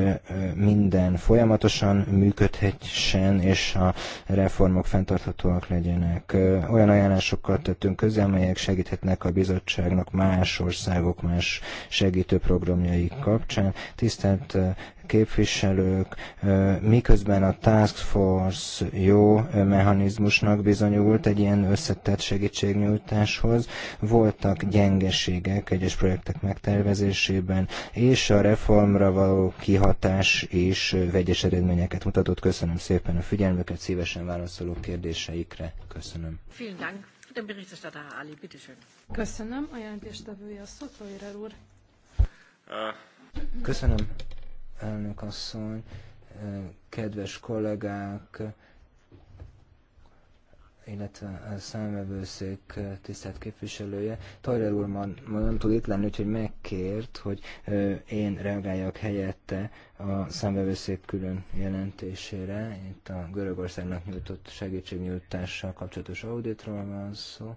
minden folyamatosan működhessen, és a reformok fenntarthatóak legyenek. Olyan ajánlásokat tettünk közé, amelyek segíthetnek a bizottságnak más országok, más programjai kapcsán. Tisztelt képviselők, miközben a Task Force jó mechanizmusnak bizonyult egy ilyen összetett segítségnyújtáshoz, voltak gyengeségek egyes projektek megtervezésében, és a reformra való kihatás is vegyes eredményeket mutatott. Köszönöm szépen a figyelmüket, szívesen válaszolok kérdéseikre. Köszönöm. Vielen Köszönöm, a jelentéstevője a Szotoirer úr. Köszönöm, elnök asszony, kedves kollégák, illetve a számvevőszék tisztelt képviselője. Tajler úr ma, ma nem tud itt lenni, úgyhogy megkért, hogy én reagáljak helyette a számvevőszék külön jelentésére. Itt a Görögországnak nyújtott segítségnyújtással kapcsolatos auditról van szó.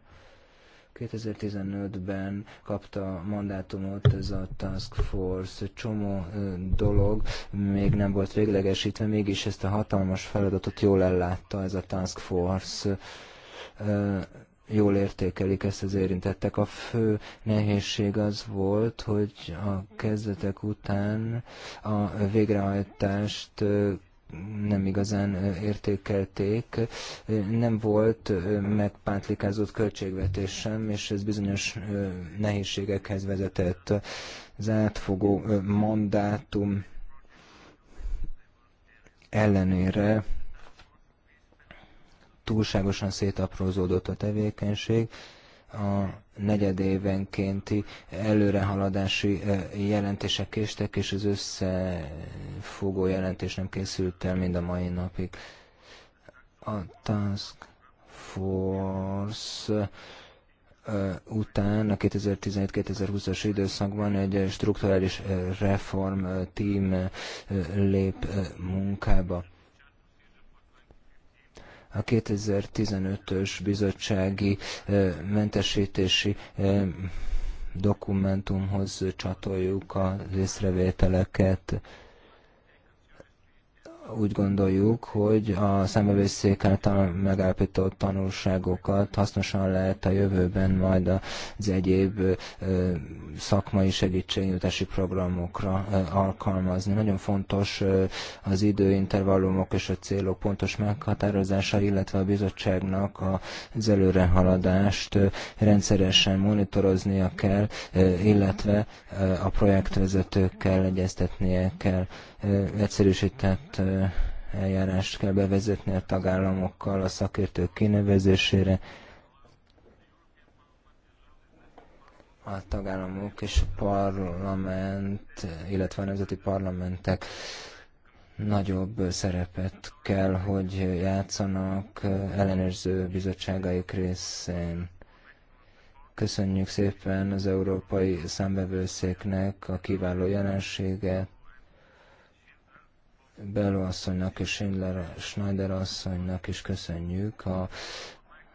2015-ben kapta mandátumot ez a Task Force, csomó dolog még nem volt véglegesítve, mégis ezt a hatalmas feladatot jól ellátta ez a Task Force jól értékelik ezt az érintettek. A fő nehézség az volt, hogy a kezdetek után a végrehajtást nem igazán értékelték. Nem volt megpántlikázott költségvetés sem, és ez bizonyos nehézségekhez vezetett. Az átfogó mandátum ellenére túlságosan szétaprózódott a tevékenység, a negyedévenkénti előrehaladási e, jelentések késtek, és az összefogó jelentés nem készült el mind a mai napig. A Task Force e, után a 2017-2020-as időszakban egy strukturális e, reform team lép munkába a 2015-ös bizottsági mentesítési dokumentumhoz csatoljuk az észrevételeket úgy gondoljuk, hogy a szemövőszék által megállapított tanulságokat hasznosan lehet a jövőben majd az egyéb szakmai segítségnyújtási programokra alkalmazni. Nagyon fontos az időintervallumok és a célok pontos meghatározása, illetve a bizottságnak az előrehaladást rendszeresen monitoroznia kell, illetve a projektvezetőkkel egyeztetnie kell egyszerűsített eljárást kell bevezetni a tagállamokkal a szakértők kinevezésére. A tagállamok és a parlament, illetve a nemzeti parlamentek nagyobb szerepet kell, hogy játszanak ellenőrző bizottságaik részén. Köszönjük szépen az Európai Számbevőszéknek a kiváló jelenséget, Bello asszonynak és Schindler Schneider asszonynak is köszönjük a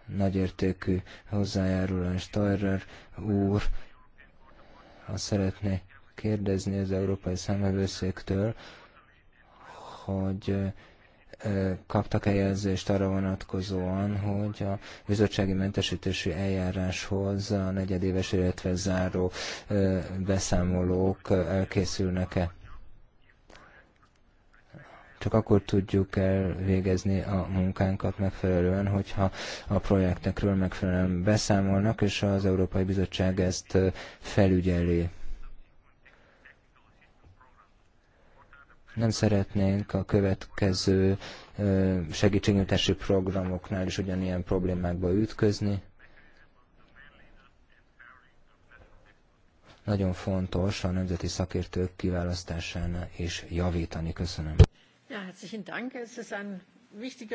nagyértékű hozzájárulást. Teurer úr azt szeretné kérdezni az Európai Számövőszéktől, hogy kaptak-e jelzést arra vonatkozóan, hogy a bizottsági mentesítési eljáráshoz a negyedéves, illetve záró beszámolók elkészülnek-e? Csak akkor tudjuk elvégezni a munkánkat megfelelően, hogyha a projektekről megfelelően beszámolnak, és az Európai Bizottság ezt felügyeli. nem szeretnénk a következő segítségnyújtási programoknál is ugyanilyen problémákba ütközni. Nagyon fontos a nemzeti szakértők kiválasztásán és javítani. Köszönöm.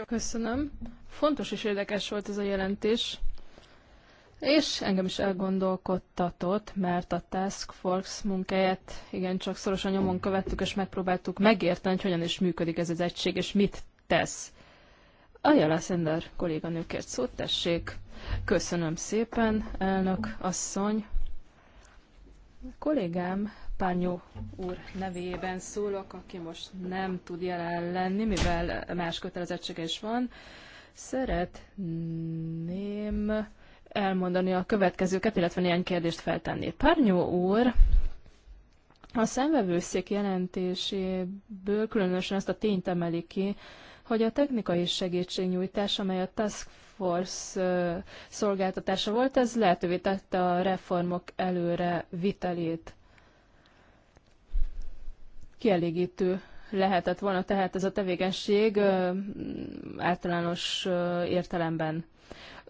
Köszönöm. Fontos és érdekes volt ez a jelentés. És engem is elgondolkodtatott, mert a Task Force munkáját igencsak szorosan nyomon követtük, és megpróbáltuk megérteni, hogy hogyan is működik ez az egység, és mit tesz. Ajala Szender kolléganőkért szót tessék. Köszönöm szépen, elnök asszony. A kollégám Pányó úr nevében szólok, aki most nem tud jelen lenni, mivel más kötelezettsége is van. Szeretném elmondani a következőket, illetve néhány kérdést feltenni. Párnyó úr a szemvevőszék jelentéséből különösen ezt a tényt emeli ki, hogy a technikai segítségnyújtás, amely a Task Force szolgáltatása volt, ez lehetővé tette a reformok előre vitelét kielégítő lehetett volna tehát ez a tevékenység általános értelemben.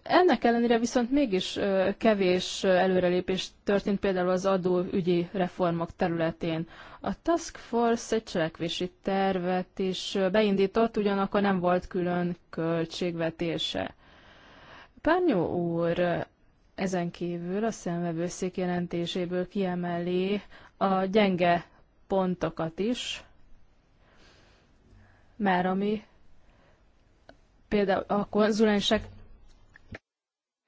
Ennek ellenére viszont mégis kevés előrelépés történt például az adóügyi reformok területén. A Task Force egy cselekvési tervet is beindított, ugyanakkor nem volt külön költségvetése. Párnyó úr ezen kívül a szemvevőszék jelentéséből kiemeli a gyenge pontokat is, már ami például a konzulensek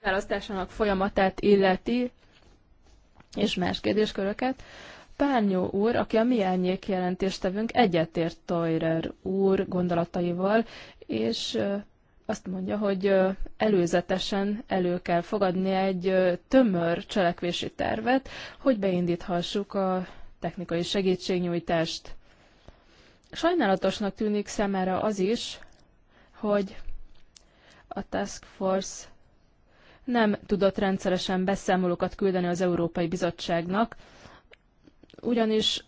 választásának folyamatát illeti, és más kérdésköröket. Párnyó úr, aki a mi elnyék jelentéstevünk, egyetért Toirer úr gondolataival, és azt mondja, hogy előzetesen elő kell fogadni egy tömör cselekvési tervet, hogy beindíthassuk a technikai segítségnyújtást. Sajnálatosnak tűnik szemére az is, hogy a Task Force nem tudott rendszeresen beszámolókat küldeni az Európai Bizottságnak, ugyanis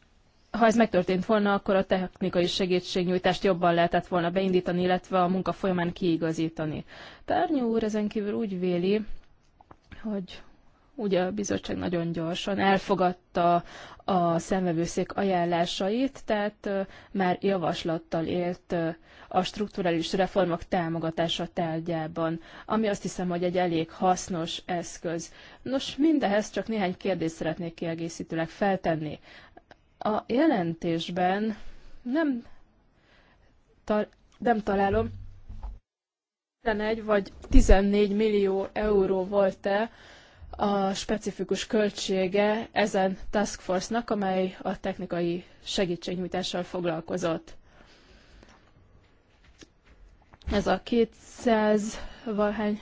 ha ez megtörtént volna, akkor a technikai segítségnyújtást jobban lehetett volna beindítani, illetve a munka folyamán kiigazítani. Tárnyó úr ezen kívül úgy véli, hogy Ugye a bizottság nagyon gyorsan elfogadta a szemvevőszék ajánlásait, tehát már javaslattal élt a strukturális reformok támogatása tárgyában, ami azt hiszem, hogy egy elég hasznos eszköz. Nos, mindehez csak néhány kérdést szeretnék kiegészítőleg feltenni. A jelentésben nem, ta, nem találom, 11 vagy 14 millió euró volt-e a specifikus költsége ezen task force-nak, amely a technikai segítségnyújtással foglalkozott. Ez a 200 valahány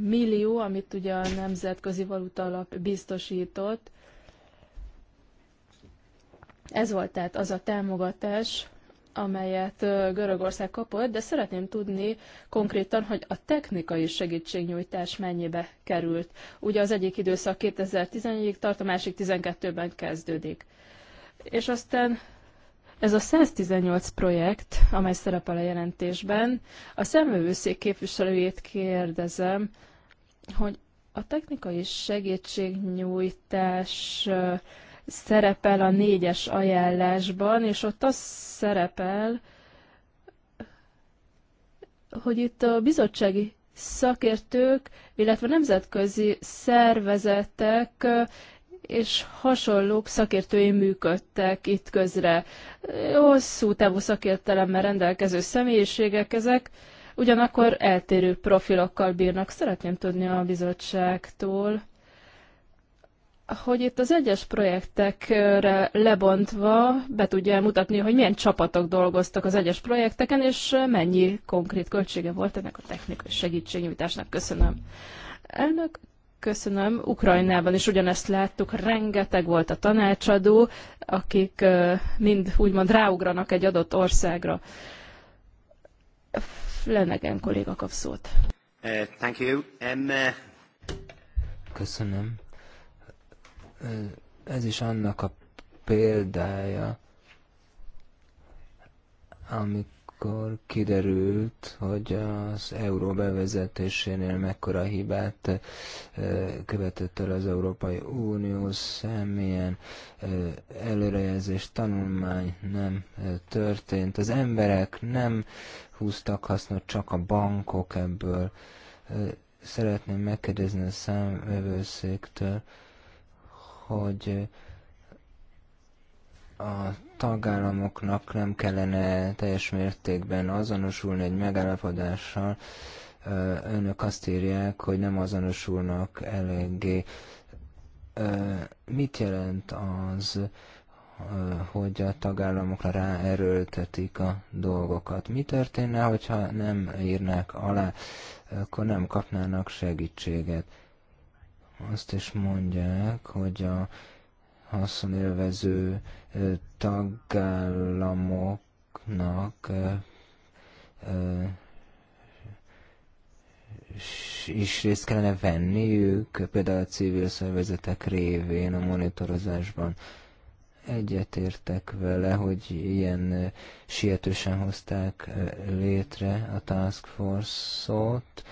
millió, amit ugye a Nemzetközi Valuta Alap biztosított, ez volt tehát az a támogatás, amelyet Görögország kapott, de szeretném tudni konkrétan, hogy a technikai segítségnyújtás mennyibe került. Ugye az egyik időszak 2011-ig tart, a másik 12-ben kezdődik. És aztán ez a 118 projekt, amely szerepel a jelentésben, a szemvevőszék képviselőjét kérdezem, hogy a technikai segítségnyújtás uh, szerepel a négyes ajánlásban, és ott az szerepel, hogy itt a bizottsági szakértők, illetve nemzetközi szervezetek és hasonlók szakértői működtek itt közre. Hosszú távú szakértelemmel rendelkező személyiségek ezek, ugyanakkor eltérő profilokkal bírnak. Szeretném tudni a bizottságtól, hogy itt az egyes projektekre lebontva be tudja mutatni, hogy milyen csapatok dolgoztak az egyes projekteken, és mennyi konkrét költsége volt ennek a technikai segítségnyújtásnak. Köszönöm. Elnök, köszönöm. Ukrajnában is ugyanezt láttuk, rengeteg volt a tanácsadó, akik mind úgymond ráugranak egy adott országra. Flanagan kolléga kap szót. Uh, thank you. Um, uh... Köszönöm ez is annak a példája, amikor kiderült, hogy az euró bevezetésénél mekkora hibát követett el az Európai Unió, semmilyen előrejelzés, tanulmány nem történt. Az emberek nem húztak hasznot, csak a bankok ebből. Szeretném megkérdezni a számvevőszéktől, hogy a tagállamoknak nem kellene teljes mértékben azonosulni egy megállapodással. Önök azt írják, hogy nem azonosulnak eléggé. Mit jelent az, hogy a tagállamokra ráerőltetik a dolgokat? Mi történne, hogyha nem írnák alá, akkor nem kapnának segítséget? azt is mondják, hogy a haszonélvező tagállamoknak is részt kellene venniük, például a civil szervezetek révén a monitorozásban. Egyetértek vele, hogy ilyen sietősen hozták létre a Task Force-ot,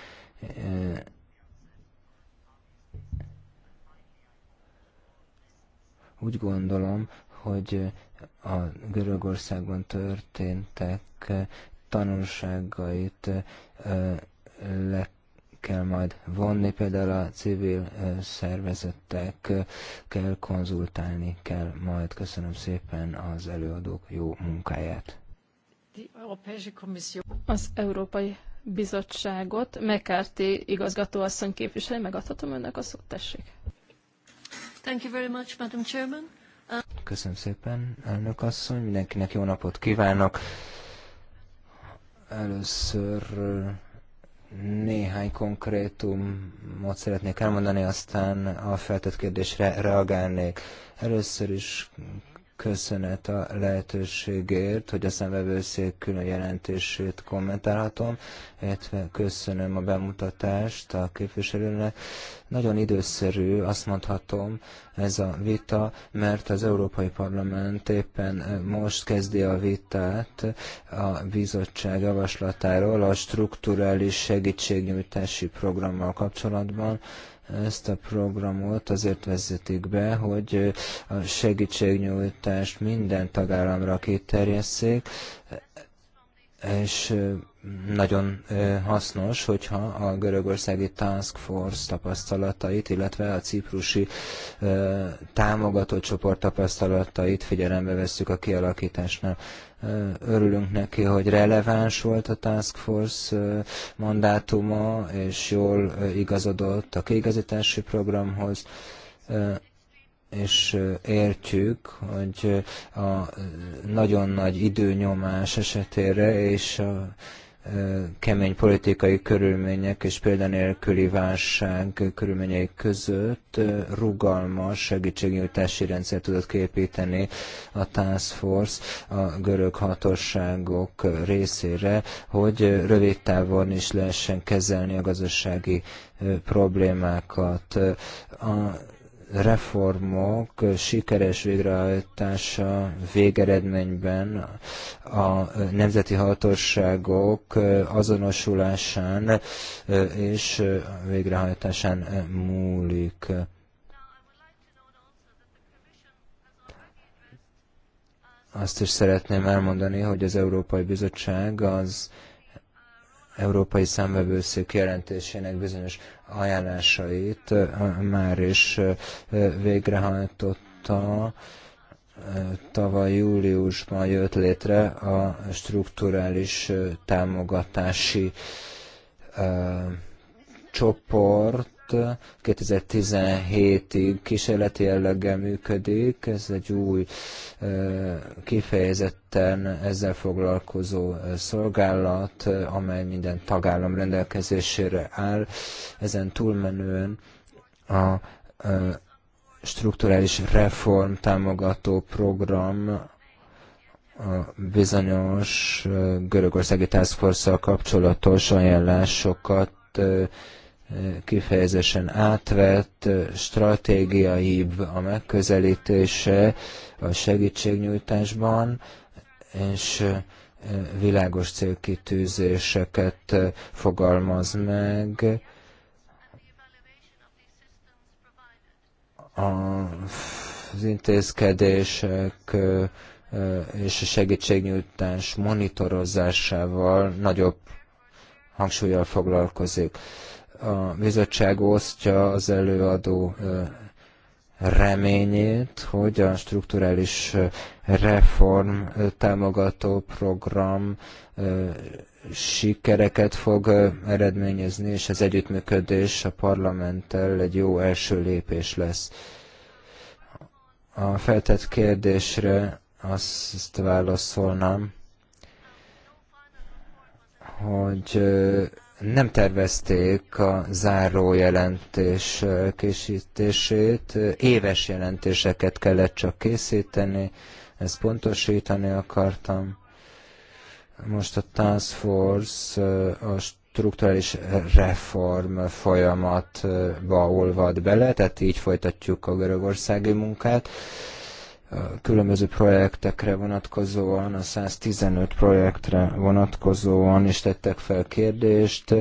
Úgy gondolom, hogy a Görögországban történtek tanulságait le kell majd vonni, például a civil szervezetek kell konzultálni kell majd. Köszönöm szépen az előadók jó munkáját. Az Európai Bizottságot McCarthy igazgatóasszony képviseli, megadhatom önnek a szót, tessék. Köszönöm szépen, elnök asszony, mindenkinek jó napot kívánok. Először néhány konkrétumot szeretnék elmondani, aztán a feltett kérdésre reagálnék. Először is köszönet a lehetőségért, hogy a szemvevőszék külön jelentését kommentálhatom, illetve köszönöm a bemutatást a képviselőnek. Nagyon időszerű, azt mondhatom, ez a vita, mert az Európai Parlament éppen most kezdi a vitát a bizottság javaslatáról a strukturális segítségnyújtási programmal kapcsolatban, ezt a programot azért vezetik be, hogy a segítségnyújtást minden tagállamra kiterjesszék, és nagyon hasznos, hogyha a görögországi Task Force tapasztalatait, illetve a ciprusi támogató csoport tapasztalatait figyelembe vesszük a kialakításnál. Örülünk neki, hogy releváns volt a Task Force mandátuma, és jól igazodott a kiigazítási programhoz és értjük, hogy a nagyon nagy időnyomás esetére és a kemény politikai körülmények és példanélküli válság körülményei között rugalmas segítségnyújtási rendszer tudott képíteni a Task Force a görög hatóságok részére, hogy rövid távon is lehessen kezelni a gazdasági problémákat. A reformok sikeres végrehajtása végeredményben a nemzeti hatóságok azonosulásán és végrehajtásán múlik. Azt is szeretném elmondani, hogy az Európai Bizottság az Európai Számvevőszék jelentésének bizonyos ajánlásait már is végrehajtotta. Tavaly júliusban jött létre a strukturális támogatási csoport, 2017-ig kísérleti jelleggel működik, ez egy új kifejezetten ezzel foglalkozó szolgálat, amely minden tagállam rendelkezésére áll. Ezen túlmenően a strukturális reform támogató program a bizonyos görögországi task kapcsolatos ajánlásokat kifejezésen átvett, stratégiaibb a megközelítése a segítségnyújtásban, és világos célkitűzéseket fogalmaz meg, az intézkedések és a segítségnyújtás monitorozásával nagyobb hangsúlyjal foglalkozik a bizottság osztja az előadó reményét, hogy a strukturális reform támogató program sikereket fog eredményezni, és az együttműködés a parlamenttel egy jó első lépés lesz. A feltett kérdésre azt válaszolnám, hogy nem tervezték a zárójelentés készítését, éves jelentéseket kellett csak készíteni, ezt pontosítani akartam. Most a Task Force a strukturális reform folyamatba olvad bele, tehát így folytatjuk a görögországi munkát különböző projektekre vonatkozóan, a 115 projektre vonatkozóan is tettek fel kérdést,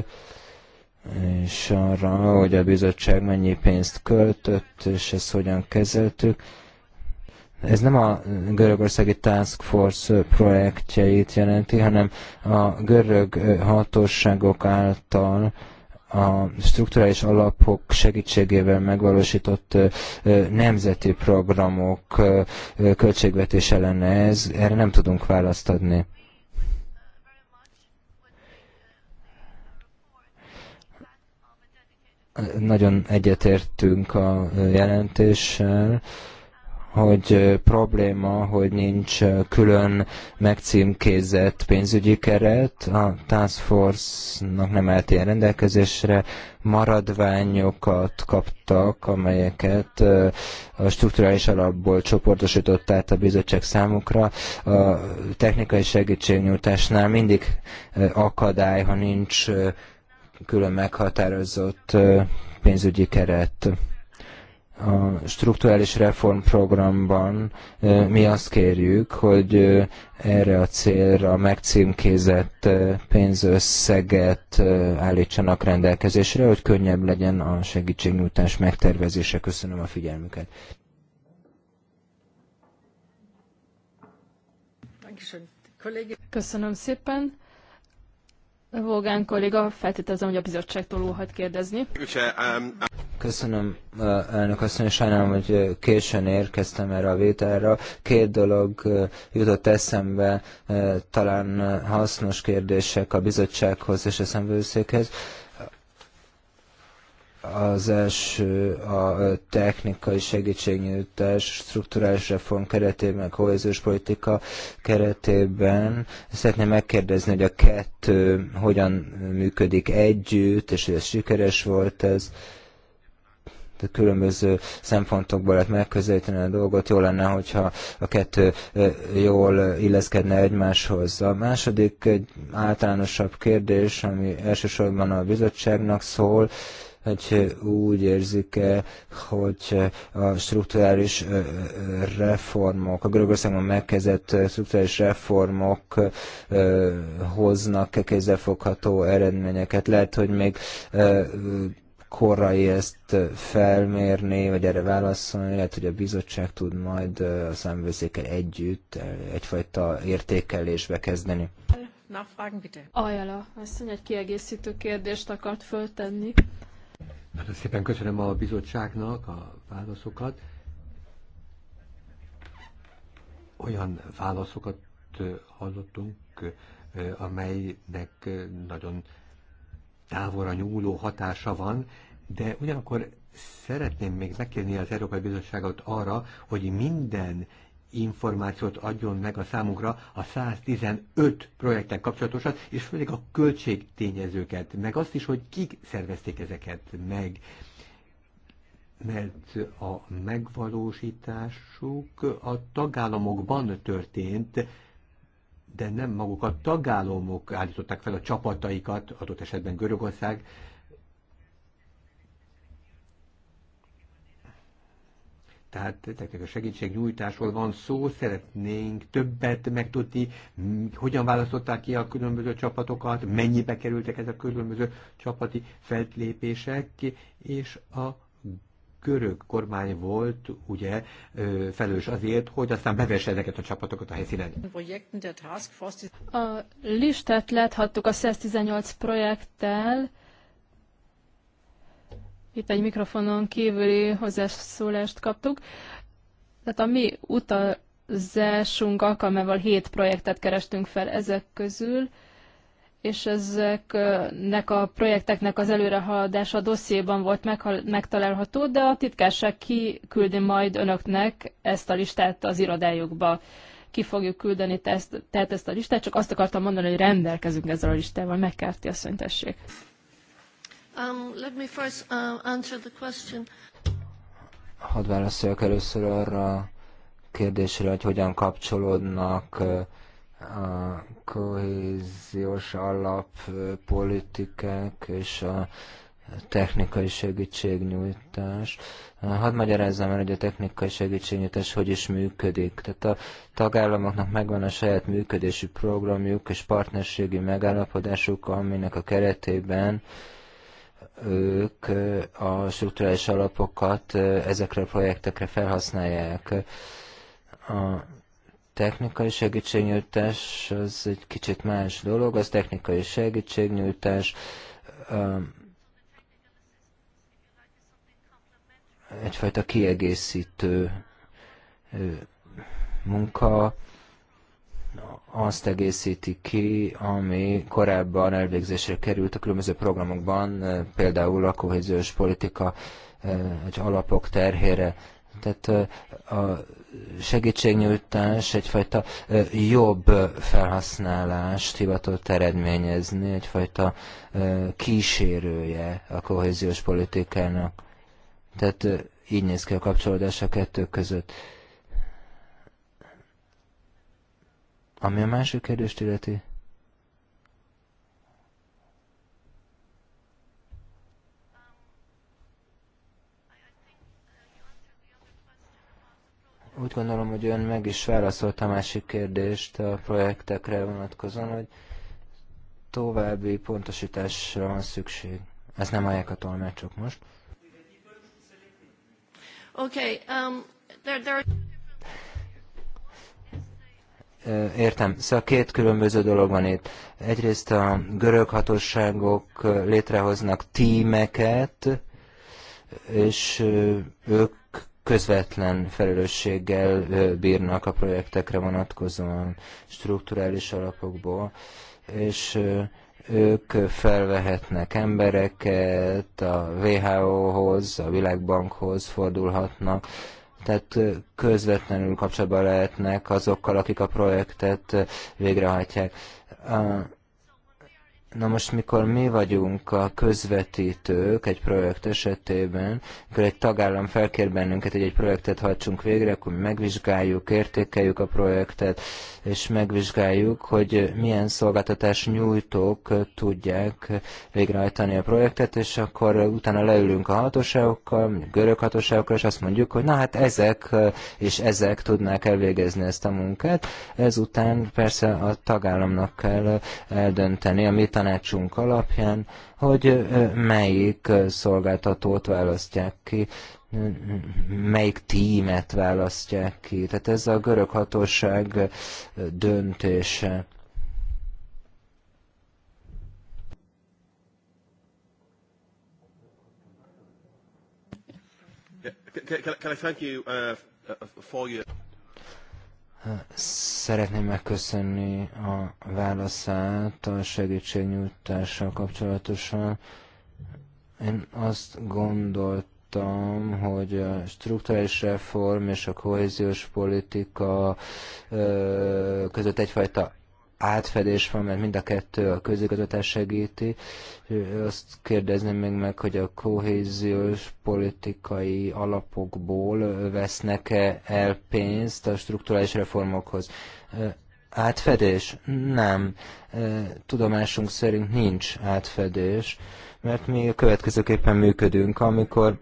és arra, hogy a bizottság mennyi pénzt költött, és ezt hogyan kezeltük. Ez nem a görögországi Task Force projektjeit jelenti, hanem a görög hatóságok által a strukturális alapok segítségével megvalósított nemzeti programok költségvetése lenne ez, erre nem tudunk választ adni. Nagyon egyetértünk a jelentéssel, hogy probléma, hogy nincs külön megcímkézett pénzügyi keret, a Task Force-nak nem állt ilyen rendelkezésre, maradványokat kaptak, amelyeket a strukturális alapból csoportosított át a bizottság számukra. A technikai segítségnyújtásnál mindig akadály, ha nincs külön meghatározott pénzügyi keret a strukturális reformprogramban mi azt kérjük, hogy erre a célra megcímkézett pénzösszeget állítsanak rendelkezésre, hogy könnyebb legyen a segítségnyújtás megtervezése. Köszönöm a figyelmüket. Köszönöm szépen. Vogán kolléga, feltételezem, hogy a bizottságtól óhat kérdezni. Köszönöm, elnök asszony, sajnálom, hogy későn érkeztem erre a vételre. Két dolog jutott eszembe, talán hasznos kérdések a bizottsághoz és a szemvőszékhez. Az első a technikai segítségnyújtás, strukturális reform keretében, kohéziós politika keretében. Szeretném megkérdezni, hogy a kettő hogyan működik együtt, és hogy ez sikeres volt ez de különböző szempontokból lehet megközelíteni a dolgot. Jó lenne, hogyha a kettő jól illeszkedne egymáshoz. A második egy általánosabb kérdés, ami elsősorban a bizottságnak szól hogy úgy érzik-e, hogy a strukturális reformok, a Görögországban megkezdett strukturális reformok hoznak-e kézzelfogható eredményeket. Lehet, hogy még korai ezt felmérni, vagy erre válaszolni, lehet, hogy a bizottság tud majd a számvőszékkel együtt egyfajta értékelésbe kezdeni. Nachfragen bitte. Ajala, azt mondja, egy kiegészítő kérdést akart föltenni. Nagyon szépen köszönöm a bizottságnak a válaszokat. Olyan válaszokat hallottunk, amelynek nagyon távolra nyúló hatása van, de ugyanakkor szeretném még megkérni az Európai Bizottságot arra, hogy minden információt adjon meg a számunkra a 115 projektek kapcsolatosan, és főleg a költségtényezőket, meg azt is, hogy kik szervezték ezeket meg mert a megvalósításuk a tagállamokban történt, de nem maguk a tagállamok állították fel a csapataikat, adott esetben Görögország, tehát technikai segítségnyújtásról van szó, szeretnénk többet megtudni, hogyan választották ki a különböző csapatokat, mennyibe kerültek ezek a különböző csapati feltlépések, és a görög kormány volt ugye felelős azért, hogy aztán bevesse ezeket a csapatokat a helyszínen. A listát láthattuk a 118 projekttel, itt egy mikrofonon kívüli hozzászólást kaptuk. Tehát a mi utazásunk alkalmával hét projektet kerestünk fel ezek közül, és ezeknek a projekteknek az előrehaladása a dossziéban volt megtalálható, de a titkárság kiküldi majd önöknek ezt a listát az irodájukba. Ki fogjuk küldeni tehát ezt a listát, csak azt akartam mondani, hogy rendelkezünk ezzel a listával, megkárti a szöntessék. Um, let me first uh, answer the question. Hadd válaszoljak először arra a kérdésre, hogy hogyan kapcsolódnak uh, a kohéziós alappolitikák és a technikai segítségnyújtás. Uh, hadd magyarázzam el, hogy a technikai segítségnyújtás hogy is működik. Tehát a tagállamoknak megvan a saját működési programjuk és partnerségi megállapodásuk, aminek a keretében uh, ők a struktúrális alapokat ezekre a projektekre felhasználják. A technikai segítségnyújtás az egy kicsit más dolog, az technikai segítségnyújtás, egyfajta kiegészítő munka, azt egészíti ki, ami korábban elvégzésre került a különböző programokban, eh, például a kohéziós politika eh, egy alapok terhére. Tehát eh, a segítségnyújtás egyfajta jobb felhasználást hivatott eredményezni, egyfajta kísérője a kohéziós politikának. Tehát így néz ki a kapcsolódás a kettő között. Ami a másik kérdést illeti, úgy gondolom, hogy ön meg is válaszolt a másik kérdést a projektekre vonatkozóan, hogy további pontosításra van szükség. Ez nem állják a tolmácsok most. Okay, um, there, there... Értem. Szóval két különböző dolog van itt. Egyrészt a görög hatóságok létrehoznak tímeket, és ők közvetlen felelősséggel bírnak a projektekre vonatkozóan strukturális alapokból, és ők felvehetnek embereket, a WHO-hoz, a Világbankhoz fordulhatnak, tehát közvetlenül kapcsolatban lehetnek azokkal, akik a projektet végrehajtják. Na most, mikor mi vagyunk a közvetítők egy projekt esetében, mikor egy tagállam felkér bennünket, hogy egy projektet hajtsunk végre, akkor mi megvizsgáljuk, értékeljük a projektet, és megvizsgáljuk, hogy milyen szolgáltatás nyújtók tudják végrehajtani a projektet, és akkor utána leülünk a hatóságokkal, görög hatóságokkal, és azt mondjuk, hogy na hát ezek és ezek tudnák elvégezni ezt a munkát. Ezután persze a tagállamnak kell eldönteni, amit tanácsunk alapján, hogy melyik szolgáltatót választják ki, melyik tímet választják ki. Tehát ez a görög hatóság döntése. Can, can I thank you uh, uh for your... Szeretném megköszönni a válaszát a segítségnyújtással kapcsolatosan. Én azt gondoltam, hogy a struktúrális reform és a kohéziós politika között egyfajta átfedés van, mert mind a kettő a közigazgatás segíti. Azt kérdezném még meg, hogy a kohéziós politikai alapokból vesznek-e el pénzt a strukturális reformokhoz? Átfedés? Nem. Tudomásunk szerint nincs átfedés, mert mi következőképpen működünk, amikor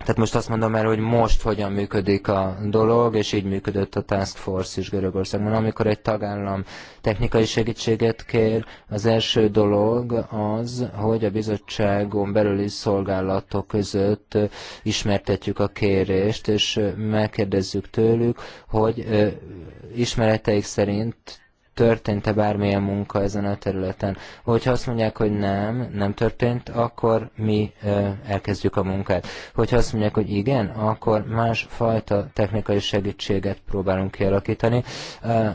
tehát most azt mondom el, hogy most hogyan működik a dolog, és így működött a Task Force is Görögországban. Amikor egy tagállam technikai segítséget kér, az első dolog az, hogy a bizottságon belüli szolgálatok között ismertetjük a kérést, és megkérdezzük tőlük, hogy ismereteik szerint történt-e bármilyen munka ezen a területen. Hogyha azt mondják, hogy nem, nem történt, akkor mi elkezdjük a munkát. Hogyha azt mondják, hogy igen, akkor más fajta technikai segítséget próbálunk kialakítani.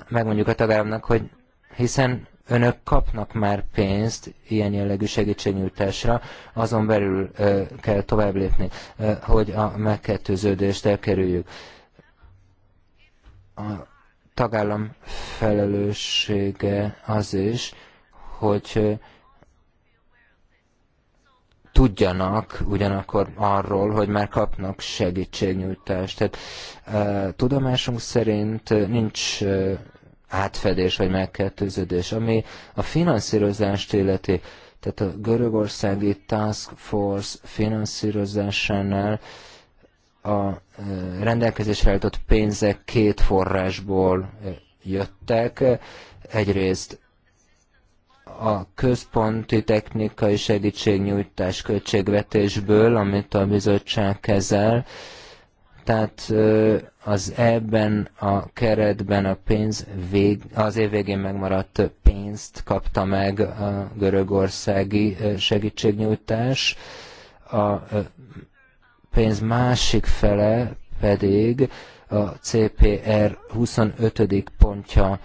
Megmondjuk a tagállamnak, hogy hiszen önök kapnak már pénzt ilyen jellegű segítségnyújtásra, azon belül ö, kell tovább lépni, ö, hogy a megkettőződést elkerüljük. A tagállam felelőssége az is, hogy tudjanak ugyanakkor arról, hogy már kapnak segítségnyújtást. Tehát e, tudomásunk szerint nincs e, átfedés vagy megkettőződés, ami a finanszírozást illeti. Tehát a görögországi Task Force finanszírozásánál a rendelkezésre állított pénzek két forrásból jöttek. Egyrészt a központi technikai segítségnyújtás költségvetésből, amit a bizottság kezel, tehát az ebben a keretben a pénz vég, az év végén megmaradt pénzt kapta meg a görögországi segítségnyújtás. A pénz másik fele pedig a CPR 25. pontja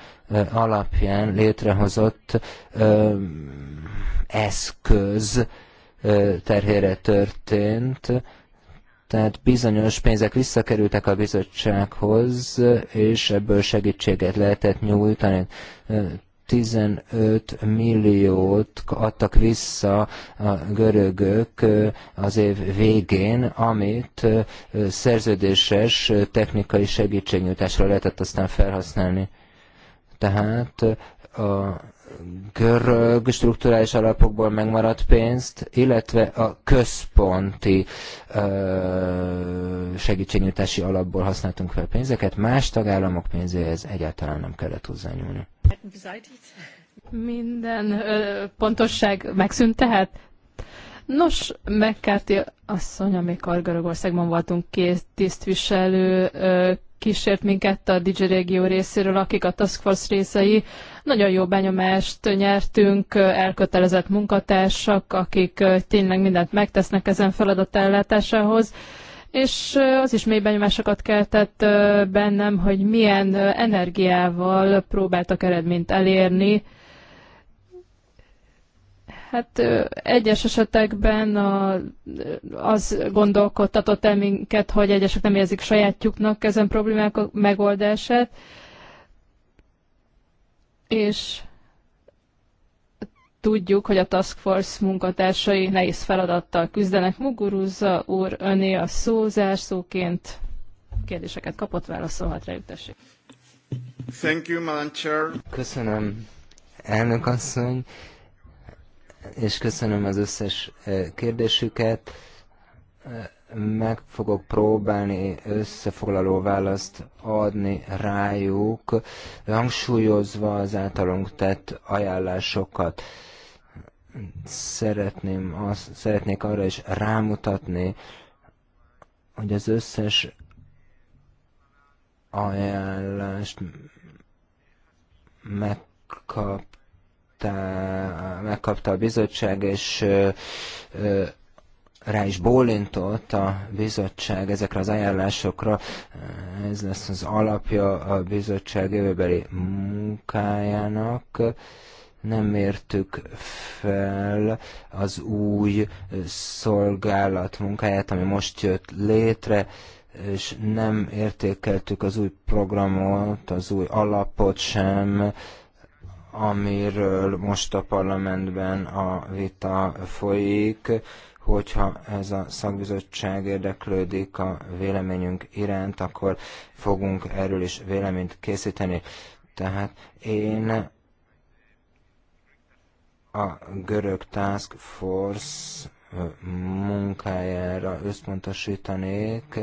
alapján létrehozott eszköz terhére történt, tehát bizonyos pénzek visszakerültek a bizottsághoz, és ebből segítséget lehetett nyújtani. 15 milliót adtak vissza a görögök az év végén, amit szerződéses technikai segítségnyújtásra lehetett aztán felhasználni. Tehát a görög strukturális alapokból megmaradt pénzt, illetve a központi segítségnyújtási alapból használtunk fel pénzeket, más tagállamok pénzéhez egyáltalán nem kellett hozzányúlni. Minden ö, pontosság megszűnt tehát? Nos, McCarthy asszony, amikor Görögországban voltunk, két tisztviselő ö, kísért minket a Digi Régió részéről, akik a Task Force részei, nagyon jó benyomást nyertünk, elkötelezett munkatársak, akik tényleg mindent megtesznek ezen feladat ellátásához és az is mély benyomásokat keltett bennem, hogy milyen energiával próbáltak eredményt elérni. Hát egyes esetekben a, az gondolkodtatott el minket, hogy egyesek nem érzik sajátjuknak ezen problémák megoldását, és tudjuk, hogy a Task Force munkatársai nehéz feladattal küzdenek. Muguruzza úr, öné a szó zárszóként. kérdéseket kapott, válaszolhat rá, Thank you, Madam Chair. Köszönöm, elnök asszony, és köszönöm az összes eh, kérdésüket eh, meg fogok próbálni összefoglaló választ adni rájuk, hangsúlyozva az általunk tett ajánlásokat. Szeretném azt, szeretnék arra is rámutatni, hogy az összes ajánlást megkapta, megkapta a bizottság, és rá is bólintott a bizottság ezekre az ajánlásokra. Ez lesz az alapja a bizottság jövőbeli munkájának. Nem mértük fel az új szolgálat munkáját, ami most jött létre, és nem értékeltük az új programot, az új alapot sem, amiről most a parlamentben a vita folyik hogyha ez a szakbizottság érdeklődik a véleményünk iránt, akkor fogunk erről is véleményt készíteni. Tehát én a görög task force munkájára összpontosítanék.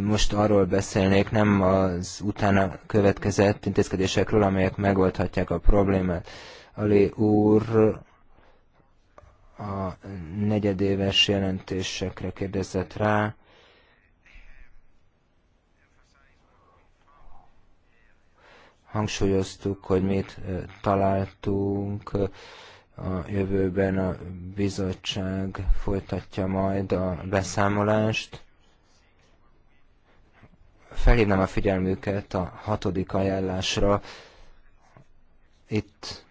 Most arról beszélnék, nem az utána következett intézkedésekről, amelyek megoldhatják a problémát. Ali úr a negyedéves jelentésekre kérdezett rá. Hangsúlyoztuk, hogy mit találtunk a jövőben a bizottság folytatja majd a beszámolást. Felhívnám a figyelmüket a hatodik ajánlásra. Itt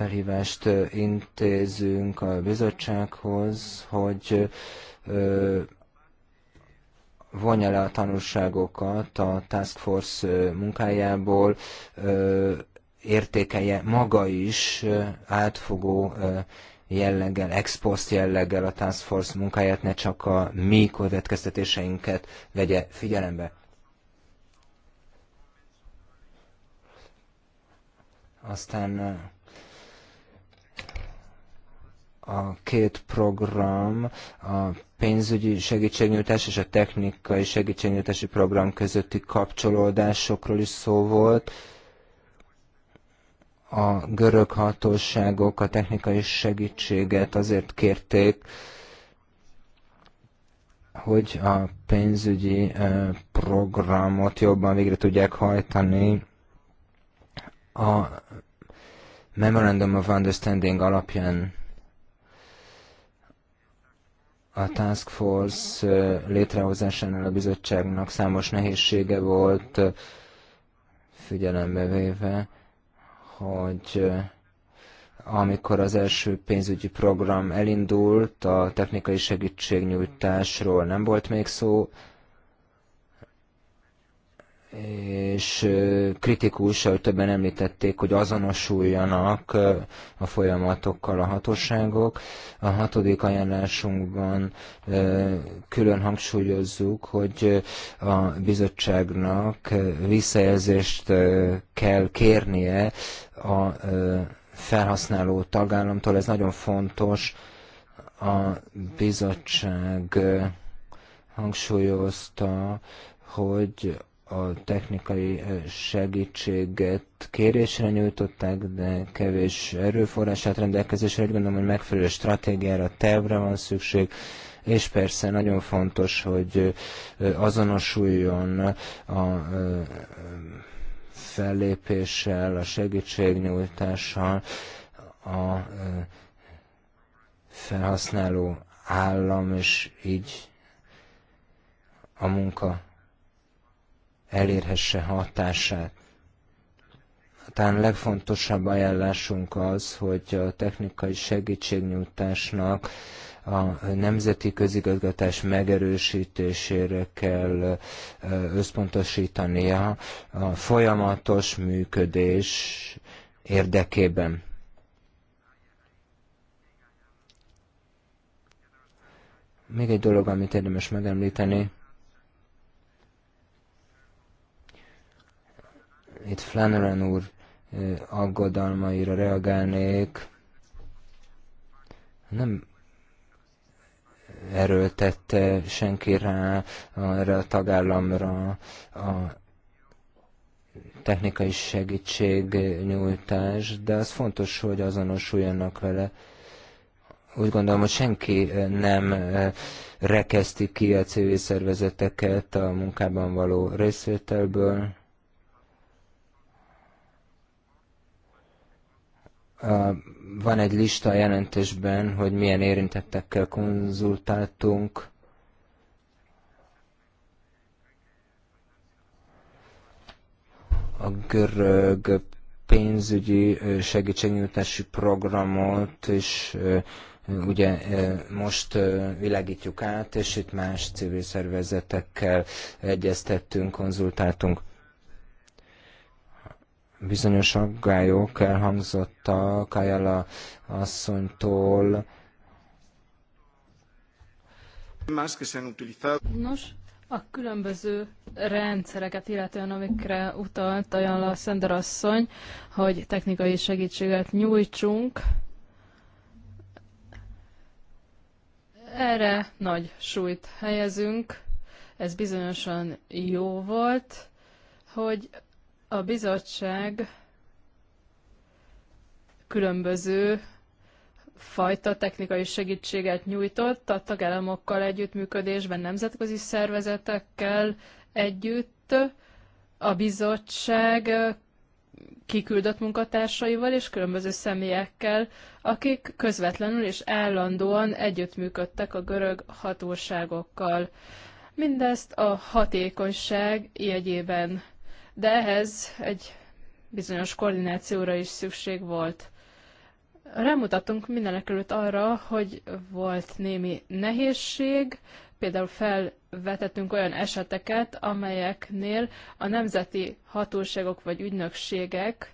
felhívást intézünk a bizottsághoz, hogy vonja le a tanulságokat a Task Force munkájából, értékelje maga is átfogó jelleggel, ex post jelleggel a Task Force munkáját, ne csak a mi következtetéseinket vegye figyelembe. Aztán a két program, a pénzügyi segítségnyújtás és a technikai segítségnyújtási program közötti kapcsolódásokról is szó volt. A görög hatóságok a technikai segítséget azért kérték, hogy a pénzügyi programot jobban végre tudják hajtani. A Memorandum of Understanding alapján a Task Force létrehozásánál a bizottságnak számos nehézsége volt, figyelembe véve, hogy amikor az első pénzügyi program elindult, a technikai segítségnyújtásról nem volt még szó, és kritikus, ahogy többen említették, hogy azonosuljanak a folyamatokkal a hatóságok. A hatodik ajánlásunkban külön hangsúlyozzuk, hogy a bizottságnak visszajelzést kell kérnie a felhasználó tagállamtól. Ez nagyon fontos. A bizottság hangsúlyozta, hogy a technikai segítséget kérésre nyújtották, de kevés erőforrását rendelkezésre. Úgy gondolom, hogy megfelelő stratégiára, tervre van szükség, és persze nagyon fontos, hogy azonosuljon a fellépéssel, a segítségnyújtással a felhasználó állam, és így a munka elérhesse hatását. Talán legfontosabb ajánlásunk az, hogy a technikai segítségnyújtásnak a nemzeti közigazgatás megerősítésére kell összpontosítania a folyamatos működés érdekében. Még egy dolog, amit érdemes megemlíteni, Itt Flanneran úr aggodalmaira reagálnék. Nem erőltette senki rá erre a tagállamra a technikai segítség nyújtás. de az fontos, hogy azonosuljanak vele. Úgy gondolom, hogy senki nem rekeszti ki a civil szervezeteket a munkában való részvételből. Van egy lista a jelentésben, hogy milyen érintettekkel konzultáltunk. A görög pénzügyi segítségnyújtási programot is ugye most világítjuk át, és itt más civil szervezetekkel egyeztettünk, konzultáltunk. Bizonyos aggályok elhangzottak Ayala asszonytól. Nos, a különböző rendszereket, illetően amikre utalt Ayala Szender asszony, hogy technikai segítséget nyújtsunk, erre nagy súlyt helyezünk. Ez bizonyosan jó volt, hogy a bizottság különböző fajta technikai segítséget nyújtott a tagállamokkal együttműködésben, nemzetközi szervezetekkel együtt. A bizottság kiküldött munkatársaival és különböző személyekkel, akik közvetlenül és állandóan együttműködtek a görög hatóságokkal. Mindezt a hatékonyság jegyében de ehhez egy bizonyos koordinációra is szükség volt. Rámutattunk mindenek előtt arra, hogy volt némi nehézség, például felvetettünk olyan eseteket, amelyeknél a nemzeti hatóságok vagy ügynökségek,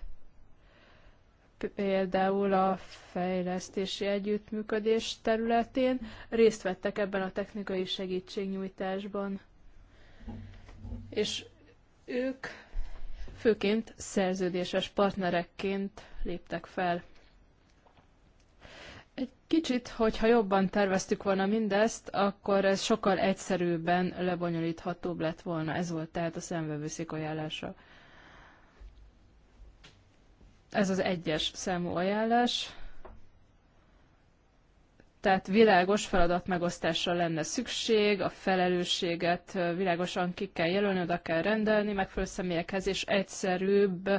például a fejlesztési együttműködés területén részt vettek ebben a technikai segítségnyújtásban. És ők főként szerződéses partnerekként léptek fel. Egy kicsit, hogyha jobban terveztük volna mindezt, akkor ez sokkal egyszerűbben lebonyolíthatóbb lett volna. Ez volt tehát a szemvevőszék ajánlása. Ez az egyes számú ajánlás. Tehát világos feladatmegosztásra lenne szükség, a felelősséget világosan ki kell jelölni, oda kell rendelni, megfelelő személyekhez, és egyszerűbb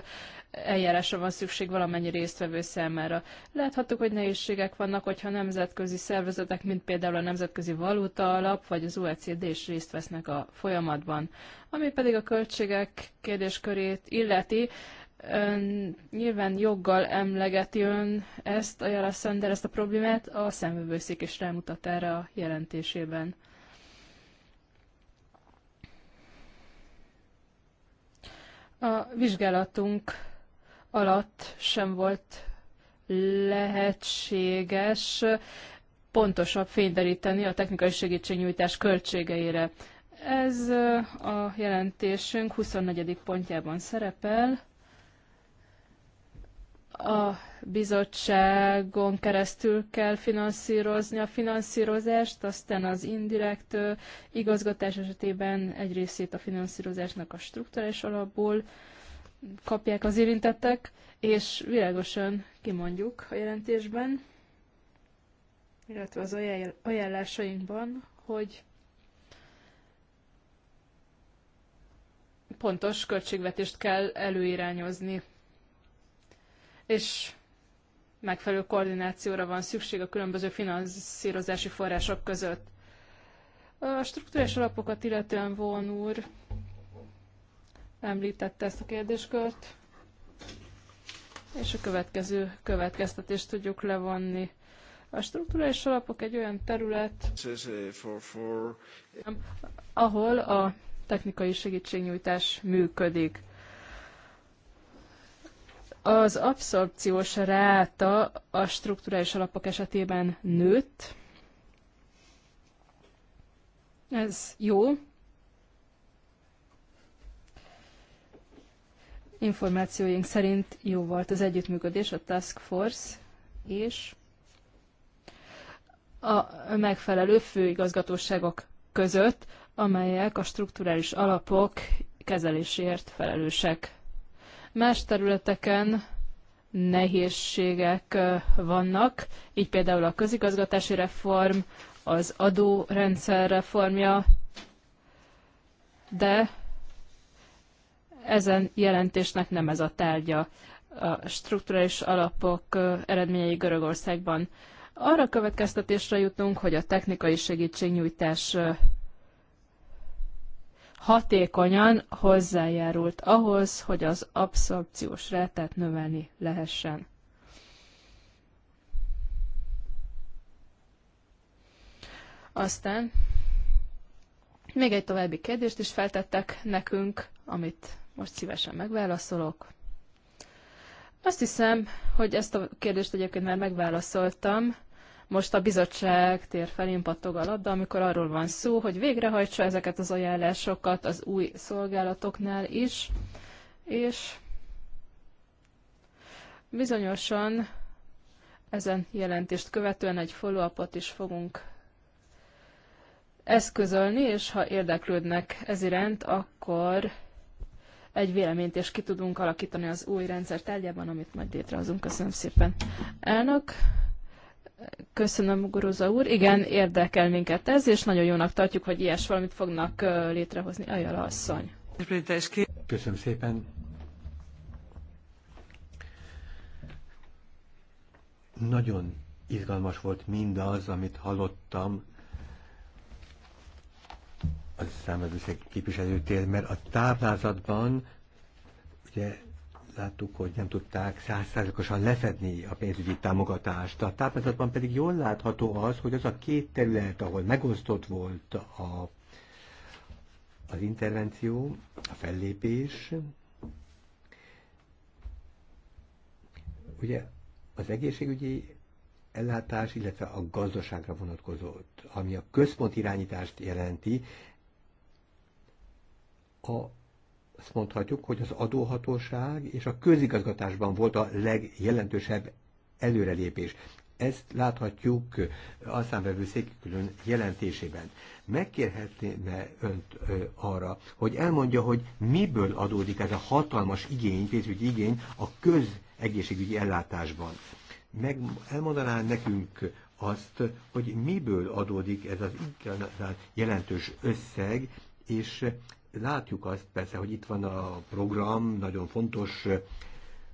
eljárásra van szükség valamennyi résztvevő számára. Láthattuk, hogy nehézségek vannak, hogyha nemzetközi szervezetek, mint például a Nemzetközi Valuta Alap vagy az OECD is részt vesznek a folyamatban. Ami pedig a költségek kérdéskörét illeti, Ön nyilván joggal emlegeti ön ezt, a Jara Sander, ezt a problémát, a szemvevőszék is rámutat erre a jelentésében. A vizsgálatunk alatt sem volt lehetséges pontosabb fényderíteni a technikai segítségnyújtás költségeire. Ez a jelentésünk 24. pontjában szerepel a bizottságon keresztül kell finanszírozni a finanszírozást, aztán az indirekt igazgatás esetében egy részét a finanszírozásnak a struktúrás alapból kapják az érintettek, és világosan kimondjuk a jelentésben, illetve az ajánlásainkban, hogy pontos költségvetést kell előirányozni és megfelelő koordinációra van szükség a különböző finanszírozási források között. A struktúrás alapokat illetően von úr említette ezt a kérdéskört, és a következő következtetést tudjuk levonni. A struktúrális alapok egy olyan terület, ahol a technikai segítségnyújtás működik. Az abszorpciós ráta a strukturális alapok esetében nőtt. Ez jó. Információink szerint jó volt az együttműködés, a Task Force és a megfelelő főigazgatóságok között, amelyek a strukturális alapok kezeléséért felelősek. Más területeken nehézségek vannak, így például a közigazgatási reform, az adórendszer reformja, de ezen jelentésnek nem ez a tárgya a strukturális alapok eredményei Görögországban. Arra következtetésre jutunk, hogy a technikai segítségnyújtás hatékonyan hozzájárult ahhoz, hogy az abszorpciós rátát növelni lehessen. Aztán még egy további kérdést is feltettek nekünk, amit most szívesen megválaszolok. Azt hiszem, hogy ezt a kérdést egyébként már megválaszoltam. Most a bizottság tér felén pattog a labda, amikor arról van szó, hogy végrehajtsa ezeket az ajánlásokat az új szolgálatoknál is, és bizonyosan ezen jelentést követően egy follow-upot is fogunk eszközölni, és ha érdeklődnek ez iránt, akkor egy véleményt is ki tudunk alakítani az új rendszer tárgyában, amit majd létrehozunk. Köszönöm szépen. Elnök, Köszönöm, Guruza úr. Igen, érdekel minket ez, és nagyon jónak tartjuk, hogy ilyes valamit fognak létrehozni. Ajjal asszony. Köszönöm szépen. Nagyon izgalmas volt mindaz, amit hallottam az számvevőszék képviselőtér, mert a táblázatban ugye láttuk, hogy nem tudták százszázalékosan lefedni a pénzügyi támogatást. A táplázatban pedig jól látható az, hogy az a két terület, ahol megosztott volt a, az intervenció, a fellépés, ugye az egészségügyi ellátás, illetve a gazdaságra vonatkozott, ami a központ irányítást jelenti, a azt mondhatjuk, hogy az adóhatóság és a közigazgatásban volt a legjelentősebb előrelépés. Ezt láthatjuk a számvevőszék külön jelentésében. Megkérhetném-e önt ö, arra, hogy elmondja, hogy miből adódik ez a hatalmas igény, pénzügyi igény a közegészségügyi ellátásban. Meg, elmondaná nekünk azt, hogy miből adódik ez az igazán jelentős összeg, és látjuk azt persze, hogy itt van a program, nagyon fontos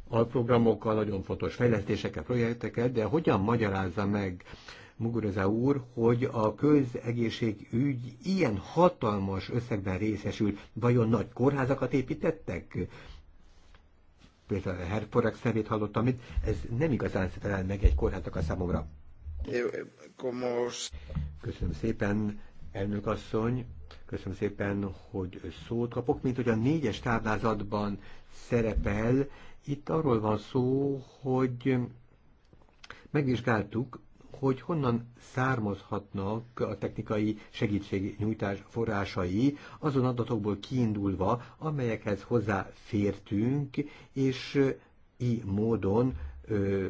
alprogramokkal, nagyon fontos fejlesztésekkel, projektekkel, de hogyan magyarázza meg Muguruza úr, hogy a közegészségügy ilyen hatalmas összegben részesül, vajon nagy kórházakat építettek? Például a Herforex nevét hallottam itt, ez nem igazán felel meg egy kórházak a számomra. Köszönöm szépen, elnök asszony. Köszönöm szépen, hogy szót kapok. Mint hogy a négyes táblázatban szerepel, itt arról van szó, hogy megvizsgáltuk, hogy honnan származhatnak a technikai segítségnyújtás forrásai azon adatokból kiindulva, amelyekhez hozzáfértünk, és így módon ö,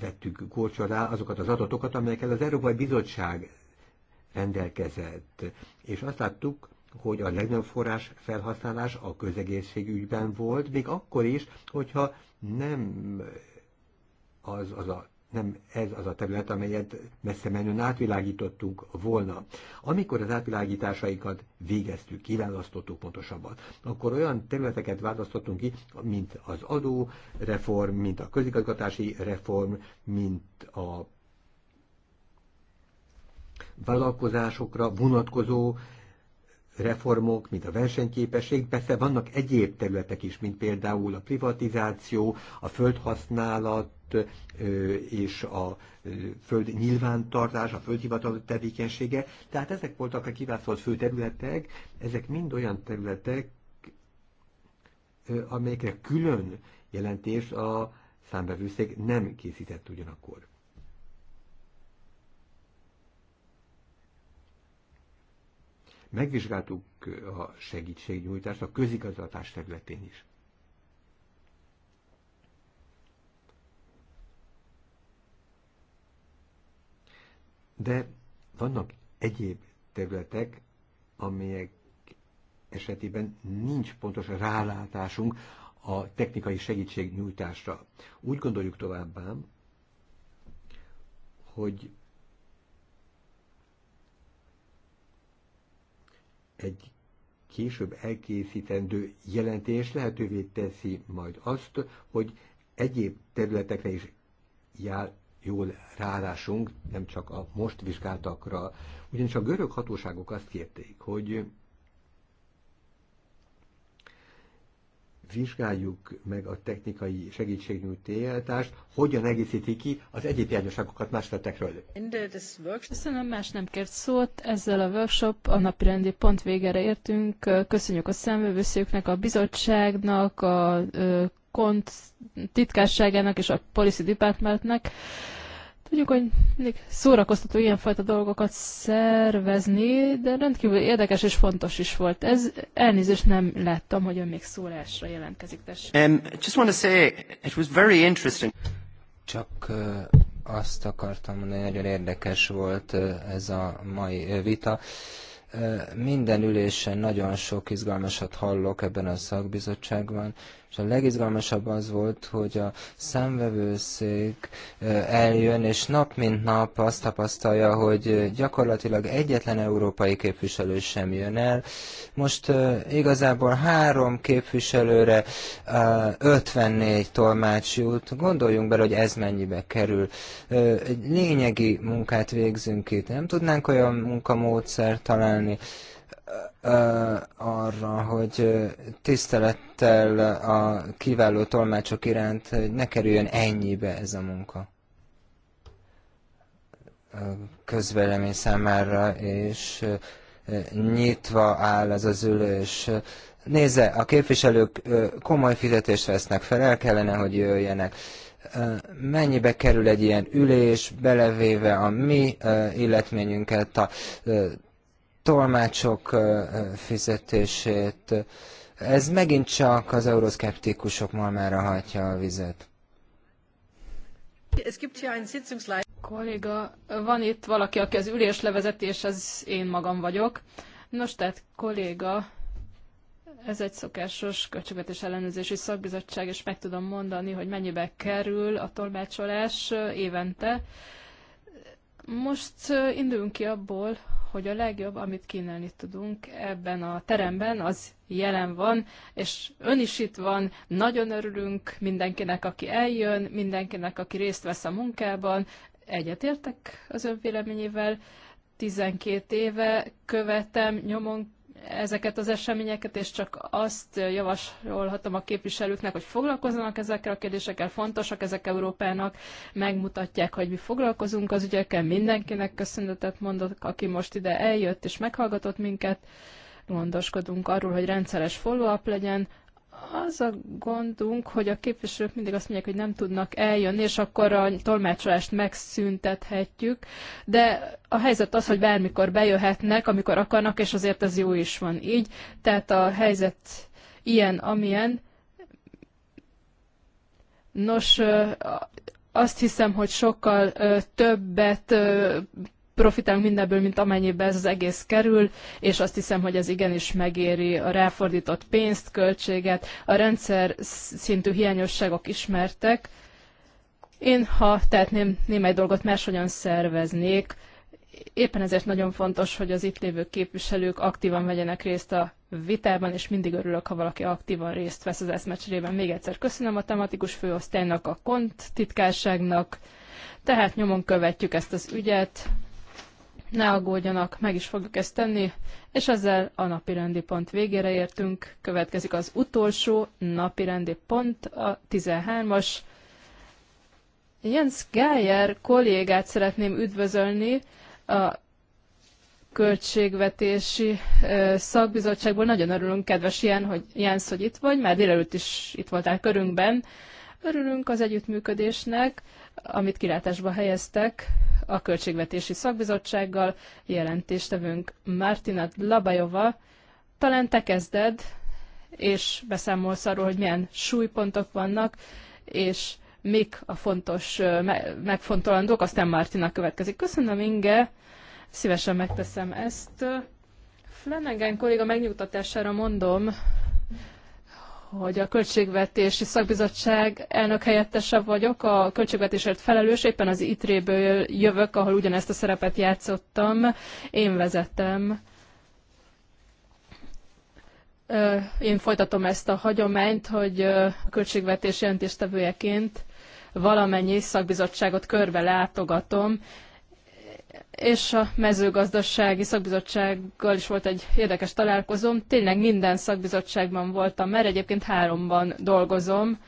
vettük korcsolá azokat az adatokat, amelyeket az Európai Bizottság rendelkezett. És azt láttuk, hogy a legnagyobb forrás felhasználás a közegészségügyben volt, még akkor is, hogyha nem az, az a nem ez az a terület, amelyet messze menően átvilágítottunk volna. Amikor az átvilágításaikat végeztük, kiválasztottuk pontosabban, akkor olyan területeket választottunk ki, mint az adóreform, mint a közigazgatási reform, mint a vállalkozásokra vonatkozó reformok, mint a versenyképesség, persze vannak egyéb területek is, mint például a privatizáció, a földhasználat, és a föld nyilvántartás, a földhivatal tevékenysége. Tehát ezek voltak a kiválasztott fő területek, ezek mind olyan területek, amelyekre külön jelentést a számbevőszék nem készített ugyanakkor. Megvizsgáltuk a segítségnyújtást a közigazgatás területén is. De vannak egyéb területek, amelyek esetében nincs pontos rálátásunk a technikai segítségnyújtásra. Úgy gondoljuk továbbá, hogy egy később elkészítendő jelentés lehetővé teszi majd azt, hogy egyéb területekre is jár, jól rálásunk, nem csak a most vizsgáltakra. Ugyanis a görög hatóságok azt kérték, hogy vizsgáljuk meg a technikai segítségnyújtást, hogyan egészíti ki az egyéb hiányosságokat más tettekről. Köszönöm, más nem kért szót. Ezzel a workshop a napirendi pont végére értünk. Köszönjük a szemvevőszőknek, a bizottságnak, a kont titkárságának és a policy departmentnek. Tudjuk, hogy mindig szórakoztató ilyenfajta dolgokat szervezni, de rendkívül érdekes és fontos is volt. Ez elnézést nem láttam, hogy ön még szólásra jelentkezik. Um, just want to say, it was very interesting. Csak uh, azt akartam mondani, nagyon érdekes volt uh, ez a mai uh, vita. Uh, minden ülésen nagyon sok izgalmasat hallok ebben a szakbizottságban. Uh, és a legizgalmasabb az volt, hogy a számvevőszék eljön, és nap mint nap azt tapasztalja, hogy gyakorlatilag egyetlen európai képviselő sem jön el. Most igazából három képviselőre 54 tolmács jut. Gondoljunk bele, hogy ez mennyibe kerül. Egy lényegi munkát végzünk itt. Nem tudnánk olyan munkamódszert találni, arra, hogy tisztelettel a kiváló tolmácsok iránt ne kerüljön ennyibe ez a munka közvélemény számára, és nyitva áll ez az ülés. Nézze, a képviselők komoly fizetést vesznek fel, el kellene, hogy jöjjenek. Mennyibe kerül egy ilyen ülés, belevéve a mi illetményünket, a tolmácsok fizetését. Ez megint csak az euroszkeptikusok malmára hajtja a vizet. Kolléga, van itt valaki, aki az ülés levezetés, az én magam vagyok. Nos, tehát kolléga, ez egy szokásos költségvetés ellenőrzési szakbizottság, és meg tudom mondani, hogy mennyibe kerül a tolmácsolás évente. Most induljunk ki abból, hogy a legjobb, amit kínálni tudunk ebben a teremben, az jelen van, és ön is itt van, nagyon örülünk mindenkinek, aki eljön, mindenkinek, aki részt vesz a munkában, egyetértek az ön véleményével, 12 éve követem nyomon ezeket az eseményeket, és csak azt javasolhatom a képviselőknek, hogy foglalkozzanak ezekkel a kérdésekkel, fontosak ezek Európának, megmutatják, hogy mi foglalkozunk az ügyekkel, mindenkinek köszönetet mondok, aki most ide eljött és meghallgatott minket, gondoskodunk arról, hogy rendszeres follow-up legyen, az a gondunk, hogy a képviselők mindig azt mondják, hogy nem tudnak eljönni, és akkor a tolmácsolást megszüntethetjük, de a helyzet az, hogy bármikor bejöhetnek, amikor akarnak, és azért ez jó is van így. Tehát a helyzet ilyen, amilyen. Nos, azt hiszem, hogy sokkal többet profitálunk mindebből, mint amennyibe ez az egész kerül, és azt hiszem, hogy ez igenis megéri a ráfordított pénzt, költséget. A rendszer szintű hiányosságok ismertek. Én, ha tehetném, némely dolgot máshogyan szerveznék, éppen ezért nagyon fontos, hogy az itt lévő képviselők aktívan vegyenek részt a vitában, és mindig örülök, ha valaki aktívan részt vesz az eszmecserében. Még egyszer köszönöm a tematikus főosztálynak, a KONT titkárságnak, tehát nyomon követjük ezt az ügyet, ne aggódjanak, meg is fogjuk ezt tenni, és ezzel a napirendi pont végére értünk. Következik az utolsó napirendi pont, a 13-as. Jens Geyer kollégát szeretném üdvözölni a költségvetési szakbizottságból. Nagyon örülünk, kedves Jens, hogy, Jens, hogy itt vagy, már délelőtt is itt voltál körünkben. Örülünk az együttműködésnek amit kilátásba helyeztek a Költségvetési Szakbizottsággal, jelentéstevőnk Martina Labajova. Talán te kezded, és beszámolsz arról, hogy milyen súlypontok vannak, és mik a fontos megfontolandók, aztán Martina következik. Köszönöm, Inge, szívesen megteszem ezt. Flanagan kolléga megnyugtatására mondom, hogy a Költségvetési Szakbizottság elnök helyettese vagyok, a költségvetésért felelős, éppen az ITRÉ-ből jövök, ahol ugyanezt a szerepet játszottam. Én vezetem én folytatom ezt a hagyományt, hogy a költségvetés jelentéstevőjeként valamennyi szakbizottságot körbe látogatom, és a mezőgazdasági szakbizottsággal is volt egy érdekes találkozóm. Tényleg minden szakbizottságban voltam, mert egyébként háromban dolgozom.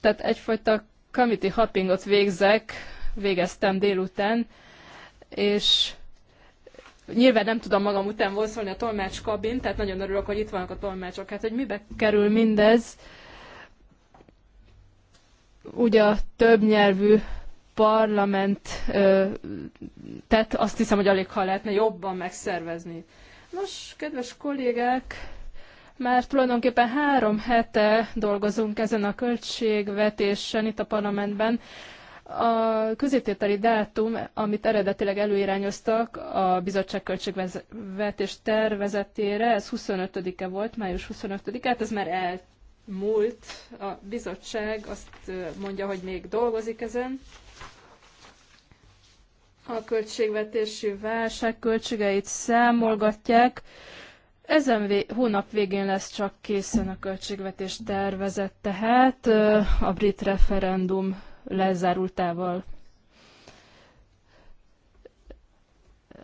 Tehát egyfajta committee hoppingot végzek, végeztem délután, és nyilván nem tudom magam után volszolni a tolmács kabin, tehát nagyon örülök, hogy itt vannak a tolmácsok. Hát, hogy mibe kerül mindez? Ugye a nyelvű Parlamentet, tehát azt hiszem, hogy alig ha lehetne jobban megszervezni. Nos, kedves kollégák, már tulajdonképpen három hete dolgozunk ezen a költségvetésen itt a parlamentben. A közétételi dátum, amit eredetileg előirányoztak a bizottság költségvetés tervezetére, ez 25-e volt, május 25-e, hát ez már elmúlt. A bizottság azt mondja, hogy még dolgozik ezen a költségvetési válság költségeit számolgatják. Ezen vé- hónap végén lesz csak készen a költségvetés tervezet, tehát a brit referendum lezárultával.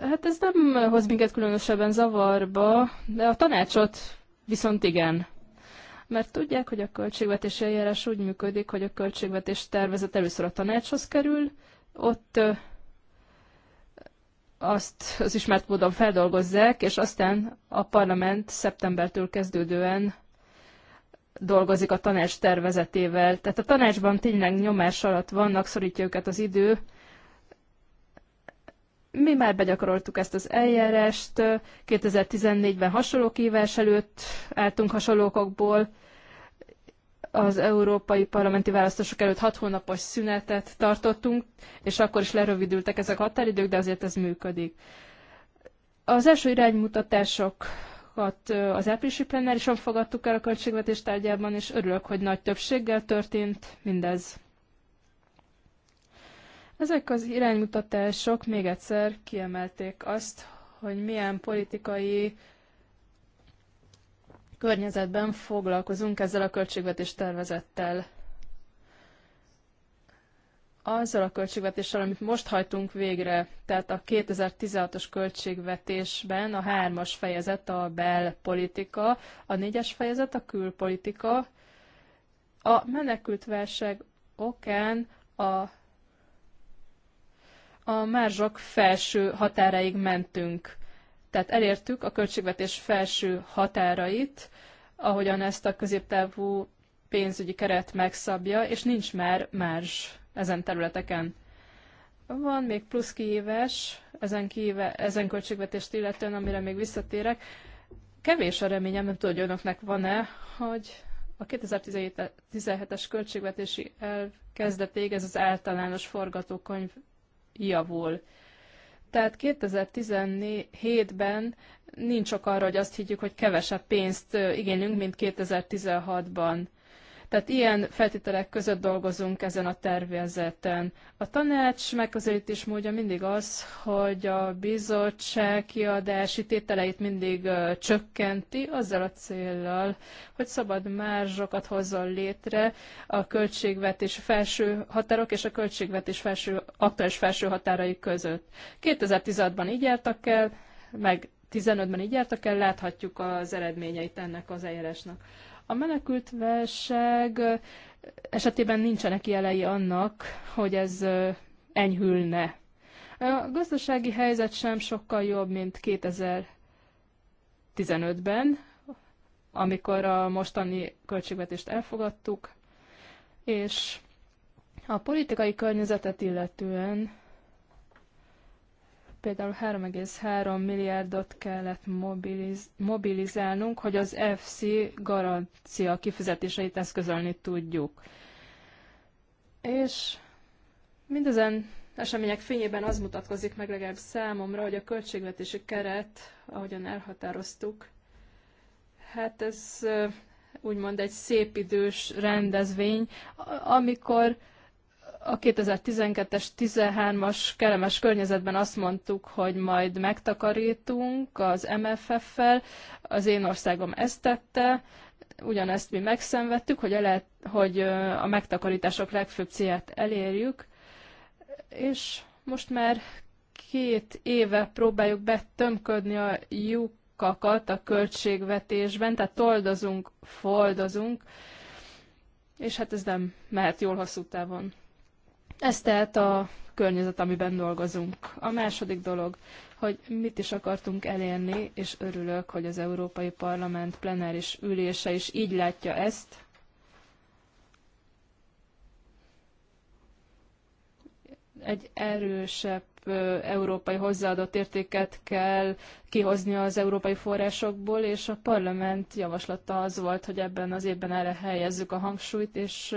Hát ez nem hoz minket különösebben zavarba, de a tanácsot viszont igen. Mert tudják, hogy a költségvetési eljárás úgy működik, hogy a költségvetés tervezet először a tanácshoz kerül, ott azt az ismert módon feldolgozzák, és aztán a parlament szeptembertől kezdődően dolgozik a tanács tervezetével. Tehát a tanácsban tényleg nyomás alatt vannak, szorítja őket az idő. Mi már begyakoroltuk ezt az eljárást, 2014-ben hasonló kívás előtt álltunk hasonlókokból, az európai parlamenti választások előtt hat hónapos szünetet tartottunk, és akkor is lerövidültek ezek a határidők, de azért ez működik. Az első iránymutatásokat az áprilisi plenárison fogadtuk el a költségvetés tárgyában, és örülök, hogy nagy többséggel történt mindez. Ezek az iránymutatások még egyszer kiemelték azt, hogy milyen politikai környezetben foglalkozunk ezzel a költségvetés tervezettel. Azzal a költségvetéssel, amit most hajtunk végre, tehát a 2016-os költségvetésben a hármas fejezet a belpolitika, a négyes fejezet a külpolitika, a menekültválság okán a, a márzsok felső határaig mentünk. Tehát elértük a költségvetés felső határait, ahogyan ezt a középtávú pénzügyi keret megszabja, és nincs már más ezen területeken. Van még plusz kihívás ezen, kihíve, ezen költségvetést illetően, amire még visszatérek. Kevés a reményem, nem tudom, hogy önöknek van-e, hogy a 2017-es költségvetési elv kezdetéig ez az általános forgatókönyv javul. Tehát 2017-ben nincs ok arra, hogy azt higgyük, hogy kevesebb pénzt igényünk, mint 2016-ban. Tehát ilyen feltételek között dolgozunk ezen a tervezeten. A tanács megközelítés módja mindig az, hogy a bizottság kiadási tételeit mindig csökkenti, azzal a céllal, hogy szabad márzsokat hozzon létre a költségvetés felső határok és a költségvetés felső, aktuális felső határai között. 2016-ban így jártak el, meg 15-ben így jártak el, láthatjuk az eredményeit ennek az eljárásnak. A menekült válság esetében nincsenek jelei annak, hogy ez enyhülne. A gazdasági helyzet sem sokkal jobb, mint 2015-ben, amikor a mostani költségvetést elfogadtuk, és a politikai környezetet illetően Például 3,3 milliárdot kellett mobiliz mobilizálnunk, hogy az FC garancia kifizetéseit eszközölni tudjuk. És mindezen események fényében az mutatkozik meg legalább számomra, hogy a költségvetési keret, ahogyan elhatároztuk, hát ez úgymond egy szépidős rendezvény, amikor a 2012-es, 13-as kellemes környezetben azt mondtuk, hogy majd megtakarítunk az MFF-fel. Az én országom ezt tette, ugyanezt mi megszenvedtük, hogy, ele, hogy a megtakarítások legfőbb célját elérjük, és most már két éve próbáljuk betömködni a lyukakat a költségvetésben, tehát toldozunk, foldozunk, és hát ez nem mehet jól hosszú távon. Ez tehát a környezet, amiben dolgozunk. A második dolog, hogy mit is akartunk elérni, és örülök, hogy az Európai Parlament plenáris ülése is így látja ezt. Egy erősebb európai hozzáadott értéket kell kihozni az európai forrásokból, és a parlament javaslata az volt, hogy ebben az évben erre helyezzük a hangsúlyt, és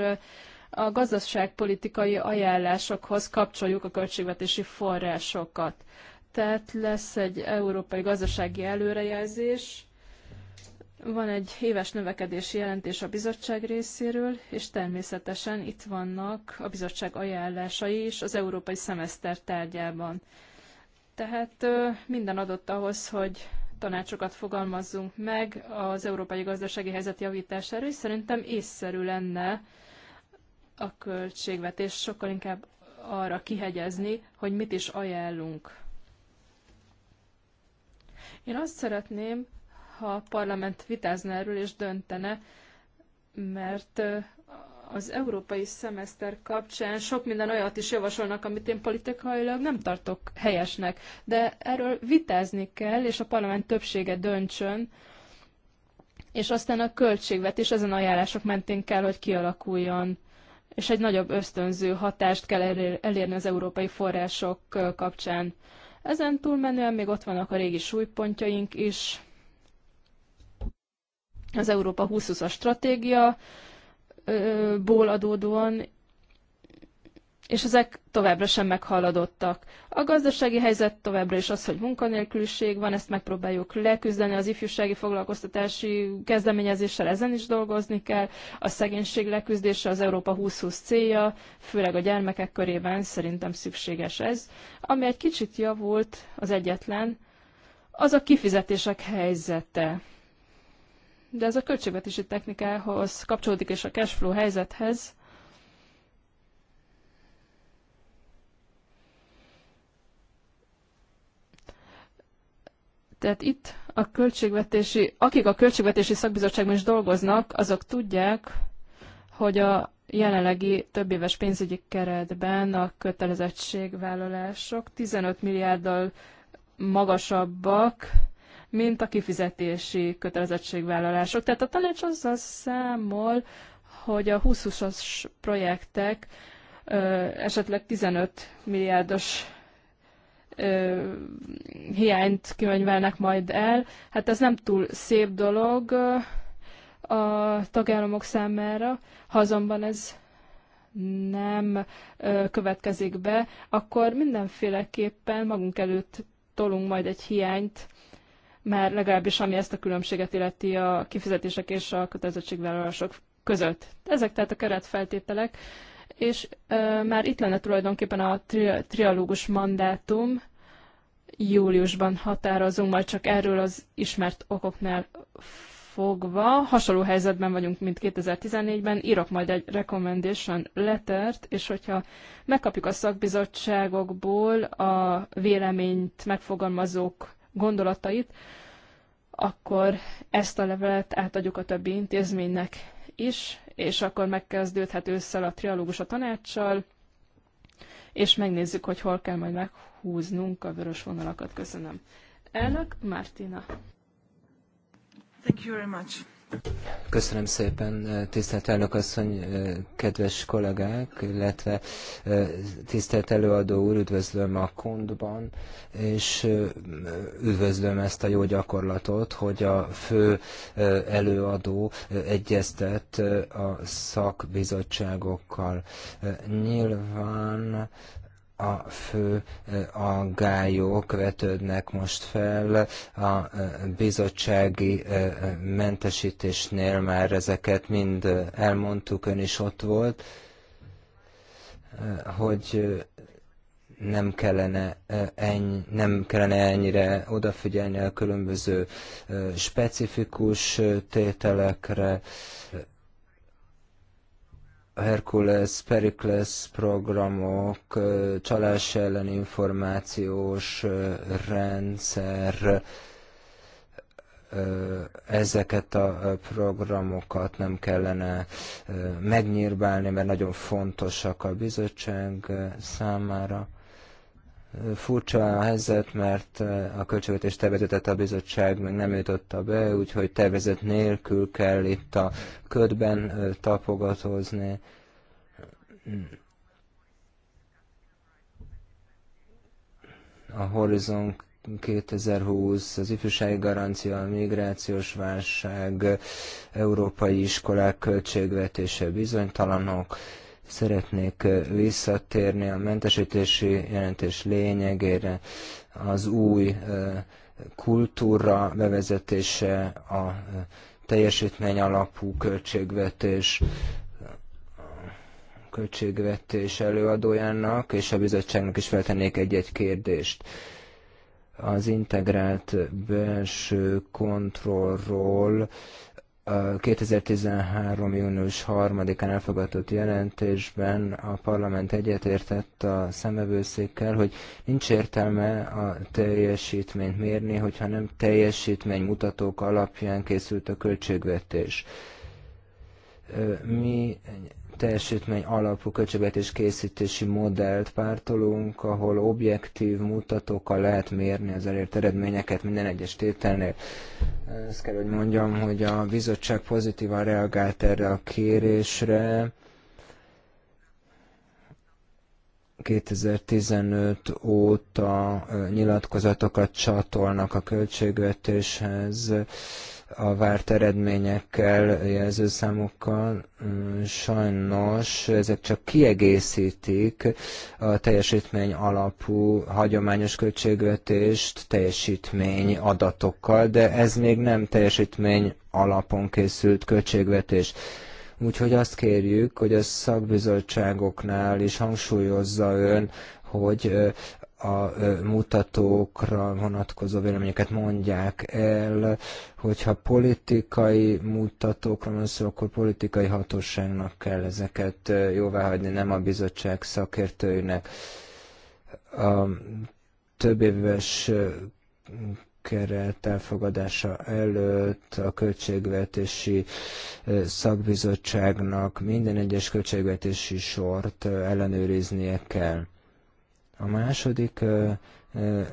a gazdaságpolitikai ajánlásokhoz kapcsoljuk a költségvetési forrásokat. Tehát lesz egy európai gazdasági előrejelzés, van egy éves növekedési jelentés a bizottság részéről, és természetesen itt vannak a bizottság ajánlásai is az európai szemeszter tárgyában. Tehát minden adott ahhoz, hogy tanácsokat fogalmazzunk meg az európai gazdasági helyzet javítására, és szerintem észszerű lenne, a költségvetés sokkal inkább arra kihegyezni, hogy mit is ajánlunk. Én azt szeretném, ha a parlament vitázna erről és döntene, mert az európai szemeszter kapcsán sok minden olyat is javasolnak, amit én politikailag nem tartok helyesnek. De erről vitázni kell, és a parlament többsége döntsön, és aztán a költségvetés ezen ajánlások mentén kell, hogy kialakuljon és egy nagyobb ösztönző hatást kell elérni az európai források kapcsán. Ezen túlmenően még ott vannak a régi súlypontjaink is, az Európa 2020-as stratégia, ból adódóan, és ezek továbbra sem meghaladottak. A gazdasági helyzet továbbra is az, hogy munkanélküliség van, ezt megpróbáljuk leküzdeni, az ifjúsági foglalkoztatási kezdeményezéssel ezen is dolgozni kell, a szegénység leküzdése az Európa 2020 célja, főleg a gyermekek körében szerintem szükséges ez, ami egy kicsit javult az egyetlen, az a kifizetések helyzete. De ez a költségvetési technikához kapcsolódik, és a cashflow helyzethez, Tehát itt a költségvetési, akik a költségvetési szakbizottságban is dolgoznak, azok tudják, hogy a jelenlegi több éves pénzügyi keretben a kötelezettségvállalások 15 milliárddal magasabbak, mint a kifizetési kötelezettségvállalások. Tehát a tanács azzal számol, hogy a 20 as projektek ö, esetleg 15 milliárdos ö, hiányt könyvelnek majd el. Hát ez nem túl szép dolog a tagállamok számára, ha azonban ez nem következik be, akkor mindenféleképpen magunk előtt tolunk majd egy hiányt, már legalábbis ami ezt a különbséget illeti a kifizetések és a kötelezettségvállalások között. Ezek tehát a keretfeltételek. feltételek és ö, már itt lenne tulajdonképpen a tri- trialógus mandátum, júliusban határozunk majd csak erről az ismert okoknál fogva. Hasonló helyzetben vagyunk, mint 2014-ben. Írok majd egy recommendation letert, és hogyha megkapjuk a szakbizottságokból a véleményt megfogalmazók gondolatait, akkor ezt a levelet átadjuk a többi intézménynek is, és akkor megkezdődhet ősszel a trialógus a tanácssal, és megnézzük, hogy hol kell majd meghúznunk a vörös vonalakat. Köszönöm. Elnök Martina. Thank you very much. Köszönöm szépen, tisztelt elnök asszony, kedves kollégák, illetve tisztelt előadó úr, üdvözlöm a kondban, és üdvözlöm ezt a jó gyakorlatot, hogy a fő előadó egyeztet a szakbizottságokkal. Nyilván a fő aggályok vetődnek most fel. A bizottsági mentesítésnél már ezeket mind elmondtuk, ön is ott volt, hogy nem kellene, enny, nem kellene ennyire odafigyelni a különböző specifikus tételekre, Hercules, Pericles programok, csalás ellen információs rendszer, ezeket a programokat nem kellene megnyírbálni, mert nagyon fontosak a bizottság számára. Furcsa a helyzet, mert eh, a költségvetés tervezetet a bizottság még nem jutotta be, úgyhogy tervezet nélkül kell itt a ködben eh, tapogatózni. A Horizon 2020, az ifjúsági garancia, a migrációs válság, eh, európai iskolák költségvetése bizonytalanok, Szeretnék visszatérni a mentesítési jelentés lényegére, az új kultúra bevezetése, a teljesítmény alapú költségvetés, költségvetés előadójának és a bizottságnak is feltennék egy-egy kérdést. Az integrált belső kontrollról 2013. június 3-án elfogadott jelentésben a parlament egyetértett a szemevőszékkel, hogy nincs értelme a teljesítményt mérni, hogyha nem teljesítménymutatók alapján készült a költségvetés. Mi teljesítmény alapú költségvetés készítési modellt pártolunk, ahol objektív mutatókkal lehet mérni az elért eredményeket minden egyes tételnél. Ezt kell, hogy mondjam, hogy a bizottság pozitívan reagált erre a kérésre. 2015 óta nyilatkozatokat csatolnak a költségvetéshez a várt eredményekkel, jelzőszámokkal. Mm, sajnos ezek csak kiegészítik a teljesítmény alapú hagyományos költségvetést teljesítmény adatokkal, de ez még nem teljesítmény alapon készült költségvetés. Úgyhogy azt kérjük, hogy a szakbizottságoknál is hangsúlyozza ön, hogy a mutatókra vonatkozó véleményeket mondják el, hogyha politikai mutatókra van szó, akkor politikai hatóságnak kell ezeket jóváhagyni, nem a bizottság szakértőinek. A több éves keret elfogadása előtt a költségvetési szakbizottságnak minden egyes költségvetési sort ellenőriznie kell a második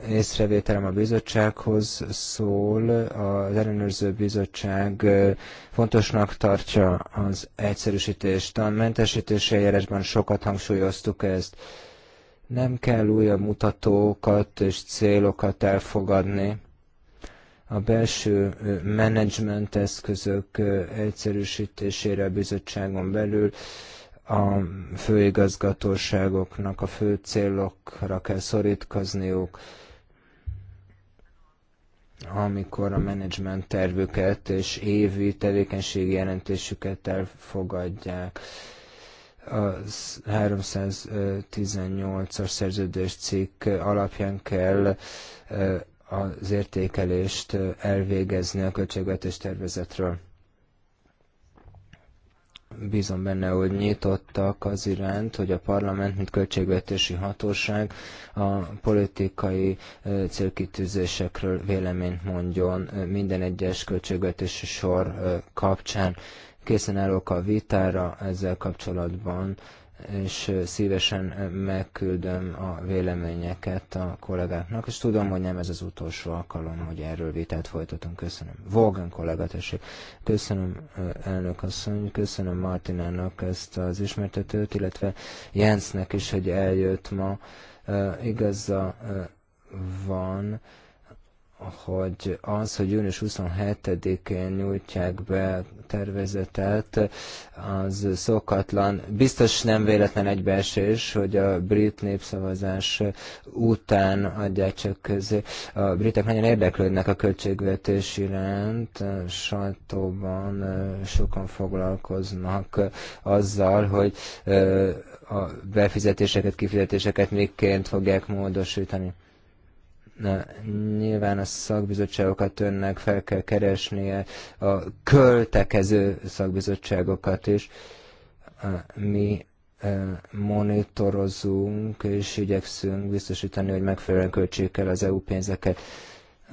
észrevételem a bizottsághoz szól, az ellenőrző bizottság fontosnak tartja az egyszerűsítést. A mentesítési eljárásban sokat hangsúlyoztuk ezt. Nem kell újabb mutatókat és célokat elfogadni. A belső menedzsment eszközök egyszerűsítésére a bizottságon belül a főigazgatóságoknak a fő célokra kell szorítkozniuk, amikor a menedzsment tervüket és évi tevékenységi jelentésüket elfogadják. A 318-as szerződés cikk alapján kell az értékelést elvégezni a költségvetés tervezetről. Bízom benne, hogy nyitottak az iránt, hogy a parlament, mint költségvetési hatóság a politikai célkitűzésekről véleményt mondjon minden egyes költségvetési sor kapcsán. Készen állok a vitára ezzel kapcsolatban és szívesen megküldöm a véleményeket a kollégáknak, és tudom, hogy nem ez az utolsó alkalom, hogy erről vitát folytatunk. Köszönöm. Volgan kollega, tessék. Köszönöm, elnök asszony, köszönöm Martinának ezt az ismertetőt, illetve Jensnek is, hogy eljött ma. Igaza van, hogy az, hogy június 27-én nyújtják be tervezetet, az szokatlan. Biztos nem véletlen egybeesés, hogy a brit népszavazás után adják csak közé. A britek nagyon érdeklődnek a költségvetés iránt, a sajtóban sokan foglalkoznak azzal, hogy a befizetéseket, kifizetéseket miként fogják módosítani Nyilván a szakbizottságokat önnek fel kell keresnie, a költekező szakbizottságokat is. Mi monitorozunk és igyekszünk biztosítani, hogy megfelelően költsék el az EU pénzeket.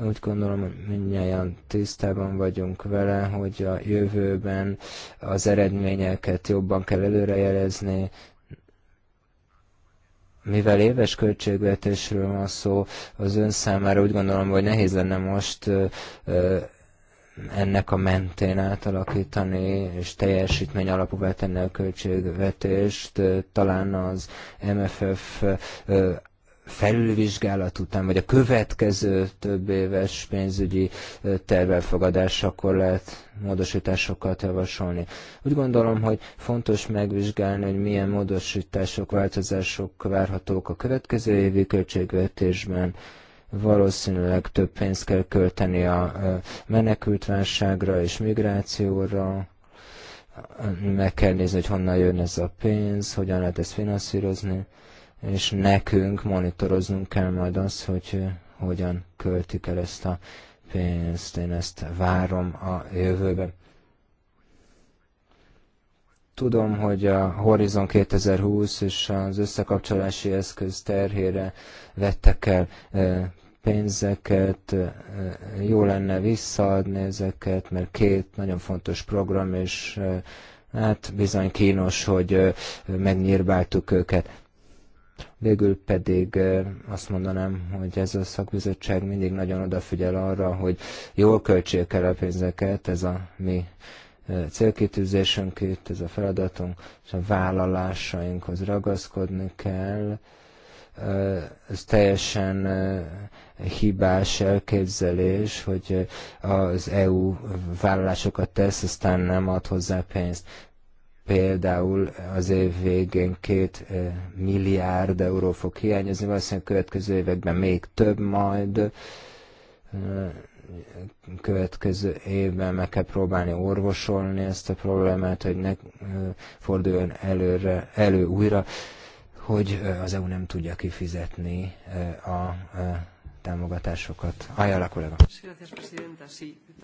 Úgy gondolom, hogy mindnyáján tisztában vagyunk vele, hogy a jövőben az eredményeket jobban kell előrejelezni, mivel éves költségvetésről van szó, az ön számára úgy gondolom, hogy nehéz lenne most ennek a mentén átalakítani és teljesítmény alapúvá tenni a költségvetést. Talán az MFF felülvizsgálat után, vagy a következő több éves pénzügyi tervelfogadásakor lehet módosításokat javasolni. Úgy gondolom, hogy fontos megvizsgálni, hogy milyen módosítások, változások várhatók a következő évi költségvetésben, valószínűleg több pénzt kell költeni a menekültválságra és migrációra, meg kell nézni, hogy honnan jön ez a pénz, hogyan lehet ezt finanszírozni és nekünk monitoroznunk kell majd azt, hogy hogyan költik el ezt a pénzt. Én ezt várom a jövőben. Tudom, hogy a Horizon 2020 és az összekapcsolási eszköz terhére vettek el pénzeket, jó lenne visszaadni ezeket, mert két nagyon fontos program, és hát bizony kínos, hogy megnyírbáltuk őket. Végül pedig azt mondanám, hogy ez a szakbizottság mindig nagyon odafigyel arra, hogy jól költsék el a pénzeket, ez a mi célkitűzésünk itt, ez a feladatunk, és a vállalásainkhoz ragaszkodni kell. Ez teljesen hibás elképzelés, hogy az EU vállalásokat tesz, aztán nem ad hozzá pénzt. Például az év végén két milliárd euró fog hiányozni, valószínűleg következő években még több majd következő évben meg kell próbálni orvosolni ezt a problémát, hogy ne forduljon előre, elő újra, hogy az EU nem tudja kifizetni a támogatásokat. Ajánlak, kollega!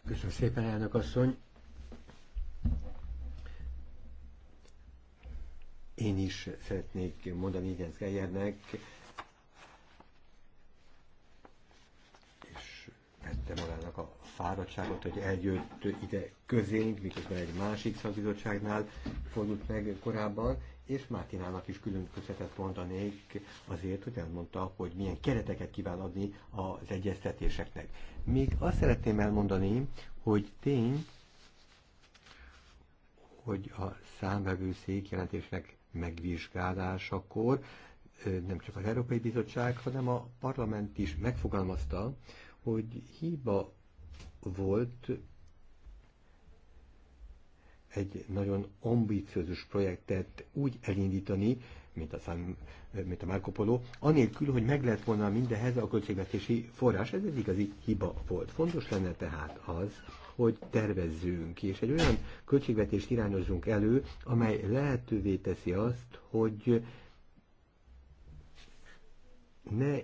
Köszönöm szépen, elnök asszony! Én is szeretnék mondani Jens Geyernek, és vette magának a fáradtságot, hogy eljött ide közénk, miközben egy másik szakbizottságnál fordult meg korábban, és Mátinának is külön köszönetet mondanék azért, hogy elmondta, hogy milyen kereteket kíván adni az egyeztetéseknek. Még azt szeretném elmondani, hogy tény, hogy a számvevőszék jelentésnek megvizsgálásakor nem csak az Európai Bizottság, hanem a parlament is megfogalmazta, hogy hiba volt egy nagyon ambiciózus projektet úgy elindítani, mint a, szám, mint a Marco Polo, anélkül, hogy meg lehet volna mindenhez a költségvetési forrás. Ez egy igazi hiba volt. Fontos lenne tehát az, hogy tervezzünk, és egy olyan költségvetést irányozunk elő, amely lehetővé teszi azt, hogy ne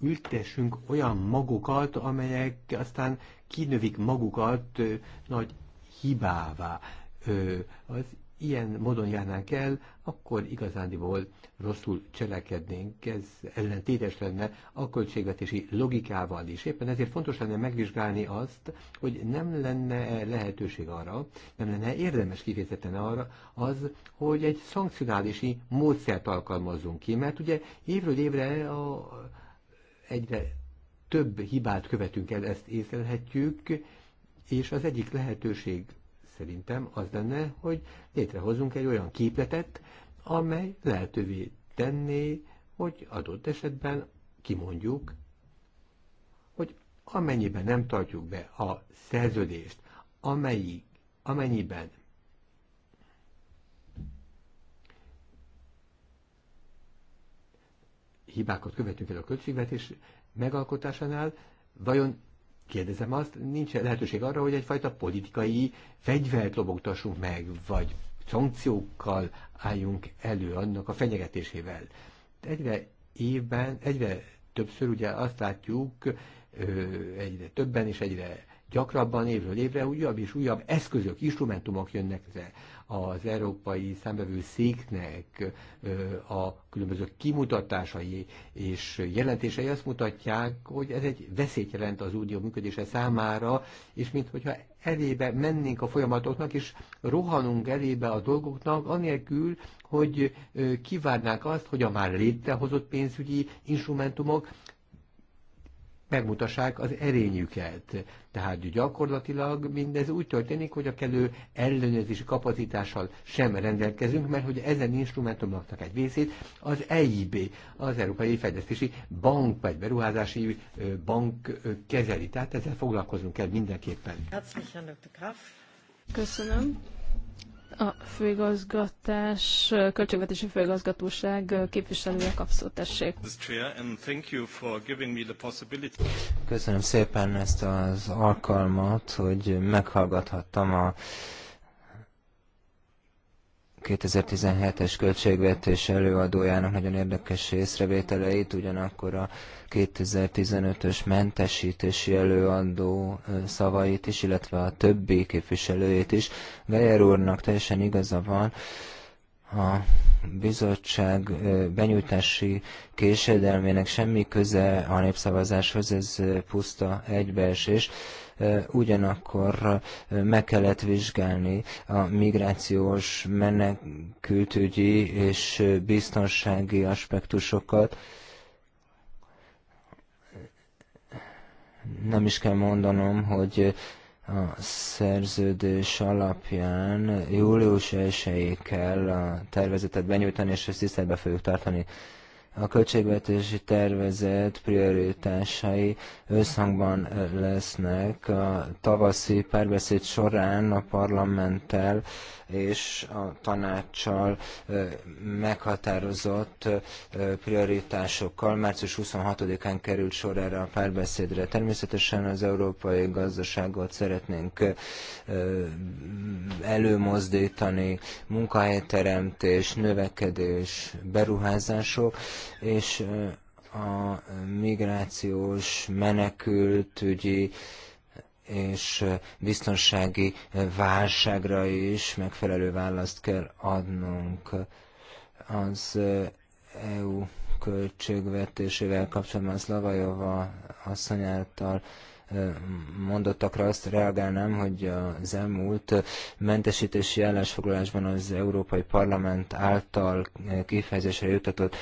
ültessünk olyan magokat, amelyek aztán kinövik magukat ö, nagy hibává. Ö, az ilyen módon járnánk el, akkor igazándiból rosszul cselekednénk, ez ellentétes lenne a költségvetési logikával is. Éppen ezért fontos lenne megvizsgálni azt, hogy nem lenne lehetőség arra, nem lenne érdemes kifejezetten arra az, hogy egy szankcionálési módszert alkalmazzunk ki, mert ugye évről évre a, egyre több hibát követünk el, ezt észlelhetjük, és az egyik lehetőség szerintem az lenne, hogy létrehozunk egy olyan képletet, amely lehetővé tenné, hogy adott esetben kimondjuk, hogy amennyiben nem tartjuk be a szerződést, amelyik, amennyiben hibákat követünk el a költségvetés megalkotásánál, vajon kérdezem azt, nincs lehetőség arra, hogy egyfajta politikai fegyvert lobogtassunk meg, vagy szankciókkal álljunk elő annak a fenyegetésével. Egyre évben, egyre többször ugye azt látjuk, egyre többen és egyre gyakrabban évről évre újabb és újabb eszközök, instrumentumok jönnek az európai számbevő széknek a különböző kimutatásai és jelentései azt mutatják, hogy ez egy veszélyt jelent az unió működése számára, és minthogyha elébe mennénk a folyamatoknak, és rohanunk elébe a dolgoknak, anélkül, hogy kivárnák azt, hogy a már létrehozott pénzügyi instrumentumok megmutassák az erényüket. Tehát gyakorlatilag mindez úgy történik, hogy a kellő ellenőrzési kapacitással sem rendelkezünk, mert hogy ezen instrumentumoknak egy részét az EIB, az Európai Fejlesztési Bank vagy Beruházási Bank kezeli. Tehát ezzel foglalkozunk kell mindenképpen. Köszönöm. A főigazgatás, költségvetési főigazgatóság képviselője kapszó, tessék. Köszönöm szépen ezt az alkalmat, hogy meghallgathattam a 2017-es költségvetés előadójának nagyon érdekes észrevételeit, ugyanakkor a 2015-ös mentesítési előadó szavait is, illetve a többi képviselőjét is. Geyer úrnak teljesen igaza van, a bizottság benyújtási késedelmének semmi köze a népszavazáshoz, ez puszta egybeesés ugyanakkor meg kellett vizsgálni a migrációs menekültügyi és biztonsági aspektusokat, nem is kell mondanom, hogy a szerződés alapján július 1 kell a tervezetet benyújtani, és ezt tiszteletbe fogjuk tartani a költségvetési tervezet prioritásai összhangban lesznek a tavaszi párbeszéd során a parlamenttel és a tanácssal meghatározott prioritásokkal. Március 26-án került sor erre a párbeszédre. Természetesen az európai gazdaságot szeretnénk előmozdítani, munkahelyteremtés, növekedés, beruházások, és a migrációs menekültügyi és biztonsági válságra is megfelelő választ kell adnunk. Az EU költségvetésével kapcsolatban Szlavajova asszonyáltal mondottakra azt reagálnám, hogy az elmúlt mentesítési állásfoglalásban az Európai Parlament által kifejezésre jutatott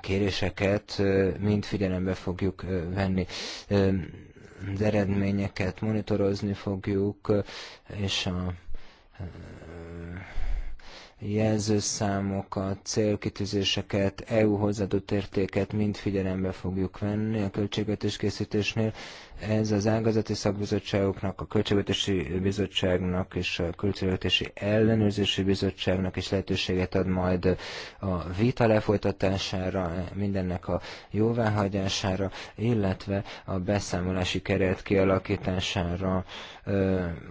kéréseket mind figyelembe fogjuk venni az eredményeket monitorozni fogjuk, és a eh, jelzőszámokat, célkitűzéseket, EU hozzáadott értéket mind figyelembe fogjuk venni a költségvetés készítésnél, ez az ágazati szakbizottságoknak, a Költségvetési Bizottságnak és a Költségvetési Ellenőrzési Bizottságnak is lehetőséget ad majd a vita lefolytatására, mindennek a jóváhagyására, illetve a beszámolási keret kialakítására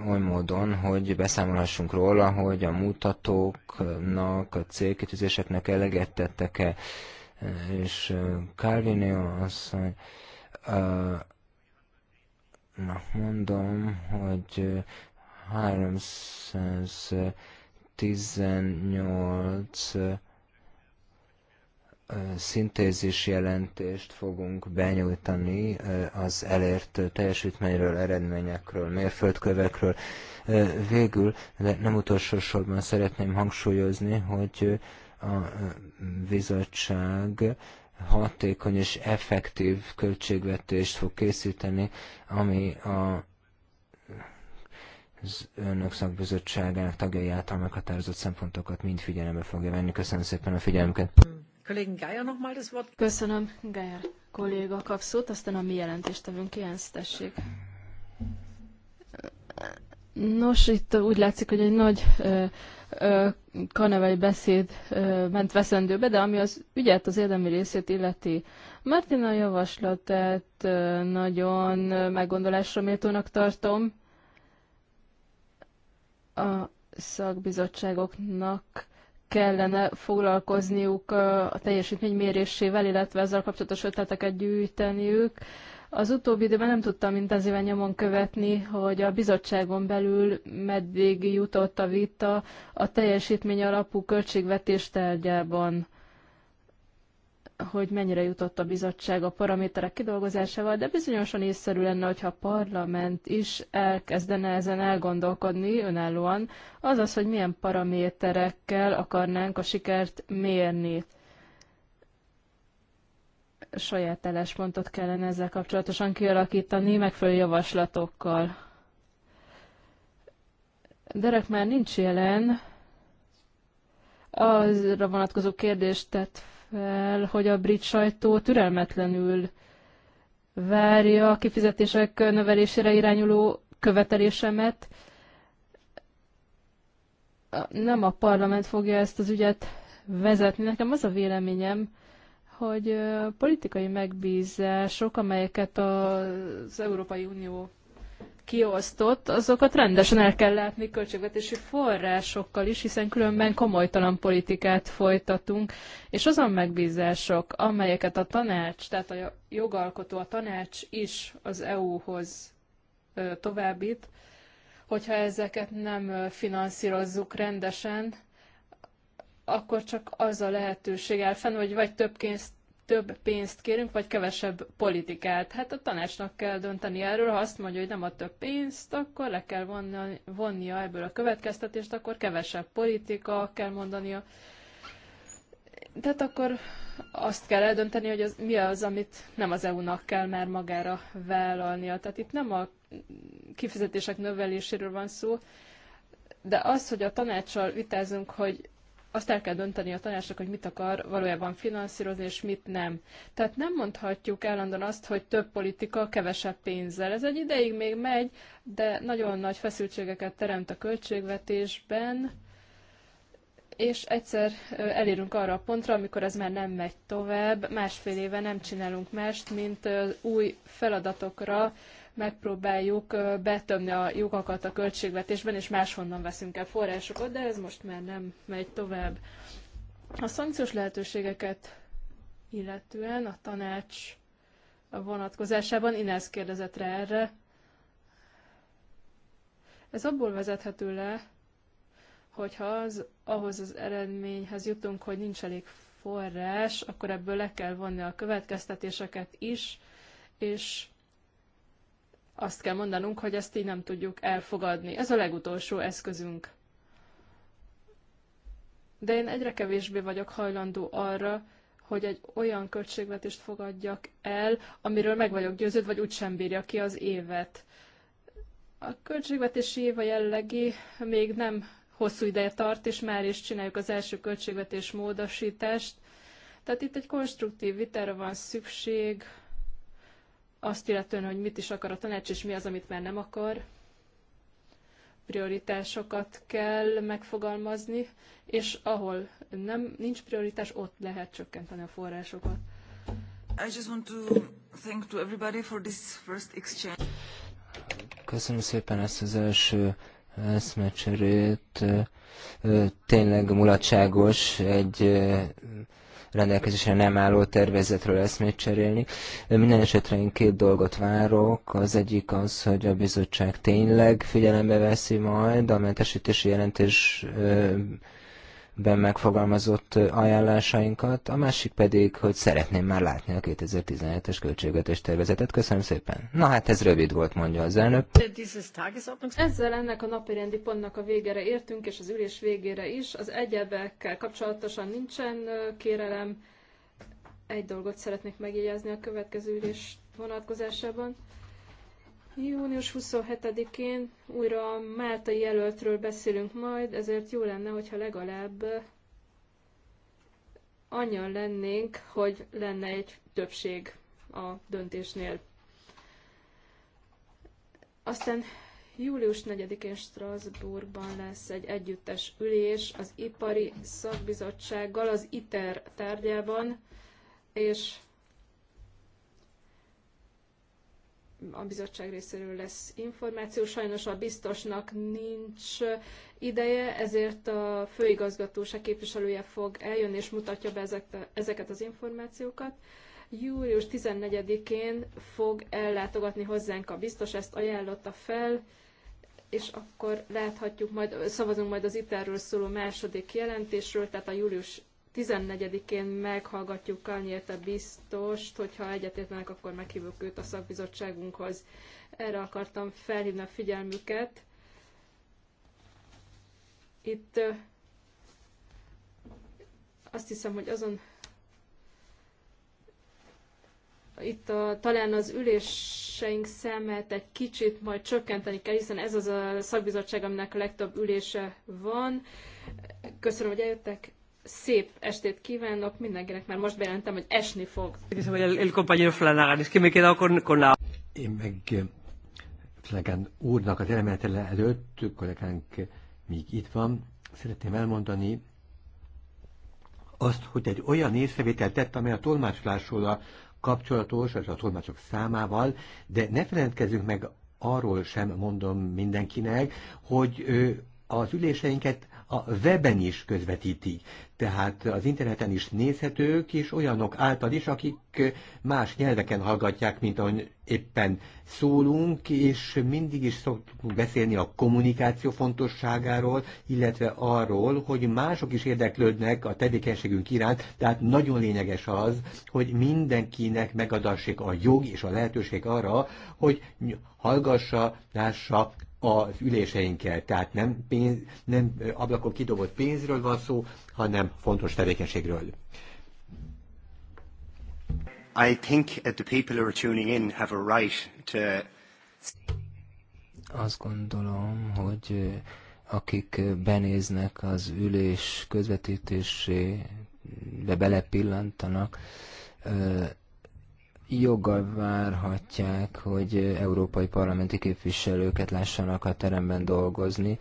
oly módon, hogy beszámolhassunk róla, hogy a mutatóknak, a célkitűzéseknek eleget tettek-e, és Calvinio asszony Na mondom, hogy 318 szintézis jelentést fogunk benyújtani az elért teljesítményről, eredményekről, mérföldkövekről. Végül, de nem utolsó sorban szeretném hangsúlyozni, hogy a bizottság hatékony és effektív költségvetést fog készíteni, ami a az önök szakbizottságának tagjai által meghatározott szempontokat mind figyelembe fogja venni. Köszönöm szépen a figyelmüket. Köszönöm, Geyer kolléga kap szót, aztán a mi jelentéstevünk Jens, tessék. Nos, itt úgy látszik, hogy egy nagy karnevali beszéd ment veszendőbe, de ami az ügyet, az érdemi részét illeti. Martin a javaslatát nagyon meggondolásra méltónak tartom. A szakbizottságoknak kellene foglalkozniuk a teljesítmény mérésével, illetve ezzel kapcsolatos ötleteket gyűjteniük. Az utóbbi időben nem tudtam intenzíven nyomon követni, hogy a bizottságon belül meddig jutott a vita a teljesítmény alapú költségvetés tárgyában hogy mennyire jutott a bizottság a paraméterek kidolgozásával, de bizonyosan észszerű lenne, hogyha a parlament is elkezdene ezen elgondolkodni önállóan, azaz, hogy milyen paraméterekkel akarnánk a sikert mérni saját álláspontot kellene ezzel kapcsolatosan kialakítani, megfelelő javaslatokkal. Derek már nincs jelen. Azra vonatkozó kérdést tett fel, hogy a brit sajtó türelmetlenül várja a kifizetések növelésére irányuló követelésemet. Nem a parlament fogja ezt az ügyet vezetni. Nekem az a véleményem, hogy politikai megbízások, amelyeket az Európai Unió kiosztott, azokat rendesen el kell látni költségvetési forrásokkal is, hiszen különben komolytalan politikát folytatunk, és azon megbízások, amelyeket a tanács, tehát a jogalkotó, a tanács is az EU-hoz továbbít, hogyha ezeket nem finanszírozzuk rendesen, akkor csak az a lehetőség áll fenn, hogy vagy több pénzt, több pénzt kérünk, vagy kevesebb politikát. Hát a tanácsnak kell dönteni erről, ha azt mondja, hogy nem a több pénzt, akkor le kell vonni, vonnia ebből a következtetést, akkor kevesebb politika kell mondania. Tehát akkor azt kell eldönteni, hogy az, mi az, amit nem az EU-nak kell már magára vállalnia. Tehát itt nem a kifizetések növeléséről van szó, de az, hogy a tanácssal vitázunk, hogy azt el kell dönteni a tanácsnak, hogy mit akar valójában finanszírozni, és mit nem. Tehát nem mondhatjuk állandóan azt, hogy több politika, kevesebb pénzzel. Ez egy ideig még megy, de nagyon nagy feszültségeket teremt a költségvetésben, és egyszer elérünk arra a pontra, amikor ez már nem megy tovább, másfél éve nem csinálunk mást, mint új feladatokra megpróbáljuk betömni a lyukakat a költségvetésben, és máshonnan veszünk el forrásokat, de ez most már nem megy tovább. A szankciós lehetőségeket illetően a tanács vonatkozásában Inez kérdezett rá erre. Ez abból vezethető le, hogyha az, ahhoz az eredményhez jutunk, hogy nincs elég forrás, akkor ebből le kell vonni a következtetéseket is, és azt kell mondanunk, hogy ezt így nem tudjuk elfogadni. Ez a legutolsó eszközünk. De én egyre kevésbé vagyok hajlandó arra, hogy egy olyan költségvetést fogadjak el, amiről meg vagyok győződve, vagy úgysem bírja ki az évet. A költségvetési év a jellegi még nem hosszú ideje tart, és már is csináljuk az első költségvetés módosítást. Tehát itt egy konstruktív vitára van szükség, azt illetően, hogy mit is akar a tanács, és mi az, amit már nem akar. Prioritásokat kell megfogalmazni, és ahol nem, nincs prioritás, ott lehet csökkenteni a forrásokat. I just want to thank to everybody for this first exchange. Köszönöm szépen ezt az első eszmecserét. Tényleg mulatságos egy rendelkezésre nem álló tervezetről eszmét cserélni. Minden esetre én két dolgot várok. Az egyik az, hogy a bizottság tényleg figyelembe veszi majd a mentesítési jelentés ben megfogalmazott ajánlásainkat, a másik pedig, hogy szeretném már látni a 2017-es költségvetés tervezetet. Köszönöm szépen. Na hát ez rövid volt, mondja az elnök. Ezzel ennek a napirendi pontnak a végére értünk, és az ülés végére is. Az egyebekkel kapcsolatosan nincsen kérelem. Egy dolgot szeretnék megjegyezni a következő ülés vonatkozásában. Június 27-én újra a Máltai jelöltről beszélünk majd, ezért jó lenne, hogyha legalább annyian lennénk, hogy lenne egy többség a döntésnél. Aztán július 4-én Strasbourgban lesz egy együttes ülés az Ipari Szakbizottsággal az ITER tárgyában, és a bizottság részéről lesz információ. Sajnos a biztosnak nincs ideje, ezért a főigazgatóság képviselője fog eljönni és mutatja be ezeket az információkat. Július 14-én fog ellátogatni hozzánk a biztos, ezt ajánlotta fel, és akkor láthatjuk, majd szavazunk majd az ITER-ről szóló második jelentésről, tehát a július 14-én meghallgatjuk Kanyérte biztost, hogyha egyetértenek, akkor meghívjuk őt a szakbizottságunkhoz. Erre akartam felhívni a figyelmüket. Itt azt hiszem, hogy azon itt a, talán az üléseink szemet egy kicsit majd csökkenteni kell, hiszen ez az a szakbizottság, aminek a legtöbb ülése van. Köszönöm, hogy eljöttek, szép estét kívánok mindenkinek, mert most bejelentem, hogy esni fog. Én meg eh, Flanagan úrnak az elemenetele előtt, kollégánk még itt van, szeretném elmondani azt, hogy egy olyan észrevételt tett, amely a tolmácsolásról kapcsolatos, és a tolmácsok számával, de ne feledkezzünk meg arról sem, mondom mindenkinek, hogy az üléseinket a weben is közvetítik. Tehát az interneten is nézhetők, és olyanok által is, akik más nyelveken hallgatják, mint ahogy éppen szólunk, és mindig is szoktunk beszélni a kommunikáció fontosságáról, illetve arról, hogy mások is érdeklődnek a tevékenységünk iránt, tehát nagyon lényeges az, hogy mindenkinek megadassék a jog és a lehetőség arra, hogy hallgassa, lássa, az üléseinkkel. Tehát nem, pénz, nem ablakon kidobott pénzről van szó, hanem fontos tevékenységről. I think that the people who are tuning in have a right to... Azt gondolom, hogy akik benéznek az ülés közvetítésébe belepillantanak, joggal várhatják, hogy európai parlamenti képviselőket lássanak a teremben dolgozni,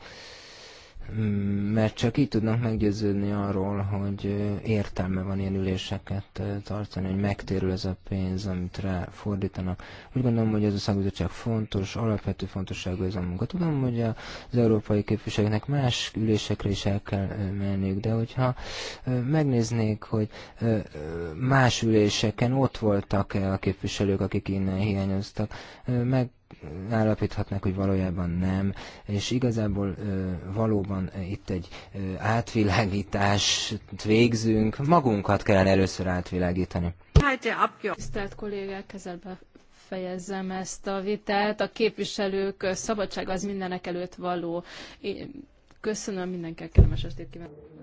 mert csak így tudnak meggyőződni arról, hogy értelme van ilyen üléseket tartani, hogy megtérül ez a pénz, amit rá fordítanak. Úgy gondolom, hogy ez a szakbizottság fontos, alapvető fontosságú ez a munka. Tudom, hogy az európai képviselőknek más ülésekre is el kell menniük, de hogyha megnéznék, hogy más üléseken ott voltak-e a képviselők, akik innen hiányoztak, meg állapíthatnak, hogy valójában nem, és igazából valóban itt egy átvilágítást végzünk, magunkat kellene először átvilágítani. Tisztelt kollégák, ezzel fejezzem ezt a vitát. A képviselők szabadság az mindenek előtt való. köszönöm mindenkinek, kellemes estét kívánok!